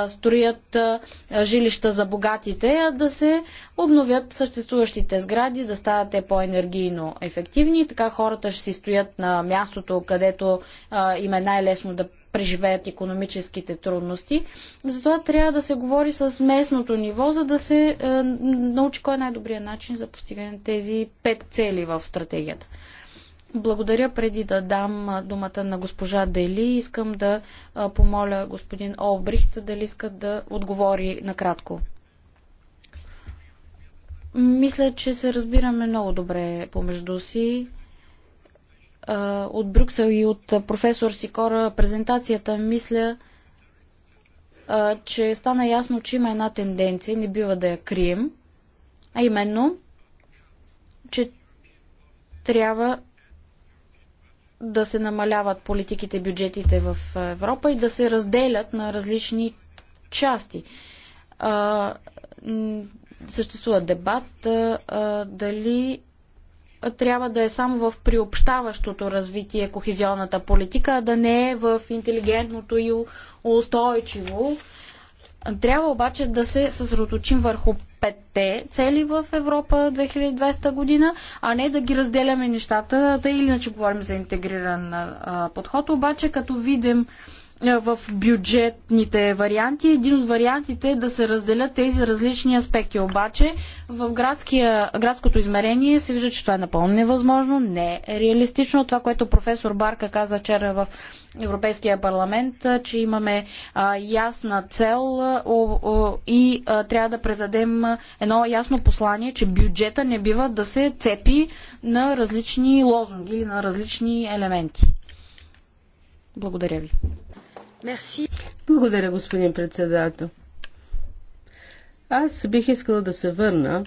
строят жилища за богатите, а да се обновят съществуващите сгради, да стават те по-енергийно ефективни така хората ще си стоят на мястото, където им е най-лесно да преживеят економическите трудности. Затова трябва да се говори с местното ниво, за да се е, научи кой е най-добрият начин за постигане на тези пет цели в стратегията. Благодаря преди да дам думата на госпожа Дели. Искам да помоля господин Олбрихт дали иска да отговори накратко. Мисля, че се разбираме много добре помежду си от Брюксел и от професор Сикора презентацията, мисля, че стана ясно, че има една тенденция, не бива да я крием, а именно, че трябва да се намаляват политиките, бюджетите в Европа и да се разделят на различни части. Съществува дебат дали трябва да е само в приобщаващото развитие кохезионната политика, а да не е в интелигентното и устойчиво. Трябва обаче да се съсредоточим върху петте цели в Европа 2020 година, а не да ги разделяме нещата, да или иначе говорим за интегриран подход. Обаче като видим в бюджетните варианти. Един от вариантите е да се разделят тези различни аспекти. Обаче в градския, градското измерение се вижда, че това е напълно невъзможно, не е реалистично. Това, което професор Барка каза вчера в Европейския парламент, че имаме а, ясна цел а, о, и а, трябва да предадем едно ясно послание, че бюджета не бива да се цепи на различни лозунги или на различни елементи. Благодаря ви. Мерси. Благодаря, господин председател. Аз бих искала да се върна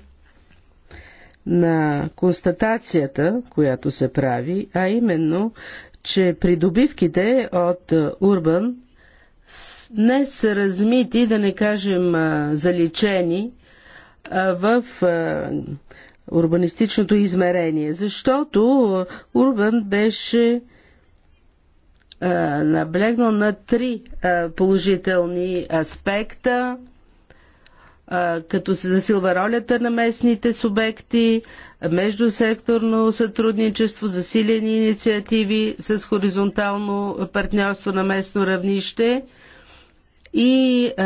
на констатацията, която се прави, а именно, че придобивките от Урбан не са размити, да не кажем заличени, в урбанистичното измерение, защото Урбан беше е, наблегнал на три е, положителни аспекта, е, като се засилва ролята на местните субекти, междусекторно сътрудничество, засилени инициативи с хоризонтално партньорство на местно равнище – и а,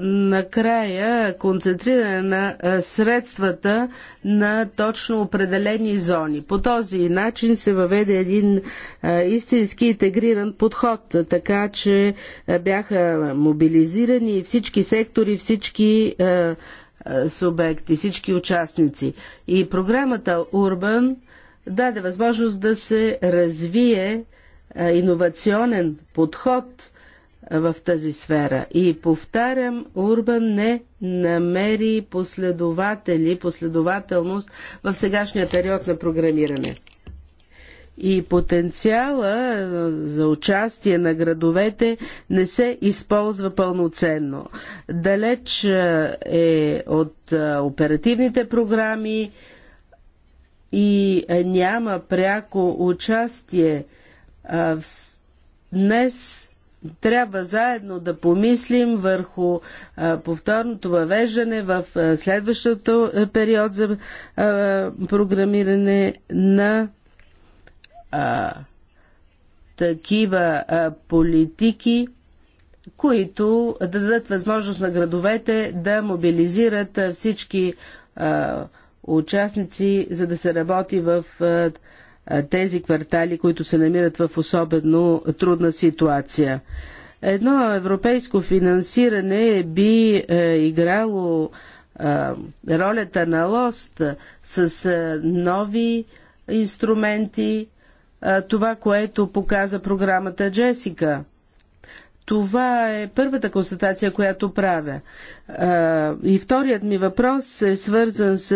накрая концентриране на а, средствата на точно определени зони. По този начин се въведе един а, истински интегриран подход, така че а, бяха мобилизирани всички сектори, всички а, а, субекти, всички участници. И програмата Урбан даде възможност да се развие иновационен подход – в тази сфера. И повтарям, Урбан не намери последователи, последователност в сегашния период на програмиране. И потенциала е, за участие на градовете не се използва пълноценно. Далеч е, е от е, оперативните програми и няма пряко участие. Днес трябва заедно да помислим върху повторното въвеждане в следващото период за програмиране на такива политики, които да дадат възможност на градовете да мобилизират всички участници, за да се работи в тези квартали, които се намират в особено трудна ситуация. Едно европейско финансиране би е, играло ролята на лост с нови инструменти, това, което показа програмата Джесика – това е първата констатация, която правя. И вторият ми въпрос е свързан с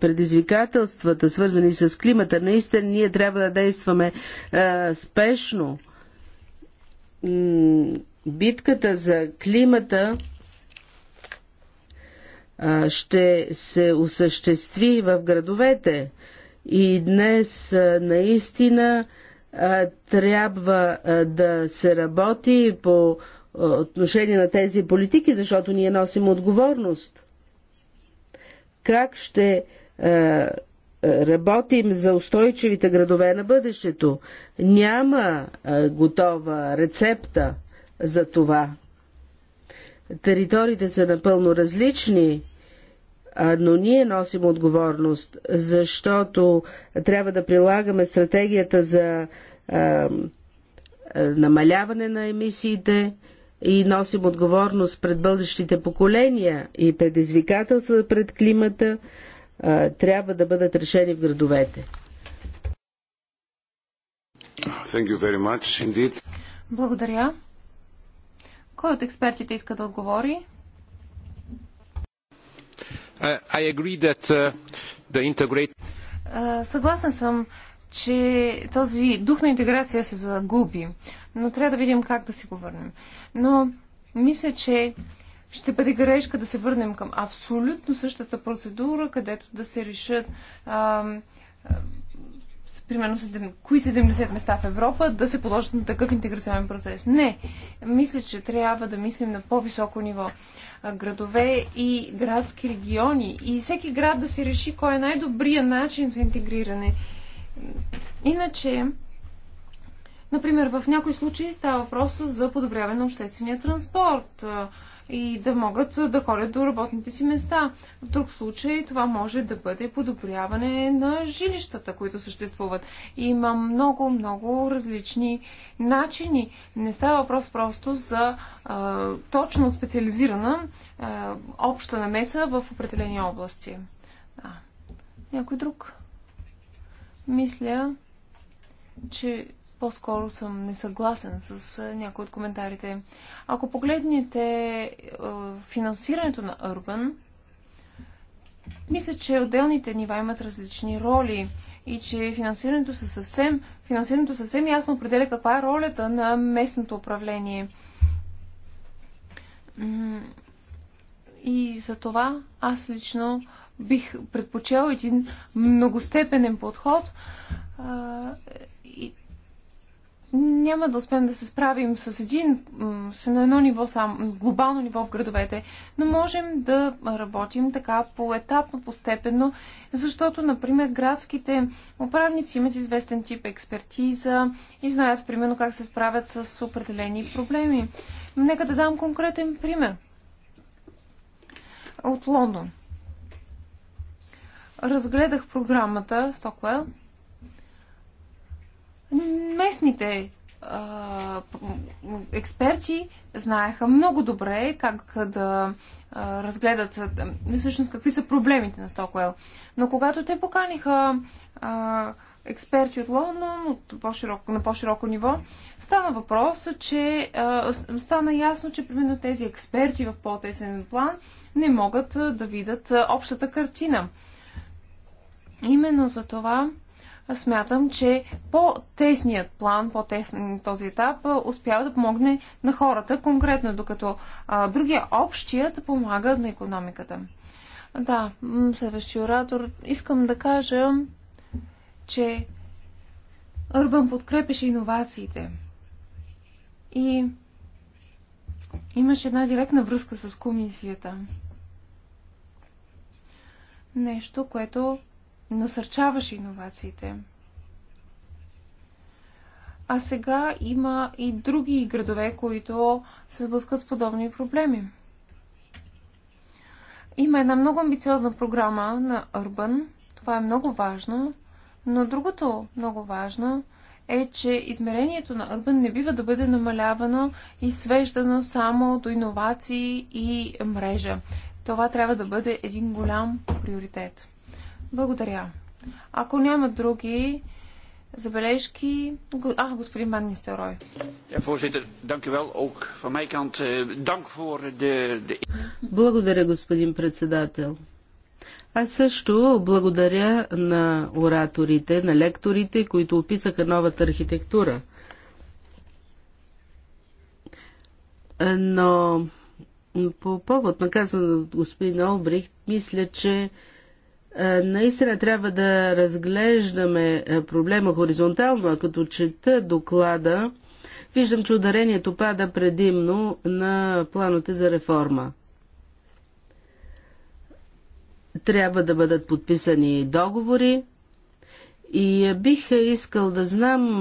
предизвикателствата, свързани с климата. Наистина ние трябва да действаме спешно. Битката за климата ще се осъществи в градовете. И днес наистина трябва да се работи по отношение на тези политики, защото ние носим отговорност. Как ще работим за устойчивите градове на бъдещето? Няма готова рецепта за това. Териториите са напълно различни но ние носим отговорност, защото трябва да прилагаме стратегията за намаляване на емисиите и носим отговорност пред бъдещите поколения и предизвикателства пред климата трябва да бъдат решени в градовете. Благодаря. Кой от експертите иска да отговори? I agree that uh, the integrate... Съгласен съм, че този дух на интеграция се загуби, но трябва да видим как да си го върнем. Но мисля, че ще бъде грешка да се върнем към абсолютно същата процедура, където да се решат а, примерно кои 70 места в Европа да се подложат на такъв интеграционен процес. Не. Мисля, че трябва да мислим на по-високо ниво. Градове и градски региони. И всеки град да си реши кой е най-добрия начин за интегриране. Иначе, например, в някои случаи става въпрос за подобряване на обществения транспорт и да могат да ходят до работните си места. В друг случай това може да бъде подобряване на жилищата, които съществуват. Има много, много различни начини. Не става въпрос просто за а, точно специализирана а, обща намеса в определени области. Да. Някой друг? Мисля, че по-скоро съм несъгласен с някои от коментарите. Ако погледнете финансирането на Urban, мисля, че отделните нива имат различни роли и че финансирането, са съвсем, финансирането съвсем ясно определя каква е ролята на местното управление. И за това аз лично бих предпочел един многостепенен подход и няма да успеем да се справим с един, с на едно ниво сам, глобално ниво в градовете, но можем да работим така поетапно, постепенно, защото, например, градските управници имат известен тип експертиза и знаят, примерно, как се справят с определени проблеми. Нека да дам конкретен пример. От Лондон. Разгледах програмата Stockwell – местните а, експерти знаеха много добре как да а, разгледат всъщност какви са проблемите на Стокуел. Но когато те поканиха а, експерти от Лондон от по-широко, на по-широко ниво, стана въпрос, че а, стана ясно, че примерно тези експерти в по-тесен план не могат а, да видят а, общата картина. Именно за това смятам, че по-тесният план, по-тесен този етап, успява да помогне на хората конкретно, докато а, другия общият помага на економиката. Да, следващия оратор. Искам да кажа, че Урбан подкрепеше иновациите. И имаше една директна връзка с комисията. Нещо, което насърчаваше иновациите. А сега има и други градове, които се сблъскат с подобни проблеми. Има една много амбициозна програма на Urban. Това е много важно. Но другото много важно е, че измерението на Urban не бива да бъде намалявано и свеждано само до иновации и мрежа. Това трябва да бъде един голям приоритет. Благодаря. Ако няма други забележки... А, господин Бан Нистерой. Благодаря, господин председател. Аз също благодаря на ораторите, на лекторите, които описаха новата архитектура. Но по повод на казаното от господин Олбрих, мисля, че е, наистина трябва да разглеждаме е, проблема хоризонтално, а като чета доклада, виждам, че ударението пада предимно на плановете за реформа. Трябва да бъдат подписани договори и е, бих искал да знам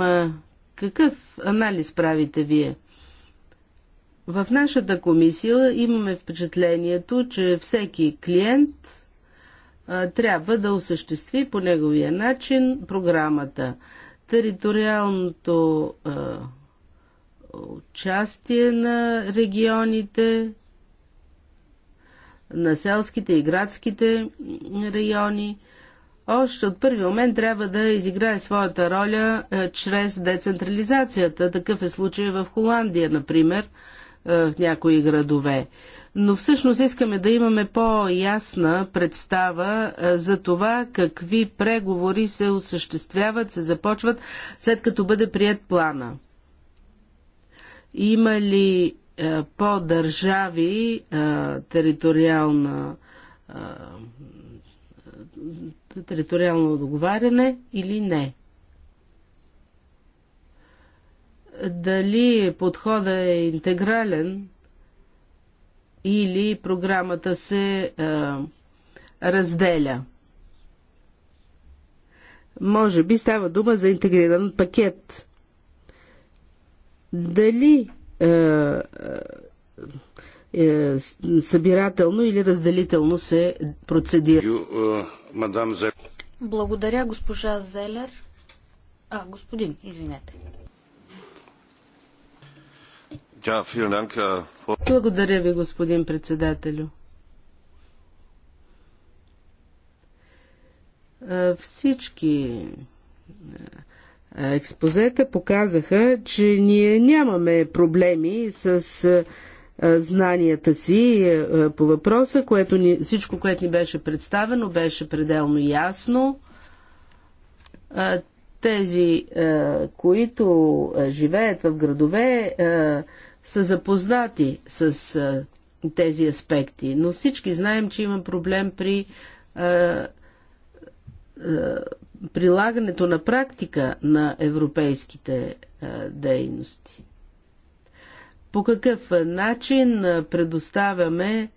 какъв анализ правите вие. В нашата комисия имаме впечатлението, че всеки клиент – трябва да осъществи по неговия начин програмата. Териториалното участие на регионите, на селските и градските райони. Още от първи момент трябва да изиграе своята роля а, чрез децентрализацията. Такъв е случай в Холандия, например, а, в някои градове но всъщност искаме да имаме по-ясна представа е, за това какви преговори се осъществяват, се започват след като бъде прият плана. Има ли е, по държави е, териториална териториално договаряне или не. Дали подходът е интегрален или програмата се а, е, разделя. Може би става дума за интегриран пакет. Дали а, е, а, е, е, събирателно или разделително се процедира? Благодаря, госпожа Зелер. А, господин, извинете. Благодаря ви, господин председателю. Всички експозета показаха, че ние нямаме проблеми с знанията си по въпроса, което ни, всичко, което ни беше представено, беше пределно ясно. Тези, които живеят в градове, са запознати с а, тези аспекти, но всички знаем, че има проблем при а, а, прилагането на практика на европейските а, дейности. По какъв начин предоставяме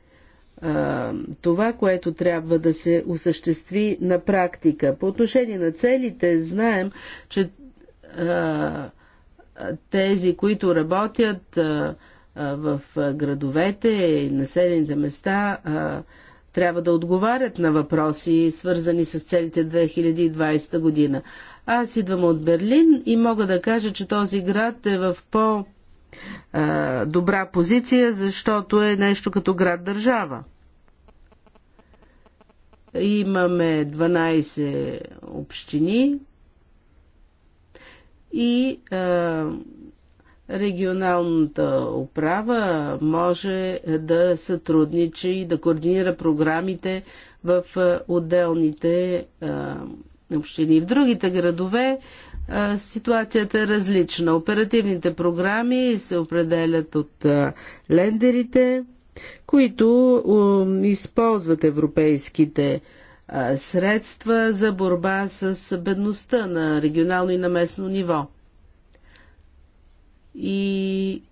а, това, което трябва да се осъществи на практика? По отношение на целите, знаем, че а, тези, които работят в градовете и населените места, трябва да отговарят на въпроси, свързани с целите 2020 година. Аз идвам от Берлин и мога да кажа, че този град е в по- добра позиция, защото е нещо като град-държава. Имаме 12 общини, и регионалната управа може да сътрудничи и да координира програмите в отделните общини. В другите градове ситуацията е различна. Оперативните програми се определят от лендерите, които използват европейските а, средства за борба с бедността на регионално и на местно ниво. И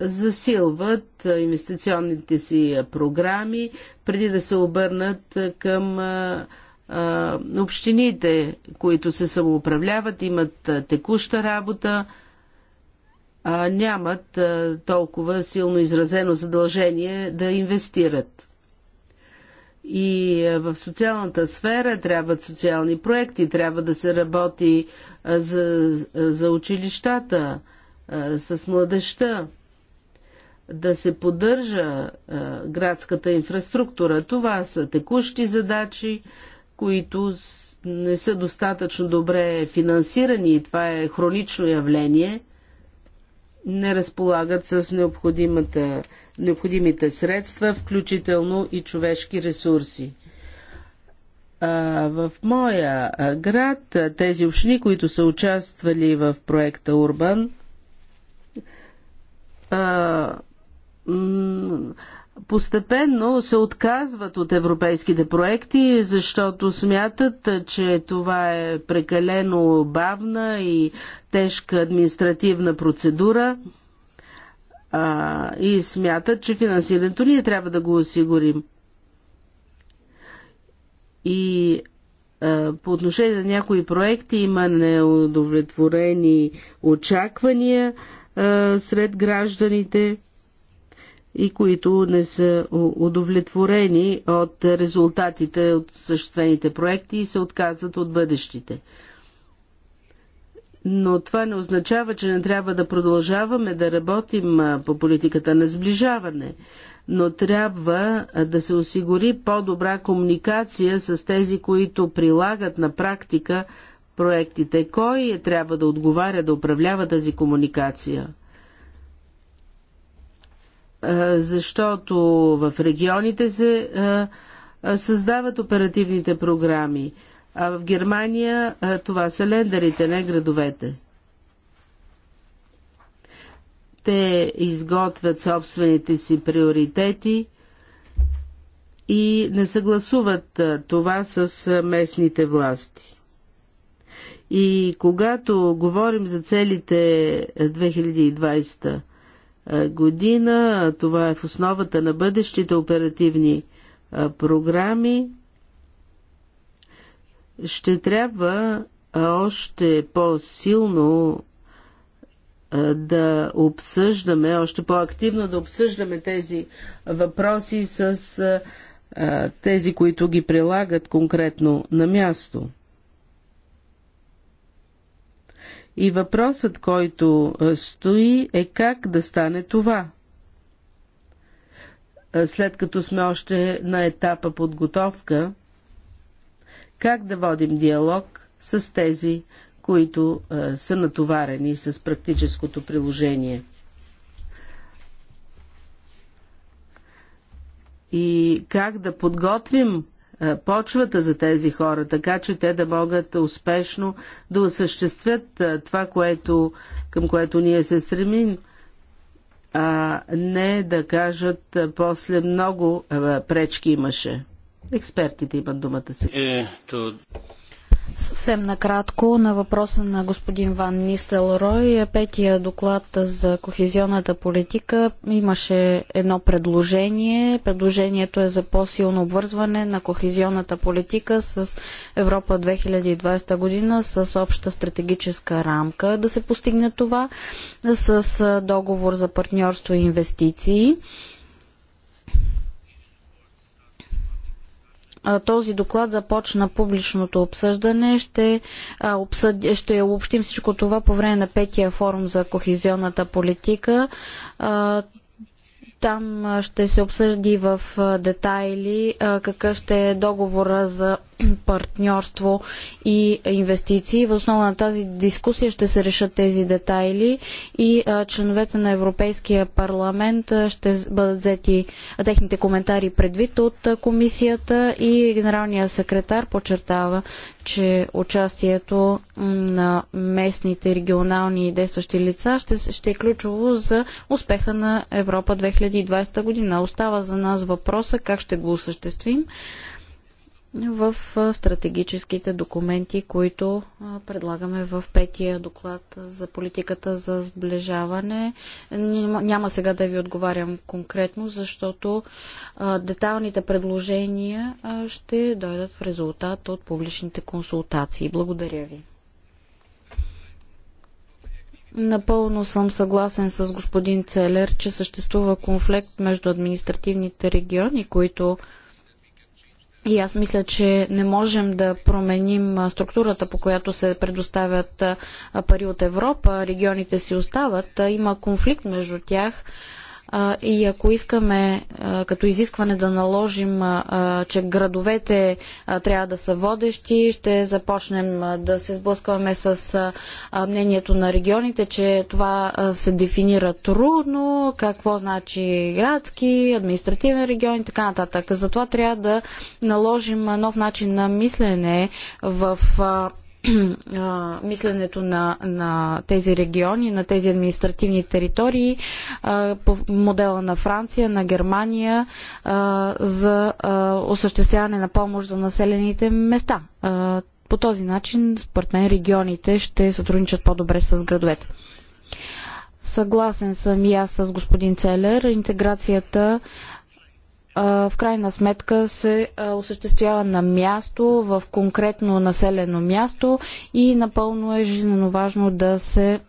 засилват инвестиционните си програми, преди да се обърнат към общините, които се самоуправляват, имат текуща работа, а нямат толкова силно изразено задължение да инвестират. И е, в социалната сфера трябват социални проекти, трябва да се работи е, за, е, за училищата, с младеща, да се поддържа градската инфраструктура. Това са текущи задачи, които не са достатъчно добре финансирани и това е хронично явление не разполагат с необходимите средства, включително и човешки ресурси. А, в моя град тези общини, които са участвали в проекта Урбан, постепенно се отказват от европейските проекти, защото смятат, че това е прекалено бавна и тежка административна процедура а, и смятат, че финансирането ние трябва да го осигурим. И а, по отношение на някои проекти има неудовлетворени очаквания а, сред гражданите и които не са удовлетворени от резултатите от съществените проекти и се отказват от бъдещите. Но това не означава, че не трябва да продължаваме да работим по политиката на сближаване, но трябва да се осигури по-добра комуникация с тези, които прилагат на практика проектите. Кой е трябва да отговаря да управлява тази комуникация? защото в регионите се създават оперативните програми, а в Германия това са лендерите, не градовете. Те изготвят собствените си приоритети и не съгласуват това с местните власти. И когато говорим за целите 2020 е, година. Това е в основата на бъдещите оперативни е, програми. Ще трябва е, още по-силно да обсъждаме, още по-активно да обсъждаме тези въпроси с тези, които ги прилагат конкретно на място. И въпросът, който стои е как да стане това. След като сме още на етапа подготовка, как да водим диалог с тези, които са натоварени с практическото приложение. И как да подготвим е, почвата за тези хора, така че те да могат успешно да осъществят е, това, което, към което ние се стремим, а не да кажат е, после много пречки имаше. Експертите имат думата си. Е, то... Съвсем накратко на въпроса на господин Ван Нистелрой, е, петия доклад за кохезионната политика имаше едно предложение. Предложението е за по-силно обвързване на кохезионната политика с Европа 2020 година с обща стратегическа рамка. Да се постигне това с договор за партньорство и инвестиции. този доклад започна публичното обсъждане. Ще, обсъд... ще обобщим всичко това по време на петия форум за кохезионната политика. Там ще се обсъжди в детайли какъв ще е договора за партньорство и инвестиции. В основа на тази дискусия ще се решат тези детайли и членовете на Европейския парламент ще бъдат взети техните коментари предвид от комисията и генералния секретар подчертава, че участието на местните регионални и действащи лица ще, ще е ключово за успеха на Европа 2020. 2020 година. Остава за нас въпроса как ще го осъществим в стратегическите документи, които предлагаме в петия доклад за политиката за сближаване. Няма сега да ви отговарям конкретно, защото деталните предложения ще дойдат в резултат от публичните консултации. Благодаря ви. Напълно съм съгласен с господин Целер, че съществува конфликт между административните региони, които и аз мисля, че не можем да променим структурата, по която се предоставят пари от Европа. Регионите си остават. Има конфликт между тях и ако искаме като изискване да наложим, че градовете трябва да са водещи, ще започнем да се сблъскваме с мнението на регионите, че това се дефинира трудно, какво значи градски, административен регион и така нататък. Затова трябва да наложим нов начин на мислене в мисленето на, на тези региони, на тези административни територии а, по модела на Франция, на Германия а, за а, осъществяване на помощ за населените места. А, по този начин, според мен, регионите ще сътрудничат по-добре с градовете. Съгласен съм и аз с господин Целер. Интеграцията в крайна сметка се осъществява на място, в конкретно населено място и напълно е жизненно важно да се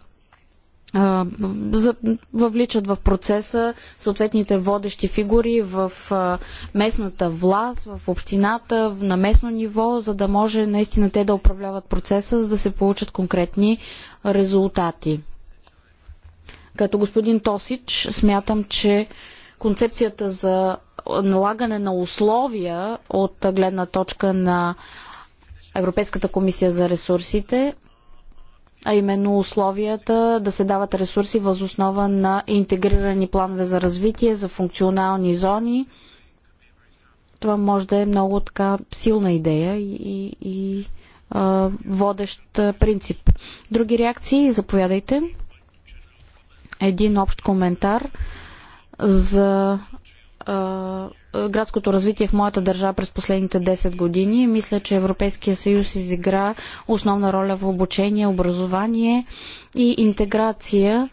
въвличат в процеса съответните водещи фигури в местната власт, в общината, на местно ниво, за да може наистина те да управляват процеса, за да се получат конкретни резултати. Като господин Тосич, смятам, че концепцията за налагане на условия от гледна точка на Европейската комисия за ресурсите, а именно условията да се дават ресурси въз основа на интегрирани планове за развитие, за функционални зони. Това може да е много така силна идея и, и, и а, водещ принцип. Други реакции? Заповядайте. Един общ коментар за градското развитие в моята държава през последните 10 години. Мисля, че Европейския съюз изигра основна роля в обучение, образование и интеграция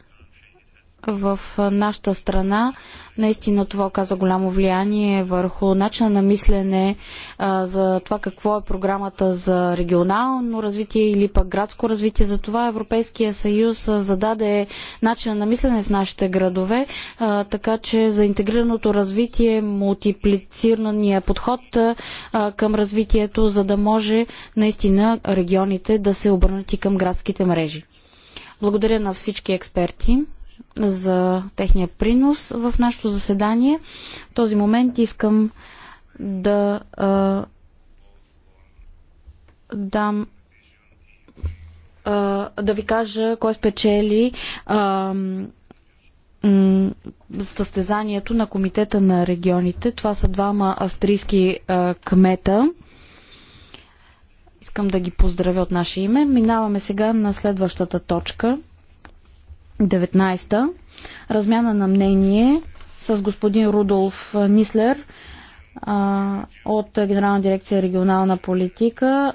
в нашата страна наистина това оказа голямо влияние върху начина на мислене а, за това какво е програмата за регионално развитие или пък градско развитие. За това Европейския съюз зададе начина на мислене в нашите градове, а, така че за интегрираното развитие, мултиплицирания подход към развитието, за да може наистина регионите да се обърнат и към градските мрежи. Благодаря на всички експерти за техния принос в нашето заседание. В този момент искам да а, дам а, да ви кажа кой спечели а, състезанието на Комитета на регионите. Това са двама австрийски а, кмета. Искам да ги поздравя от наше име. Минаваме сега на следващата точка. 2019. размяна на мнение с господин Рудолф Нислер от Генерална дирекция регионална политика,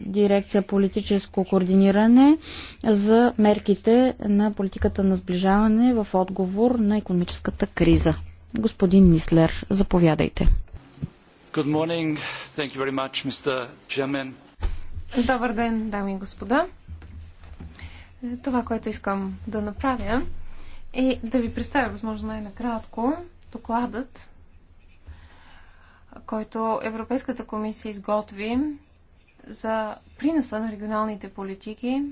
дирекция политическо координиране за мерките на политиката на сближаване в отговор на економическата криза. Господин Нислер, заповядайте. Good morning. Thank you very much, Mr. Добър ден, дами и господа. Това, което искам да направя, е да ви представя, възможно най-накратко, докладът, който Европейската комисия изготви за приноса на регионалните политики,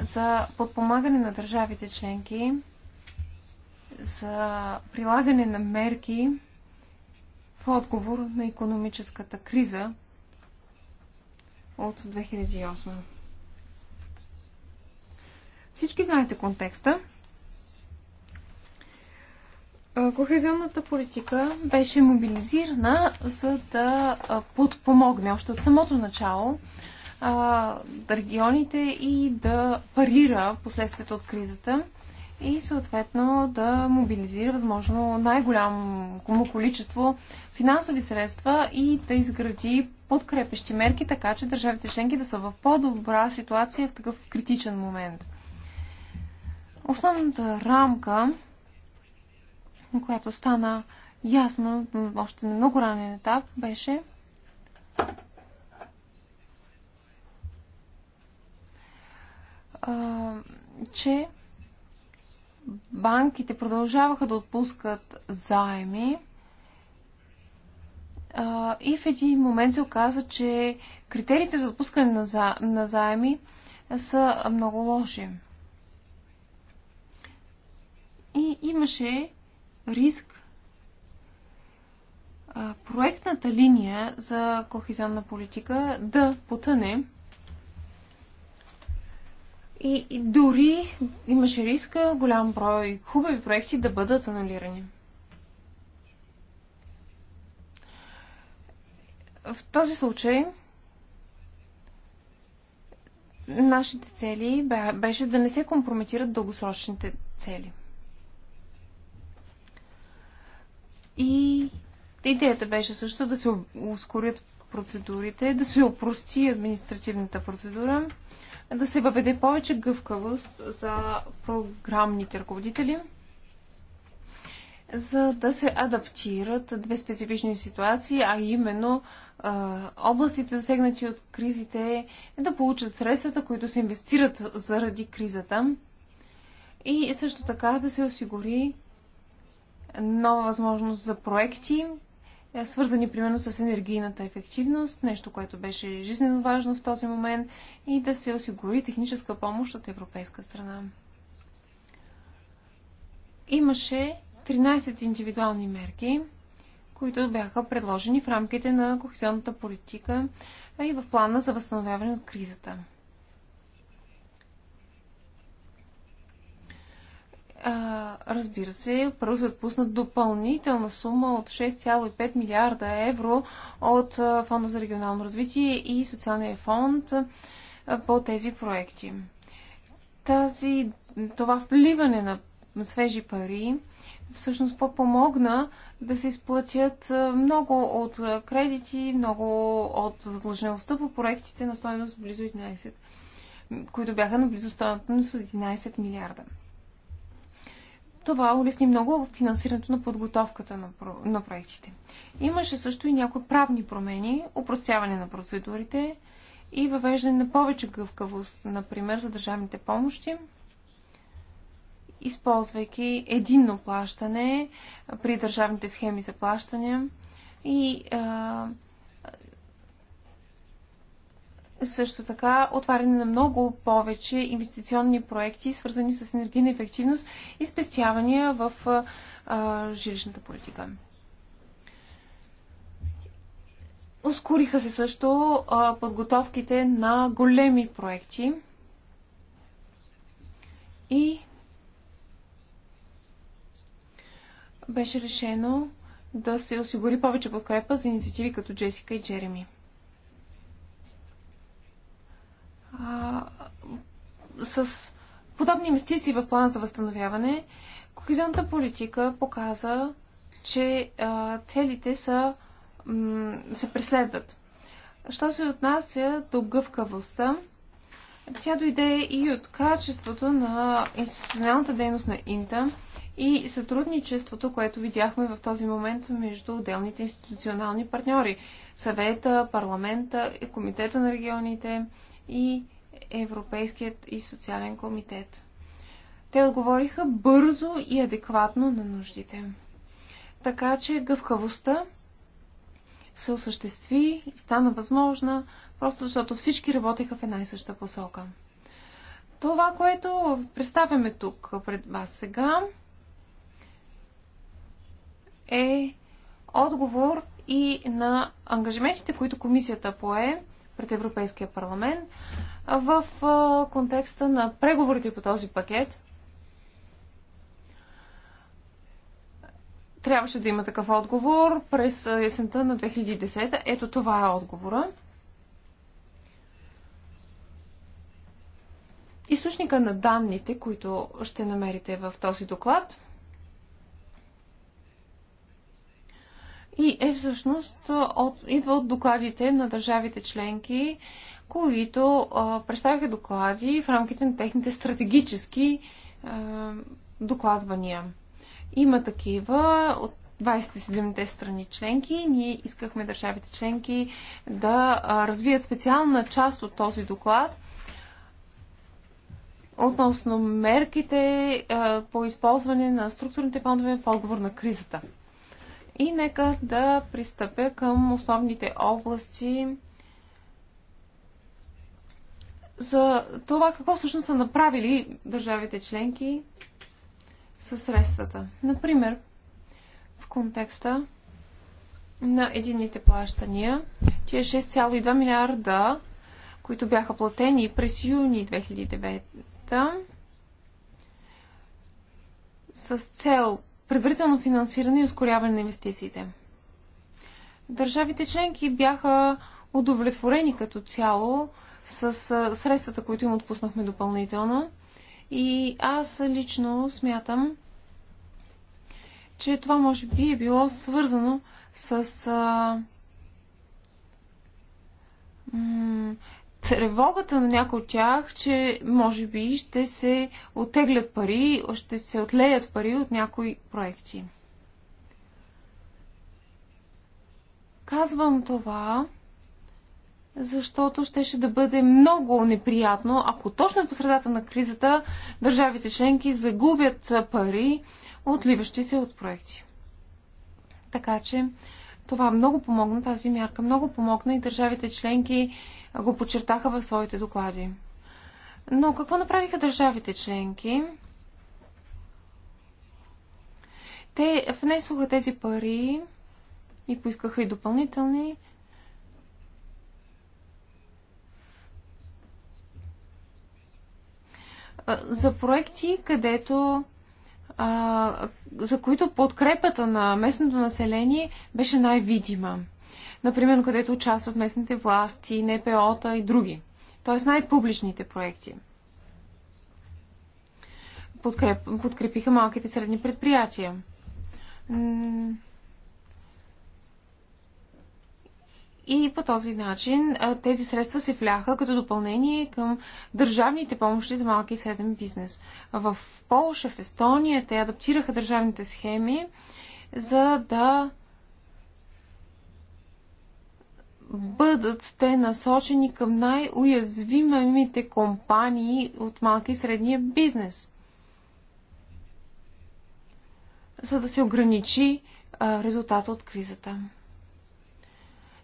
за подпомагане на държавите членки, за прилагане на мерки в отговор на економическата криза от 2008. Всички знаете контекста. Кохезионната политика беше мобилизирана за да подпомогне още от самото начало регионите и да парира последствията от кризата и съответно да мобилизира възможно най-голямо количество финансови средства и да изгради подкрепещи мерки, така че държавите членки да са в по-добра ситуация в такъв критичен момент. Основната рамка, която стана ясна още на много ранен етап, беше че банките продължаваха да отпускат заеми и в един момент се оказа, че критериите за отпускане на, на заеми са много лоши. И имаше риск проектната линия за кохизионна политика да потъне. И, и дори имаше риска голям брой хубави проекти да бъдат анулирани. В този случай нашите цели беше да не се компрометират дългосрочните цели. И идеята беше също да се ускорят процедурите, да се опрости административната процедура, да се въведе повече гъвкавост за програмните ръководители, за да се адаптират две специфични ситуации, а именно областите, засегнати от кризите, да получат средствата, които се инвестират заради кризата. И също така да се осигури нова възможност за проекти, е, свързани примерно с енергийната ефективност, нещо, което беше жизненно важно в този момент, и да се осигури техническа помощ от европейска страна. Имаше 13 индивидуални мерки, които бяха предложени в рамките на кохезионната политика и в плана за възстановяване от кризата. а, разбира се, първо се отпуснат допълнителна сума от 6,5 милиарда евро от Фонда за регионално развитие и Социалния фонд по тези проекти. Тази, това вливане на свежи пари всъщност помогна да се изплатят много от кредити, много от задлъжнялостта по проектите на стоеност близо 11, които бяха на близо стоеност 11 милиарда. Това улесни много в финансирането на подготовката на, про... на проектите. Имаше също и някои правни промени, упростяване на процедурите и въвеждане на повече гъвкавост, например за държавните помощи, използвайки единно плащане при държавните схеми за плащане и а, също така отваряне на много повече инвестиционни проекти, свързани с енергийна ефективност и спестявания в а, жилищната политика. Ускориха се също а, подготовките на големи проекти и беше решено да се осигури повече подкрепа за инициативи като Джесика и Джереми. а, с подобни инвестиции в плана за възстановяване, кохезионната политика показа, че а, целите са, се преследват. Що се отнася до гъвкавостта, тя дойде и от качеството на институционалната дейност на Инта и сътрудничеството, което видяхме в този момент между отделните институционални партньори съвета, парламента, комитета на регионите и Европейският и социален комитет. Те отговориха бързо и адекватно на нуждите. Така че гъвкавостта се осъществи и стана възможна, просто защото всички работеха в една и съща посока. Това, което представяме тук пред вас сега, е отговор и на ангажиментите, които комисията пое пред Европейския парламент в контекста на преговорите по този пакет. Трябваше да има такъв отговор през есента на 2010. Ето това е отговора. Източника на данните, които ще намерите в този доклад, и е всъщност от, идва от докладите на държавите членки, които а, представяха доклади в рамките на техните стратегически а, докладвания. Има такива от 27-те страни членки. Ние искахме държавите членки да развият специална част от този доклад относно мерките а, по използване на структурните фондове в отговор на кризата. И нека да пристъпя към основните области за това какво всъщност са направили държавите членки със средствата. Например, в контекста на единните плащания, тия 6,2 милиарда, които бяха платени през юни 2009 с цел предварително финансиране и ускоряване на инвестициите. Държавите членки бяха удовлетворени като цяло с средствата, които им отпуснахме допълнително. И аз лично смятам, че това може би е било свързано с тревогата на някои от тях, че може би ще се отеглят пари, ще се отлеят пари от някои проекти. Казвам това, защото щеше да бъде много неприятно, ако точно е по средата на кризата държавите членки загубят пари, отливащи се от проекти. Така че това много помогна, тази мярка много помогна и държавите членки го подчертаха в своите доклади. Но какво направиха държавите членки? Те внесоха тези пари и поискаха и допълнителни. За проекти, където а, за които подкрепата на местното население беше най-видима например, където участват местните власти, НПО-та и други. Т.е. най-публичните проекти. Подкреп, подкрепиха малките средни предприятия. И по този начин тези средства се вляха като допълнение към държавните помощи за малки и среден бизнес. В Полша, в Естония те адаптираха държавните схеми, за да бъдат те насочени към най-уязвимите компании от малки и средния бизнес. За да се ограничи резултата от кризата.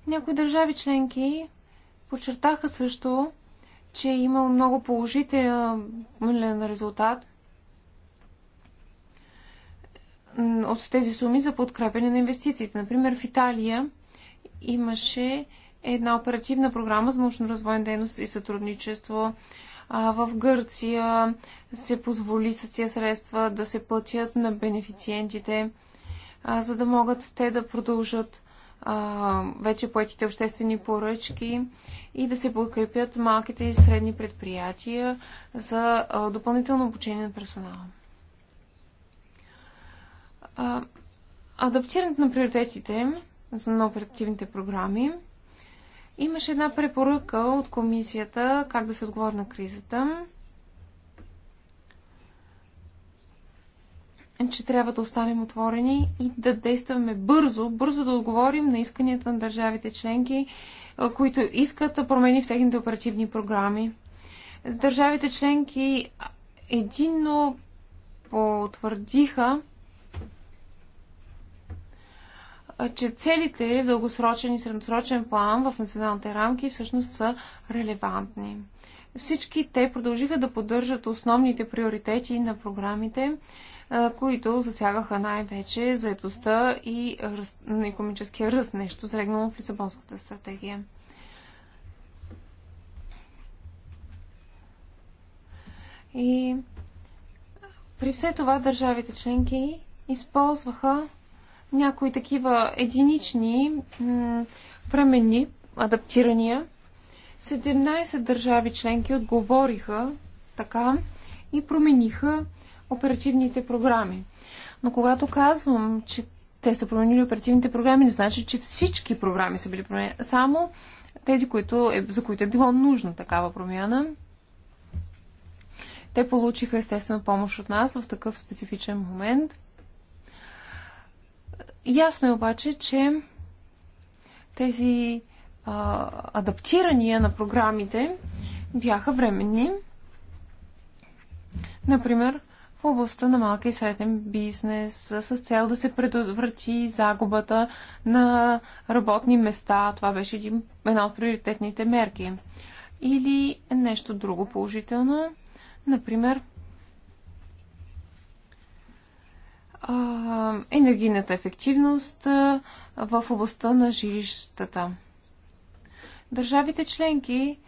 Някои държави членки подчертаха също, че е имал много положителен резултат от тези суми за подкрепене на инвестициите. Например, в Италия имаше една оперативна програма за научно-развойна дейност и сътрудничество. В Гърция се позволи с тези средства да се платят на бенефициентите, за да могат те да продължат вече поетите обществени поръчки и да се подкрепят малките и средни предприятия за допълнително обучение на персонала. Адаптирането на приоритетите на оперативните програми. Имаше една препоръка от комисията как да се отговори на кризата. че трябва да останем отворени и да действаме бързо, бързо да отговорим на исканията на държавите членки, които искат да промени в техните оперативни програми. Държавите членки единно потвърдиха, че целите в дългосрочен и средносрочен план в националните рамки всъщност са релевантни. Всички те продължиха да поддържат основните приоритети на програмите, които засягаха най-вече заедостта и ръст, на економическия ръст, нещо срегнало в Лисабонската стратегия. И при все това държавите членки използваха някои такива единични временни адаптирания. 17 държави членки отговориха така и промениха оперативните програми. Но когато казвам, че те са променили оперативните програми, не значи, че всички програми са били променени. Само тези, които е, за които е било нужна такава промяна. Те получиха естествено помощ от нас в такъв специфичен момент – Ясно е обаче, че тези а, адаптирания на програмите бяха временни. Например, в областта на малки и среден бизнес, с цел да се предотврати загубата на работни места. Това беше един, една от приоритетните мерки. Или нещо друго положително, например, енергийната ефективност в областта на жилищата. Държавите членки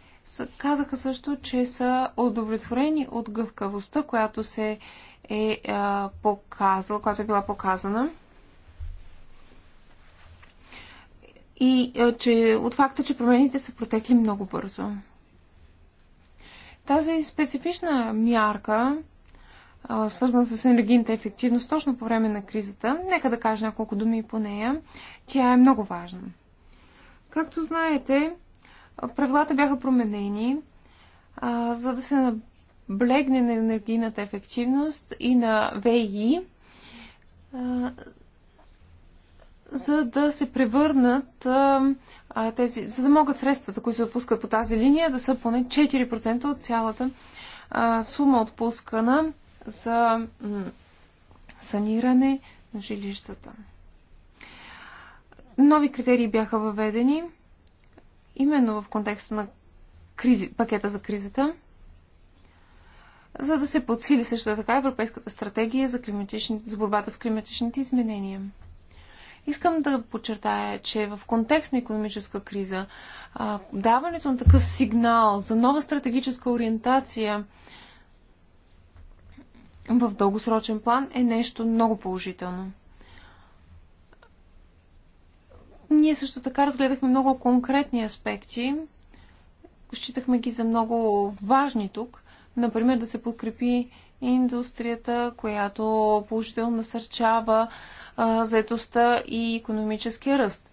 казаха също, че са удовлетворени от гъвкавостта, която се е показала, която е била показана. И че, от факта, че промените са протекли много бързо. Тази специфична мярка свързана с енергийната ефективност точно по време на кризата. Нека да кажа няколко думи по нея. Тя е много важна. Както знаете, правилата бяха променени, а, за да се наблегне на енергийната ефективност и на ВИ, а, за да се превърнат а, тези, за да могат средствата, които се отпускат по тази линия, да са поне 4% от цялата сума отпускана за саниране на жилищата. Нови критерии бяха въведени именно в контекста на кризи, пакета за кризата, за да се подсили също така Европейската стратегия за, за борбата с климатичните изменения. Искам да подчертая, че в контекст на економическа криза, даването на такъв сигнал за нова стратегическа ориентация в дългосрочен план е нещо много положително. Ние също така разгледахме много конкретни аспекти. Считахме ги за много важни тук. Например, да се подкрепи индустрията, която положително насърчава заетостта заедостта и економическия ръст.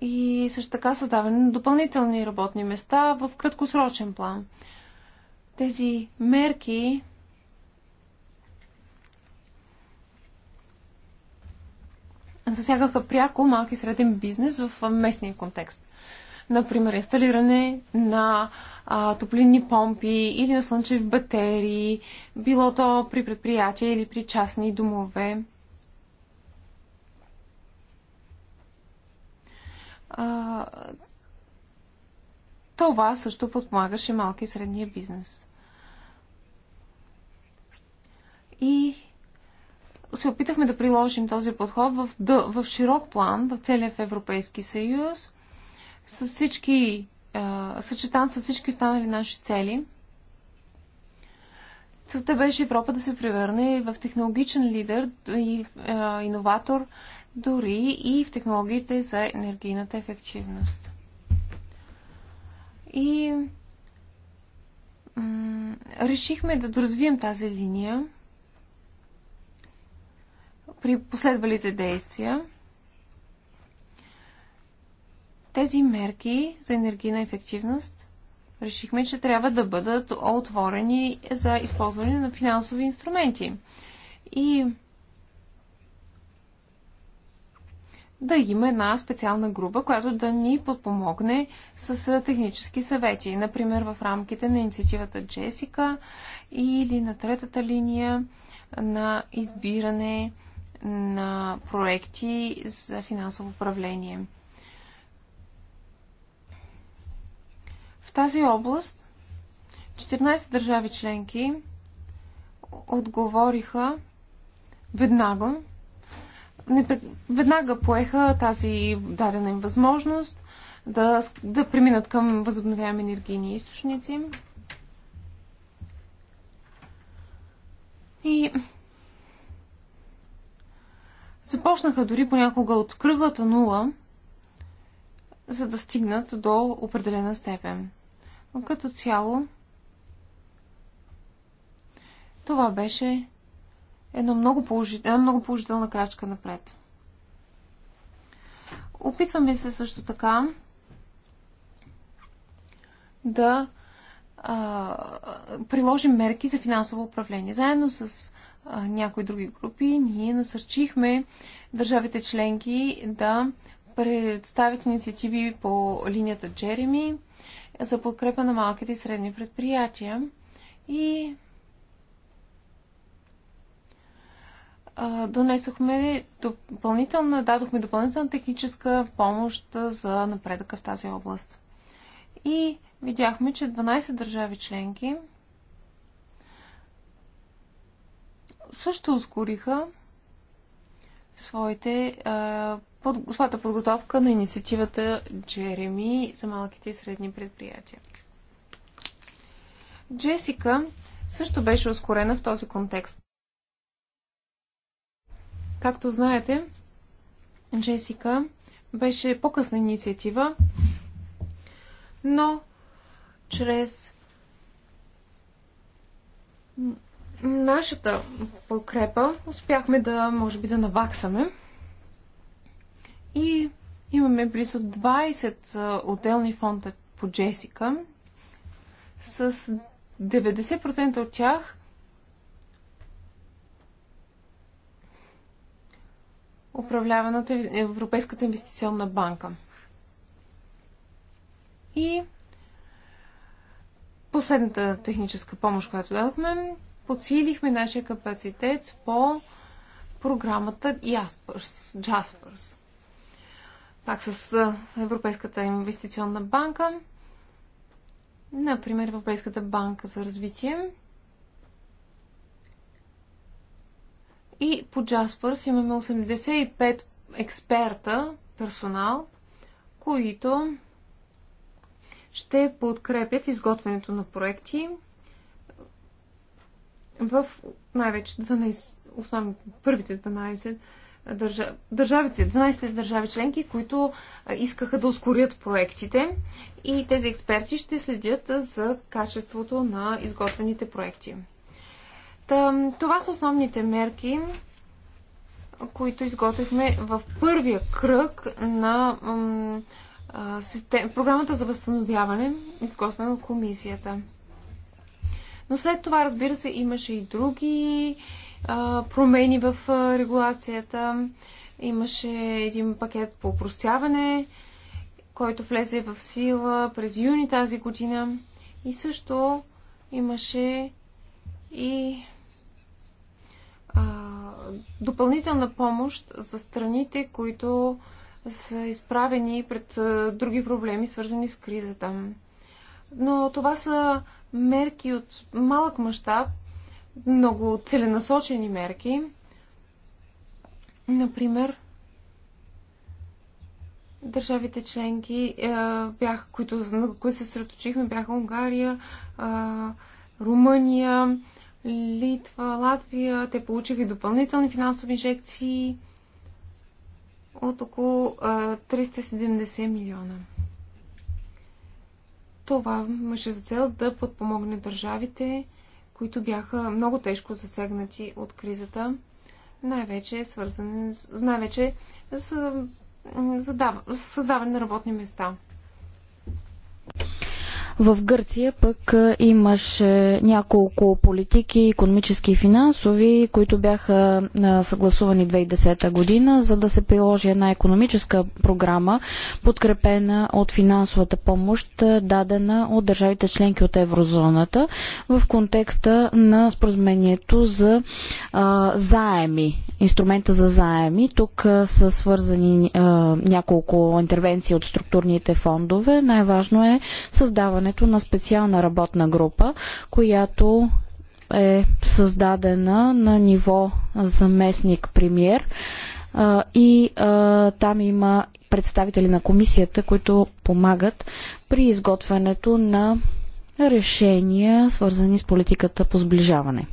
И също така създаване на допълнителни работни места в краткосрочен план. Тези мерки засягаха пряко малки и среден бизнес в местния контекст. Например, инсталиране на а, топлинни помпи или на слънчеви батерии, било то при предприятия или при частни домове. А, това също подпомагаше малки и средния бизнес. И се опитахме да приложим този подход в, да, в широк план, в целия в Европейски съюз, с всички, а, съчетан с всички останали наши цели. Целта беше Европа да се превърне в технологичен лидер и а, иноватор, дори и в технологиите за енергийната ефективност. И решихме да доразвием тази линия при последвалите действия тези мерки за енергийна ефективност решихме, че трябва да бъдат отворени за използване на финансови инструменти. И да има една специална група, която да ни подпомогне с технически съвети. Например, в рамките на инициативата Джесика или на третата линия на избиране на проекти за финансово управление. В тази област 14 държави членки отговориха веднага, веднага поеха тази дадена им възможност да, да преминат към възобновяеми енергийни източници. И започнаха дори понякога от кръглата нула, за да стигнат до определена степен. Но като цяло, това беше една много, положител, една много положителна крачка напред. Опитваме се също така да а, приложим мерки за финансово управление. Заедно с някои други групи, ние насърчихме държавите членки да представят инициативи по линията Джереми за подкрепа на малките и средни предприятия. И донесохме допълнителна, дадохме допълнителна техническа помощ за напредъка в тази област. И видяхме, че 12 държави членки също ускориха своите, под, своята подготовка на инициативата Джереми за малките и средни предприятия. Джесика също беше ускорена в този контекст. Както знаете, Джесика беше по-късна инициатива, но чрез нашата подкрепа успяхме да, може би, да наваксаме. И имаме близо 20 отделни фонда по Джесика. С 90% от тях управляваната Европейската инвестиционна банка. И последната техническа помощ, която дадохме, подсилихме нашия капацитет по програмата Jaspers. Jaspers. Пак с Европейската инвестиционна банка, например Европейската банка за развитие. И по Jaspers имаме 85 експерта, персонал, които ще подкрепят изготвянето на проекти в най-вече 12, основно първите 12 държа, държавите, 12 държави членки, които искаха да ускорят проектите и тези експерти ще следят за качеството на изготвените проекти. Това са основните мерки, които изготвихме в първия кръг на програмата за възстановяване, изготвена от комисията. Но след това, разбира се, имаше и други а, промени в а, регулацията. Имаше един пакет по упростяване, който влезе в сила през юни тази година. И също имаше и а, допълнителна помощ за страните, които са изправени пред а, други проблеми, свързани с кризата. Но това са мерки от малък мащаб, много целенасочени мерки. Например, държавите членки, е, бях, които, на които се средочихме, бяха Унгария, е, Румъния, Литва, Латвия. Те получиха и допълнителни финансови инжекции от около 370 е, милиона. Това имаше за цел да подпомогне държавите, които бяха много тежко засегнати от кризата, най-вече свързани, най-вече с създаване на работни места. В Гърция пък имаше няколко политики, економически и финансови, които бяха съгласувани 2010 година, за да се приложи една економическа програма, подкрепена от финансовата помощ, дадена от държавите членки от еврозоната в контекста на споразумението за а, заеми, инструмента за заеми. Тук са свързани а, няколко интервенции от структурните фондове. Най-важно е създаване създаването на специална работна група, която е създадена на ниво заместник премьер и там има представители на комисията, които помагат при изготвянето на решения, свързани с политиката по сближаване.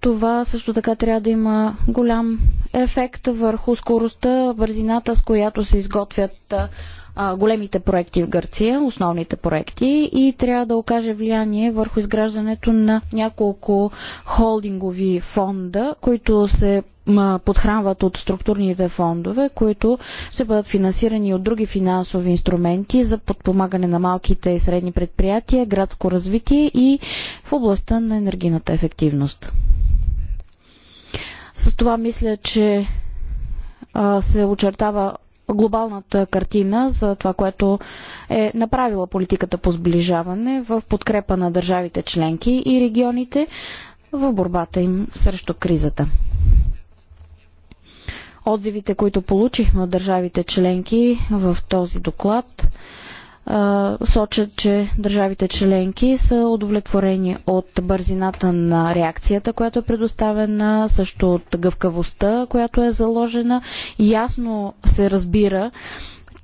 Това също така трябва да има голям ефект върху скоростта, бързината, с която се изготвят а, големите проекти в Гърция, основните проекти и трябва да окаже влияние върху изграждането на няколко холдингови фонда, които се подхранват от структурните фондове, които ще бъдат финансирани от други финансови инструменти за подпомагане на малките и средни предприятия, градско развитие и в областта на енергийната ефективност. С това мисля, че се очертава глобалната картина за това, което е направила политиката по сближаване в подкрепа на държавите членки и регионите в борбата им срещу кризата. Отзивите, които получихме от държавите членки в този доклад, сочат, че държавите членки са удовлетворени от бързината на реакцията, която е предоставена, също от гъвкавостта, която е заложена. Ясно се разбира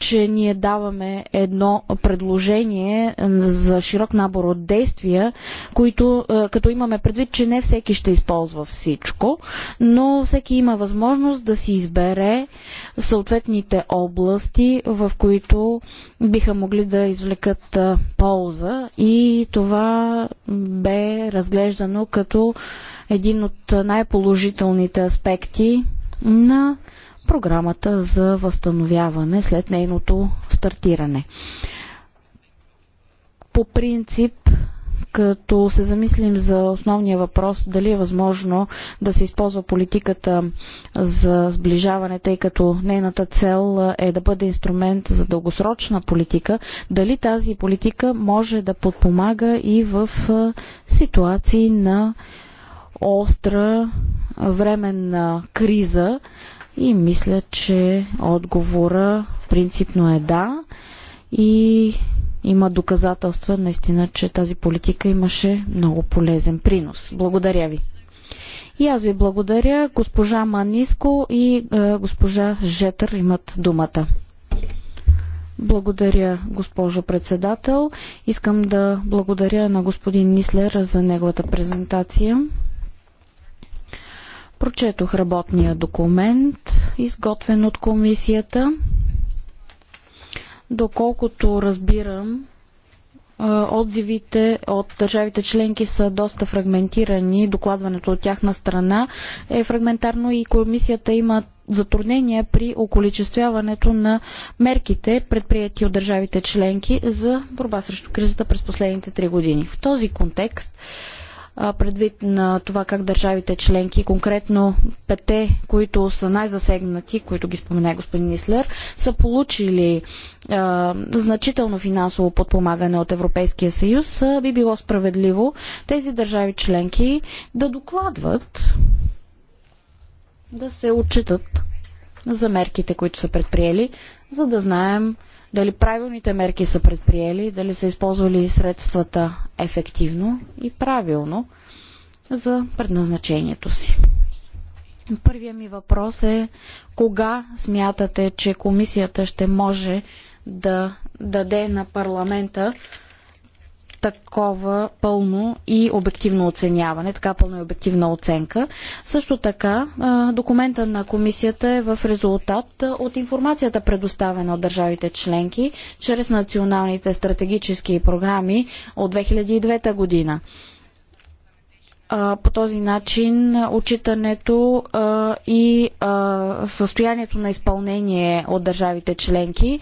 че ние даваме едно предложение за широк набор от действия, които, е, като имаме предвид, че не всеки ще използва всичко, но всеки има възможност да си избере съответните области, в които биха могли да извлекат е, полза и това бе разглеждано като един от най-положителните аспекти на програмата за възстановяване след нейното стартиране. По принцип, като се замислим за основния въпрос дали е възможно да се използва политиката за сближаване, тъй като нейната цел е да бъде инструмент за дългосрочна политика, дали тази политика може да подпомага и в ситуации на остра временна криза, и мисля, че отговора принципно е да. И има доказателства наистина, че тази политика имаше много полезен принос. Благодаря ви. И аз ви благодаря. Госпожа Маниско и е, госпожа Жетър имат думата. Благодаря, госпожо председател. Искам да благодаря на господин Нислер за неговата презентация. Прочетох работния документ, изготвен от комисията. Доколкото разбирам, отзивите от държавите членки са доста фрагментирани, докладването от тяхна страна е фрагментарно и комисията има затруднения при околичествяването на мерките, предприяти от държавите членки за борба срещу кризата през последните три години. В този контекст предвид на това как държавите членки, конкретно пете, които са най-засегнати, които ги спомена господин Мислер, са получили а, значително финансово подпомагане от Европейския съюз, а, би било справедливо тези държави членки да докладват, да се отчитат за мерките, които са предприели, за да знаем дали правилните мерки са предприели, дали са използвали средствата ефективно и правилно за предназначението си. Първият ми въпрос е кога смятате, че комисията ще може да даде на парламента такова пълно и обективно оценяване, така пълно и обективна оценка. Също така, документа на комисията е в резултат от информацията предоставена от държавите членки чрез националните стратегически програми от 2009 година по този начин отчитането и състоянието на изпълнение от държавите членки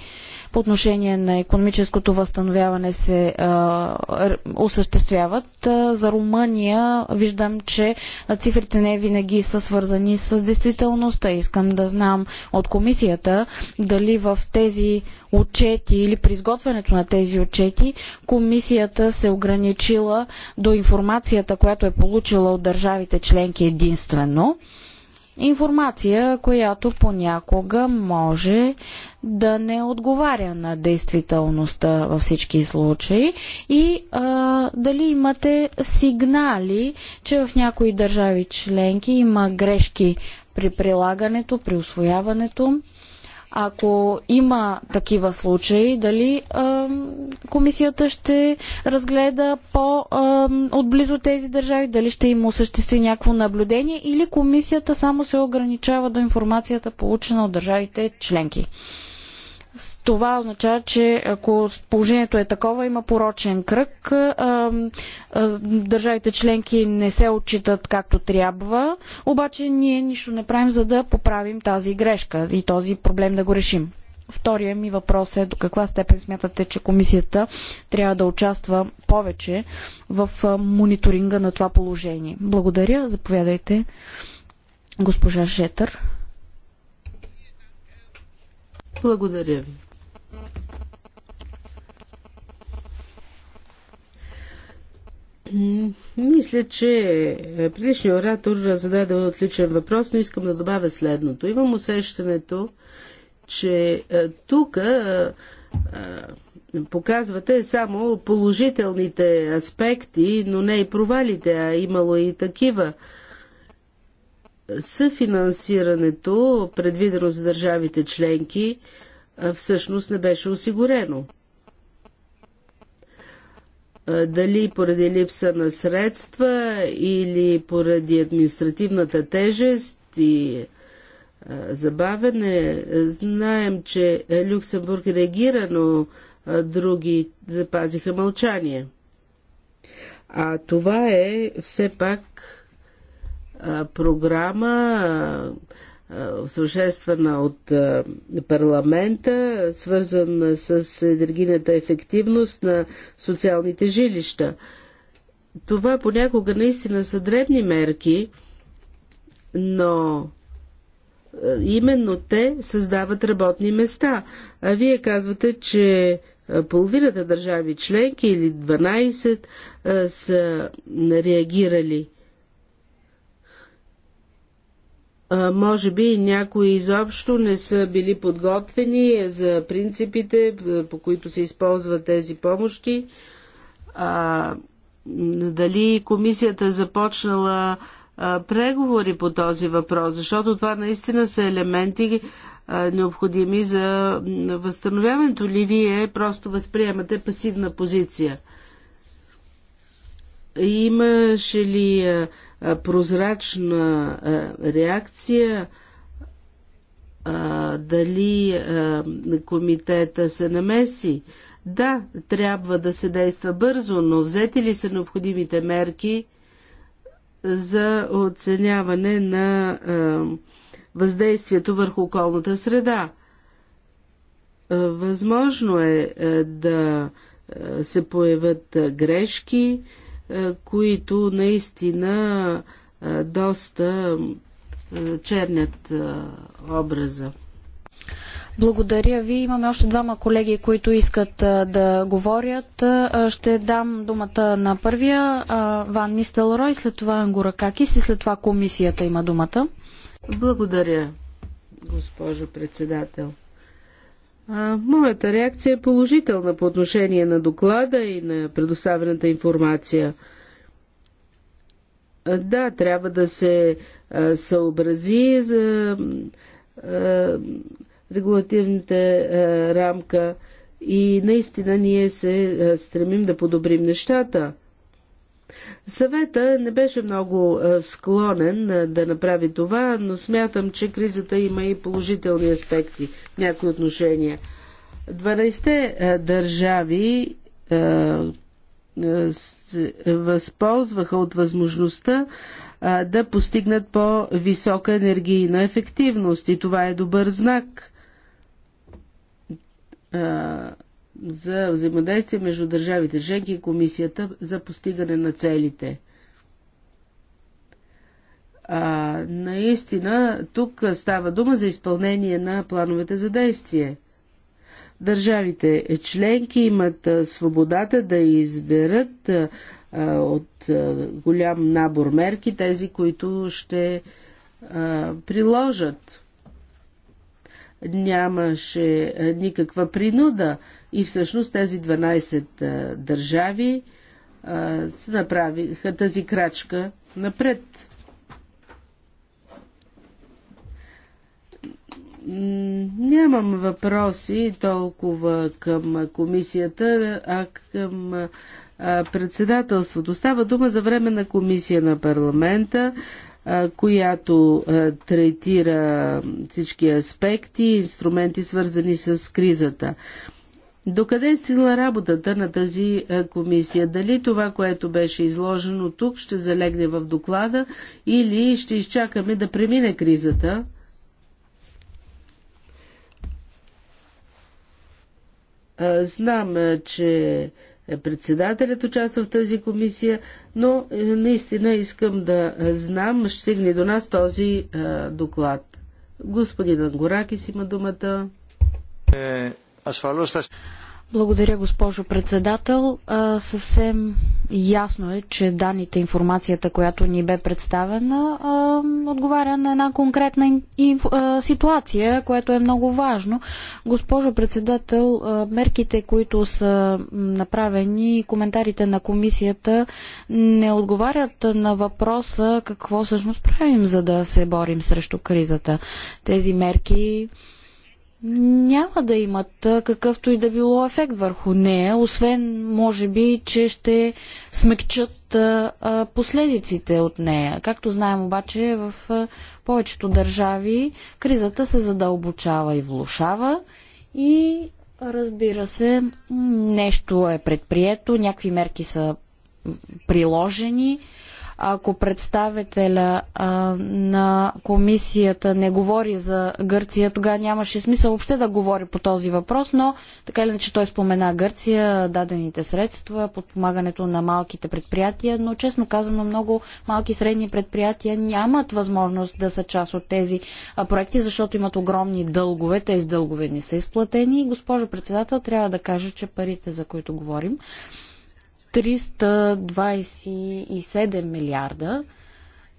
по отношение на економическото възстановяване се осъществяват. за Румъния виждам, че цифрите не винаги са свързани с действителността. Искам да знам от комисията дали в тези отчети или при изготвянето на тези отчети комисията се е ограничила до информацията, която е получила от държавите членки единствено информация, която понякога може да не отговаря на действителността във всички случаи и а, дали имате сигнали, че в някои държави членки има грешки при прилагането, при освояването. Ако има такива случаи, дали а, комисията ще разгледа по-отблизо тези държави, дали ще им осъществи някакво наблюдение или комисията само се ограничава до информацията получена от държавите членки? Това означава, че ако положението е такова, има порочен кръг. Държавите членки не се отчитат както трябва, обаче ние нищо не правим, за да поправим тази грешка и този проблем да го решим. Втория ми въпрос е до каква степен смятате, че комисията трябва да участва повече в мониторинга на това положение. Благодаря. Заповядайте, госпожа Шетър. Благодаря ви. Мисля, че предишният оратор зададе отличен въпрос, но искам да добавя следното. Имам усещането, че е, тук е, е, показвате само положителните аспекти, но не и провалите, а имало и такива съфинансирането, предвидено за държавите членки, всъщност не беше осигурено. Дали поради липса на средства или поради административната тежест и забавене. Знаем, че Люксембург реагира, но други запазиха мълчание. А това е все пак програма, усъвършенствана от парламента, свързана с енергийната ефективност на социалните жилища. Това понякога наистина са дребни мерки, но именно те създават работни места. А вие казвате, че половината държави членки или 12 са реагирали. може би някои изобщо не са били подготвени за принципите, по които се използват тези помощи. А, дали комисията е започнала а, преговори по този въпрос, защото това наистина са елементи а, необходими за възстановяването ли вие просто възприемате пасивна позиция? Имаше ли а, прозрачна реакция, дали комитета се намеси. Да, трябва да се действа бързо, но взети ли са необходимите мерки за оценяване на въздействието върху околната среда? Възможно е да се появят грешки, е, които наистина е, доста е, чернят образа. Благодаря ви. Имаме още двама колеги, които искат да говорят. Ще дам думата на първия, Ван Нистелрой, след това Какис, и след това комисията има думата. Благодаря, госпожо председател моята реакция е положителна по отношение на доклада и на предоставената информация. Да, трябва да се съобрази за регулативната рамка и наистина ние се стремим да подобрим нещата – Съвета не беше много е, склонен е, да направи това, но смятам, че кризата има и положителни аспекти някои отношения. 12 е, държави се възползваха от възможността да постигнат по-висока енергийна ефективност и това е добър знак за взаимодействие между държавите членки и комисията за постигане на целите. А, наистина, тук става дума за изпълнение на плановете за действие. Държавите членки имат свободата да изберат а, от а, голям набор мерки тези, които ще а, приложат. Нямаше никаква принуда и всъщност тези 12 държави се направиха тази крачка напред. Нямам въпроси толкова към комисията, а към председателството. Става дума за време на комисия на парламента, която третира всички аспекти и инструменти, свързани с кризата. Докъде е стигнала работата на тази е, комисия? Дали това, което беше изложено тук, ще залегне в доклада или ще изчакаме да премине кризата? Е, знам, е, че председателят участва в тази комисия, но наистина искам да знам, ще стигне до нас този доклад. Господин Ангоракис има думата. Е, асфалоста... Благодаря, госпожо председател. А, съвсем ясно е, че данните, информацията, която ни бе представена, а, отговаря на една конкретна инф... а, ситуация, което е много важно. Госпожо председател, а, мерките, които са направени и коментарите на комисията не отговарят на въпроса какво всъщност правим, за да се борим срещу кризата. Тези мерки няма да имат какъвто и да било ефект върху нея, освен може би, че ще смекчат последиците от нея. Както знаем обаче, в повечето държави кризата се задълбочава и влушава и разбира се, нещо е предприето, някакви мерки са приложени, ако представителя а, на комисията не говори за Гърция, тогава нямаше смисъл въобще да говори по този въпрос, но така или иначе той спомена Гърция, дадените средства, подпомагането на малките предприятия, но честно казано много малки и средни предприятия нямат възможност да са част от тези а, проекти, защото имат огромни дългове, тези дългове не са изплатени. И госпожо председател, трябва да кажа, че парите, за които говорим, 327 милиарда.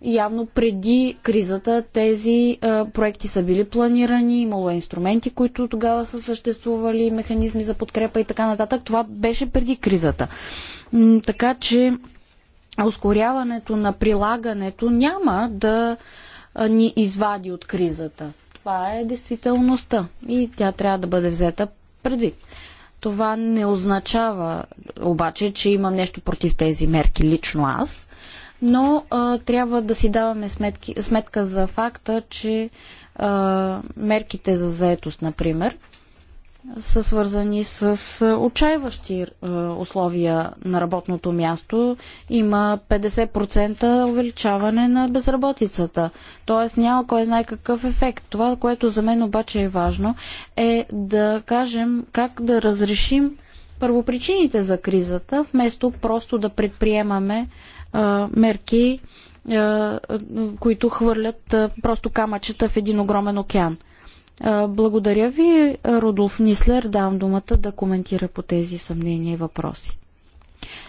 Явно преди кризата тези а, проекти са били планирани, имало е инструменти, които тогава са съществували, механизми за подкрепа и така нататък. Това беше преди кризата. М така че ускоряването на прилагането няма да ни извади от кризата. Това е действителността и тя трябва да бъде взета преди. Това не означава обаче, че имам нещо против тези мерки лично аз, но а, трябва да си даваме сметки, сметка за факта, че а, мерките за заетост, например, са свързани с е, отчаиващи е, условия на работното място. Има 50% увеличаване на безработицата. Тоест няма кой знае какъв ефект. Това, което за мен обаче е важно, е да кажем как да разрешим първопричините за кризата, вместо просто да предприемаме а, е, мерки, а, които хвърлят а, просто камъчета в един огромен океан. Благодаря ви, Рудолф Нислер. Давам думата да коментира по тези съмнения и въпроси.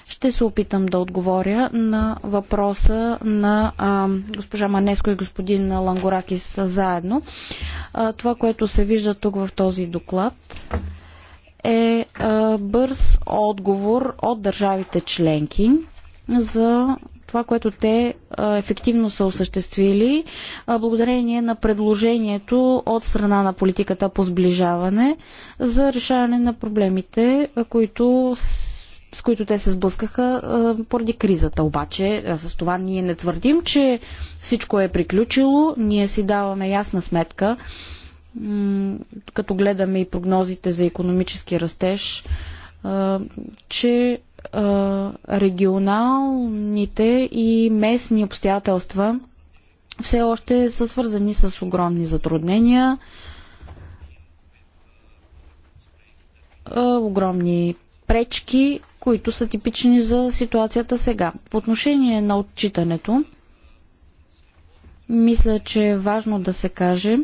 Ще се опитам да отговоря на въпроса на а, госпожа Манеско и господин Лангоракис заедно. А, това, което се вижда тук в този доклад е а, бърз отговор от държавите членки за това, което те ефективно са осъществили, благодарение на предложението от страна на политиката по сближаване за решаване на проблемите, които с които те се сблъскаха а, поради кризата. Обаче а, с това ние не твърдим, че всичко е приключило. Ние си даваме ясна сметка, като гледаме и прогнозите за економически растеж, а, че регионалните и местни обстоятелства все още са свързани с огромни затруднения, огромни пречки, които са типични за ситуацията сега. По отношение на отчитането, мисля, че е важно да се каже,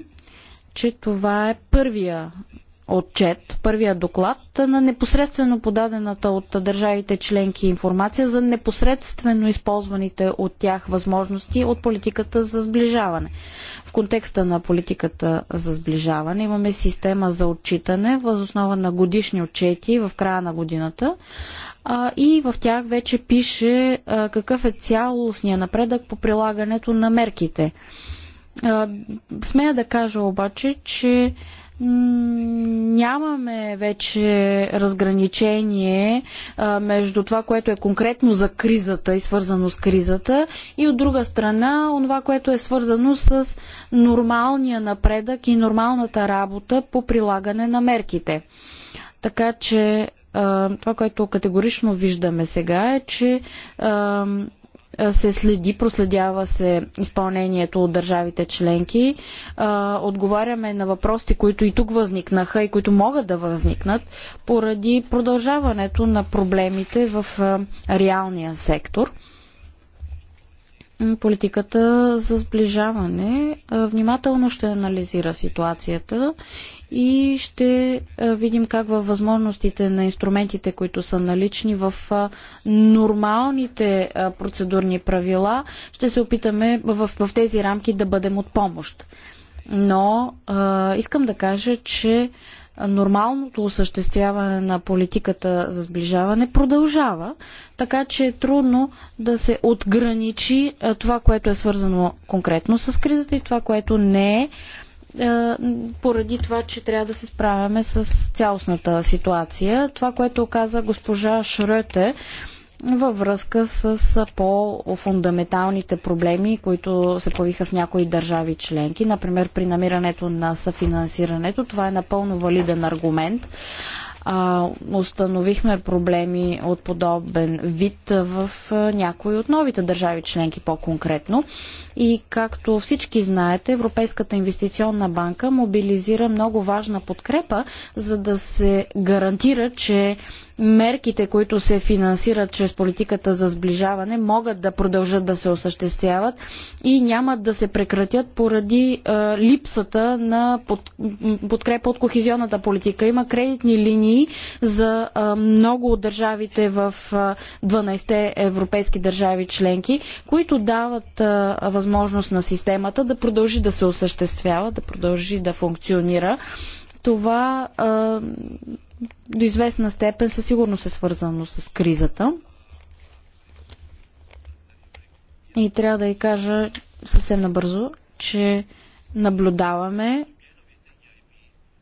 че това е първия отчет, първия доклад на непосредствено подадената от държавите членки информация за непосредствено използваните от тях възможности от политиката за сближаване. В контекста на политиката за сближаване имаме система за отчитане въз основа на годишни отчети в края на годината и в тях вече пише какъв е цялостния напредък по прилагането на мерките. Смея да кажа обаче, че нямаме вече разграничение а, между това, което е конкретно за кризата и свързано с кризата и от друга страна това, което е свързано с нормалния напредък и нормалната работа по прилагане на мерките. Така че това, което категорично виждаме сега е, че е, се следи, проследява се изпълнението от държавите членки. Е, отговаряме на въпросите, които и тук възникнаха и които могат да възникнат поради продължаването на проблемите в е, реалния сектор политиката за сближаване внимателно ще анализира ситуацията и ще видим как във възможностите на инструментите, които са налични в нормалните процедурни правила, ще се опитаме в, в тези рамки да бъдем от помощ. Но а, искам да кажа, че нормалното осъществяване на политиката за сближаване продължава, така че е трудно да се отграничи това, което е свързано конкретно с кризата и това, което не е поради това, че трябва да се справяме с цялостната ситуация. Това, което каза госпожа Шрете, във връзка с по-фундаменталните проблеми, които се появиха в някои държави членки. Например, при намирането на съфинансирането. Това е напълно валиден аргумент. А, установихме проблеми от подобен вид в някои от новите държави членки по-конкретно. И както всички знаете, Европейската инвестиционна банка мобилизира много важна подкрепа, за да се гарантира, че мерките, които се финансират чрез политиката за сближаване, могат да продължат да се осъществяват и няма да се прекратят поради е, липсата на под, подкрепа от кохезионната политика. Има кредитни линии за е, много от държавите в е, 12-те европейски държави членки, които дават е, възможност на системата да продължи да се осъществява, да продължи да функционира това до известна степен със сигурност е свързано с кризата. И трябва да ви кажа съвсем набързо, че наблюдаваме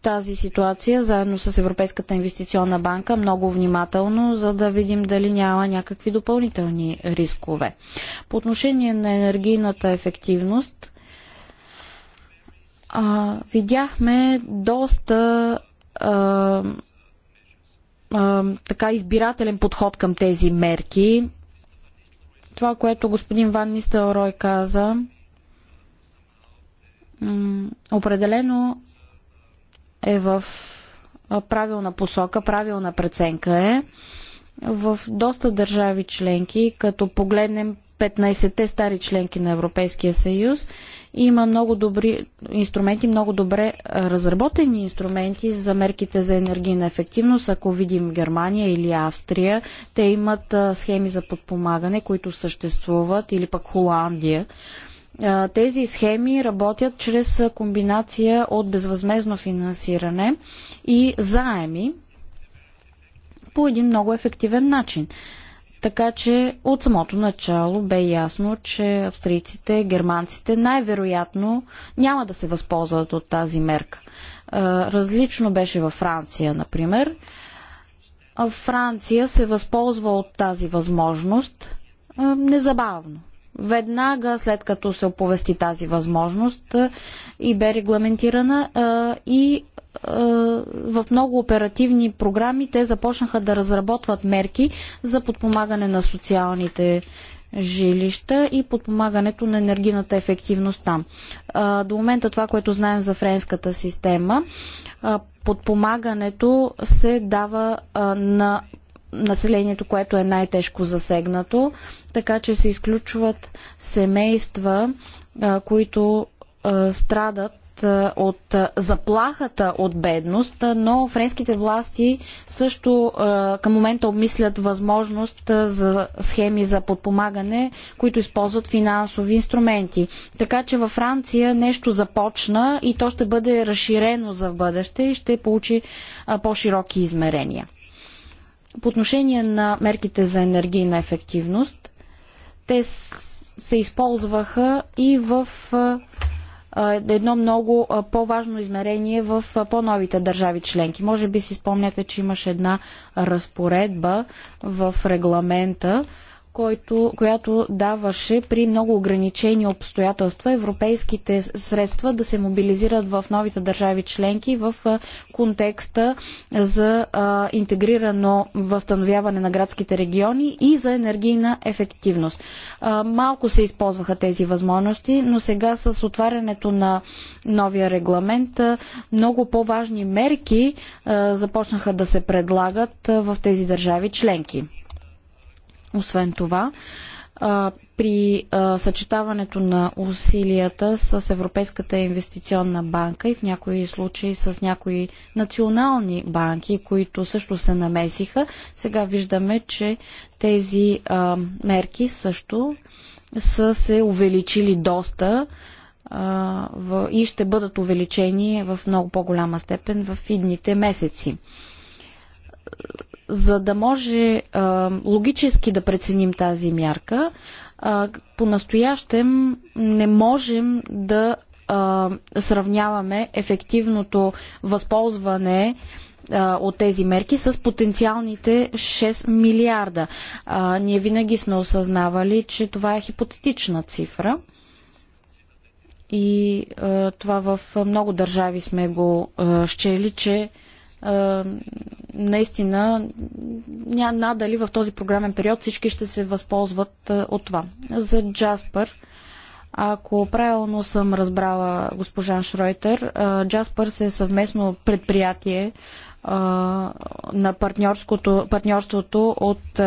тази ситуация заедно с Европейската инвестиционна банка много внимателно, за да видим дали няма някакви допълнителни рискове. По отношение на енергийната ефективност, а, видяхме доста а, така избирателен подход към тези мерки. Това, което господин Ван Нистелрой каза, определено е в правилна посока, правилна преценка е. В доста държави членки, като погледнем 15-те стари членки на Европейския съюз, има много добри инструменти, много добре разработени инструменти за мерките за енергийна ефективност. Ако видим Германия или Австрия, те имат схеми за подпомагане, които съществуват, или пък Холандия тези схеми работят чрез комбинация от безвъзмезно финансиране и заеми по един много ефективен начин. Така че от самото начало бе ясно, че австрийците, германците най-вероятно няма да се възползват от тази мерка. Различно беше във Франция, например. Франция се възползва от тази възможност незабавно веднага след като се оповести тази възможност и бе регламентирана и в много оперативни програми те започнаха да разработват мерки за подпомагане на социалните жилища и подпомагането на енергийната ефективност там. До момента това, което знаем за френската система, подпомагането се дава на населението, което е най-тежко засегнато, така че се изключват семейства, които страдат от заплахата от бедност, но френските власти също към момента обмислят възможност за схеми за подпомагане, които използват финансови инструменти. Така че във Франция нещо започна и то ще бъде разширено за бъдеще и ще получи по-широки измерения. По отношение на мерките за енергийна ефективност, те се използваха и в едно много по-важно измерение в по-новите държави членки. Може би си спомняте, че имаше една разпоредба в регламента, който, която даваше при много ограничени обстоятелства европейските средства да се мобилизират в новите държави членки в контекста за а, интегрирано възстановяване на градските региони и за енергийна ефективност. А, малко се използваха тези възможности, но сега с отварянето на новия регламент много по-важни мерки а, започнаха да се предлагат в тези държави членки. Освен това, при съчетаването на усилията с Европейската инвестиционна банка и в някои случаи с някои национални банки, които също се намесиха, сега виждаме, че тези мерки също са се увеличили доста и ще бъдат увеличени в много по-голяма степен в идните месеци за да може а, логически да преценим тази мярка, а, по-настоящем не можем да а, сравняваме ефективното възползване от тези мерки с потенциалните 6 милиарда. А, ние винаги сме осъзнавали, че това е хипотетична цифра. И а, това в много държави сме го а, щели, че наистина надали в този програмен период всички ще се възползват от това. За Джаспър, ако правилно съм разбрала госпожа Шройтер, Джаспър се е съвместно предприятие на партньорството от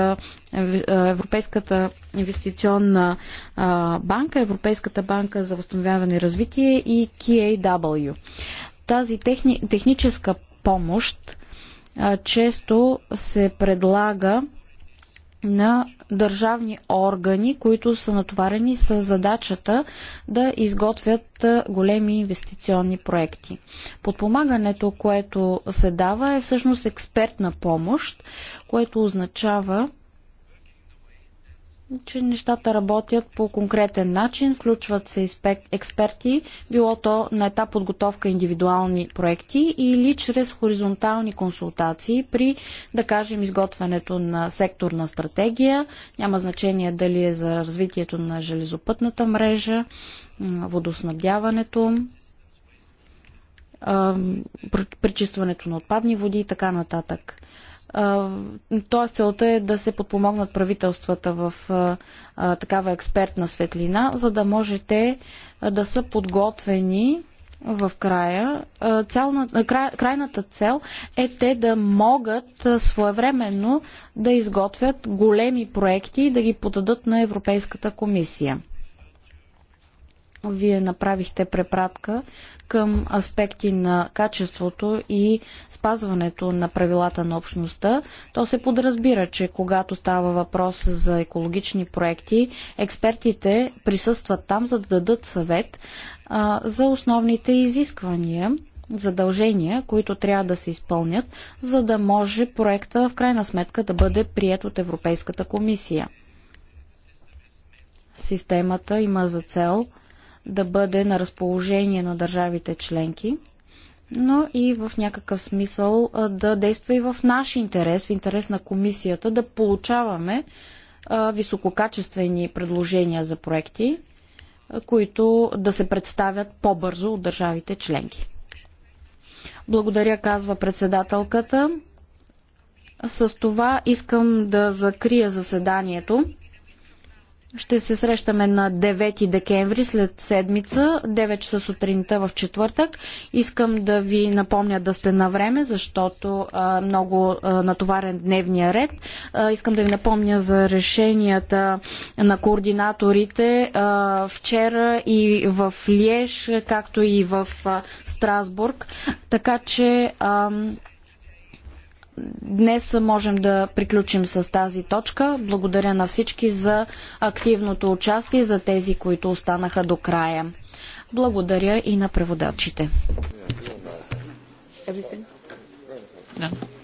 Европейската инвестиционна банка, Европейската банка за възстановяване и развитие и KAW. Тази техни, техническа помощ често се предлага на държавни органи, които са натоварени с задачата да изготвят големи инвестиционни проекти. Подпомагането, което се дава е всъщност експертна помощ, което означава, че нещата работят по конкретен начин, включват се експерти, било то на етап подготовка индивидуални проекти или чрез хоризонтални консултации при, да кажем, изготвянето на секторна стратегия, няма значение дали е за развитието на железопътната мрежа, водоснабдяването, пречистването на отпадни води и така нататък. Тоест целта е да се подпомогнат правителствата в такава експертна светлина, за да можете те да са подготвени в края. Цялна, край, крайната цел е те да могат своевременно да изготвят големи проекти и да ги подадат на Европейската комисия вие направихте препратка към аспекти на качеството и спазването на правилата на общността, то се подразбира, че когато става въпрос за екологични проекти, експертите присъстват там, за да дадат съвет а, за основните изисквания задължения, които трябва да се изпълнят, за да може проекта в крайна сметка да бъде прият от Европейската комисия. Системата има за цел да бъде на разположение на държавите членки, но и в някакъв смисъл да действа и в наш интерес, в интерес на комисията, да получаваме висококачествени предложения за проекти, които да се представят по-бързо от държавите членки. Благодаря, казва председателката. С това искам да закрия заседанието. Ще се срещаме на 9 декември след седмица, 9 часа сутринта в четвъртък. Искам да ви напомня да сте на време, защото а, много а, натоварен дневния ред. А, искам да ви напомня за решенията на координаторите а, вчера и в Лиеж, както и в а, Страсбург. Така че. А, Днес можем да приключим с тази точка. Благодаря на всички за активното участие, за тези, които останаха до края. Благодаря и на преводачите. Everything? No.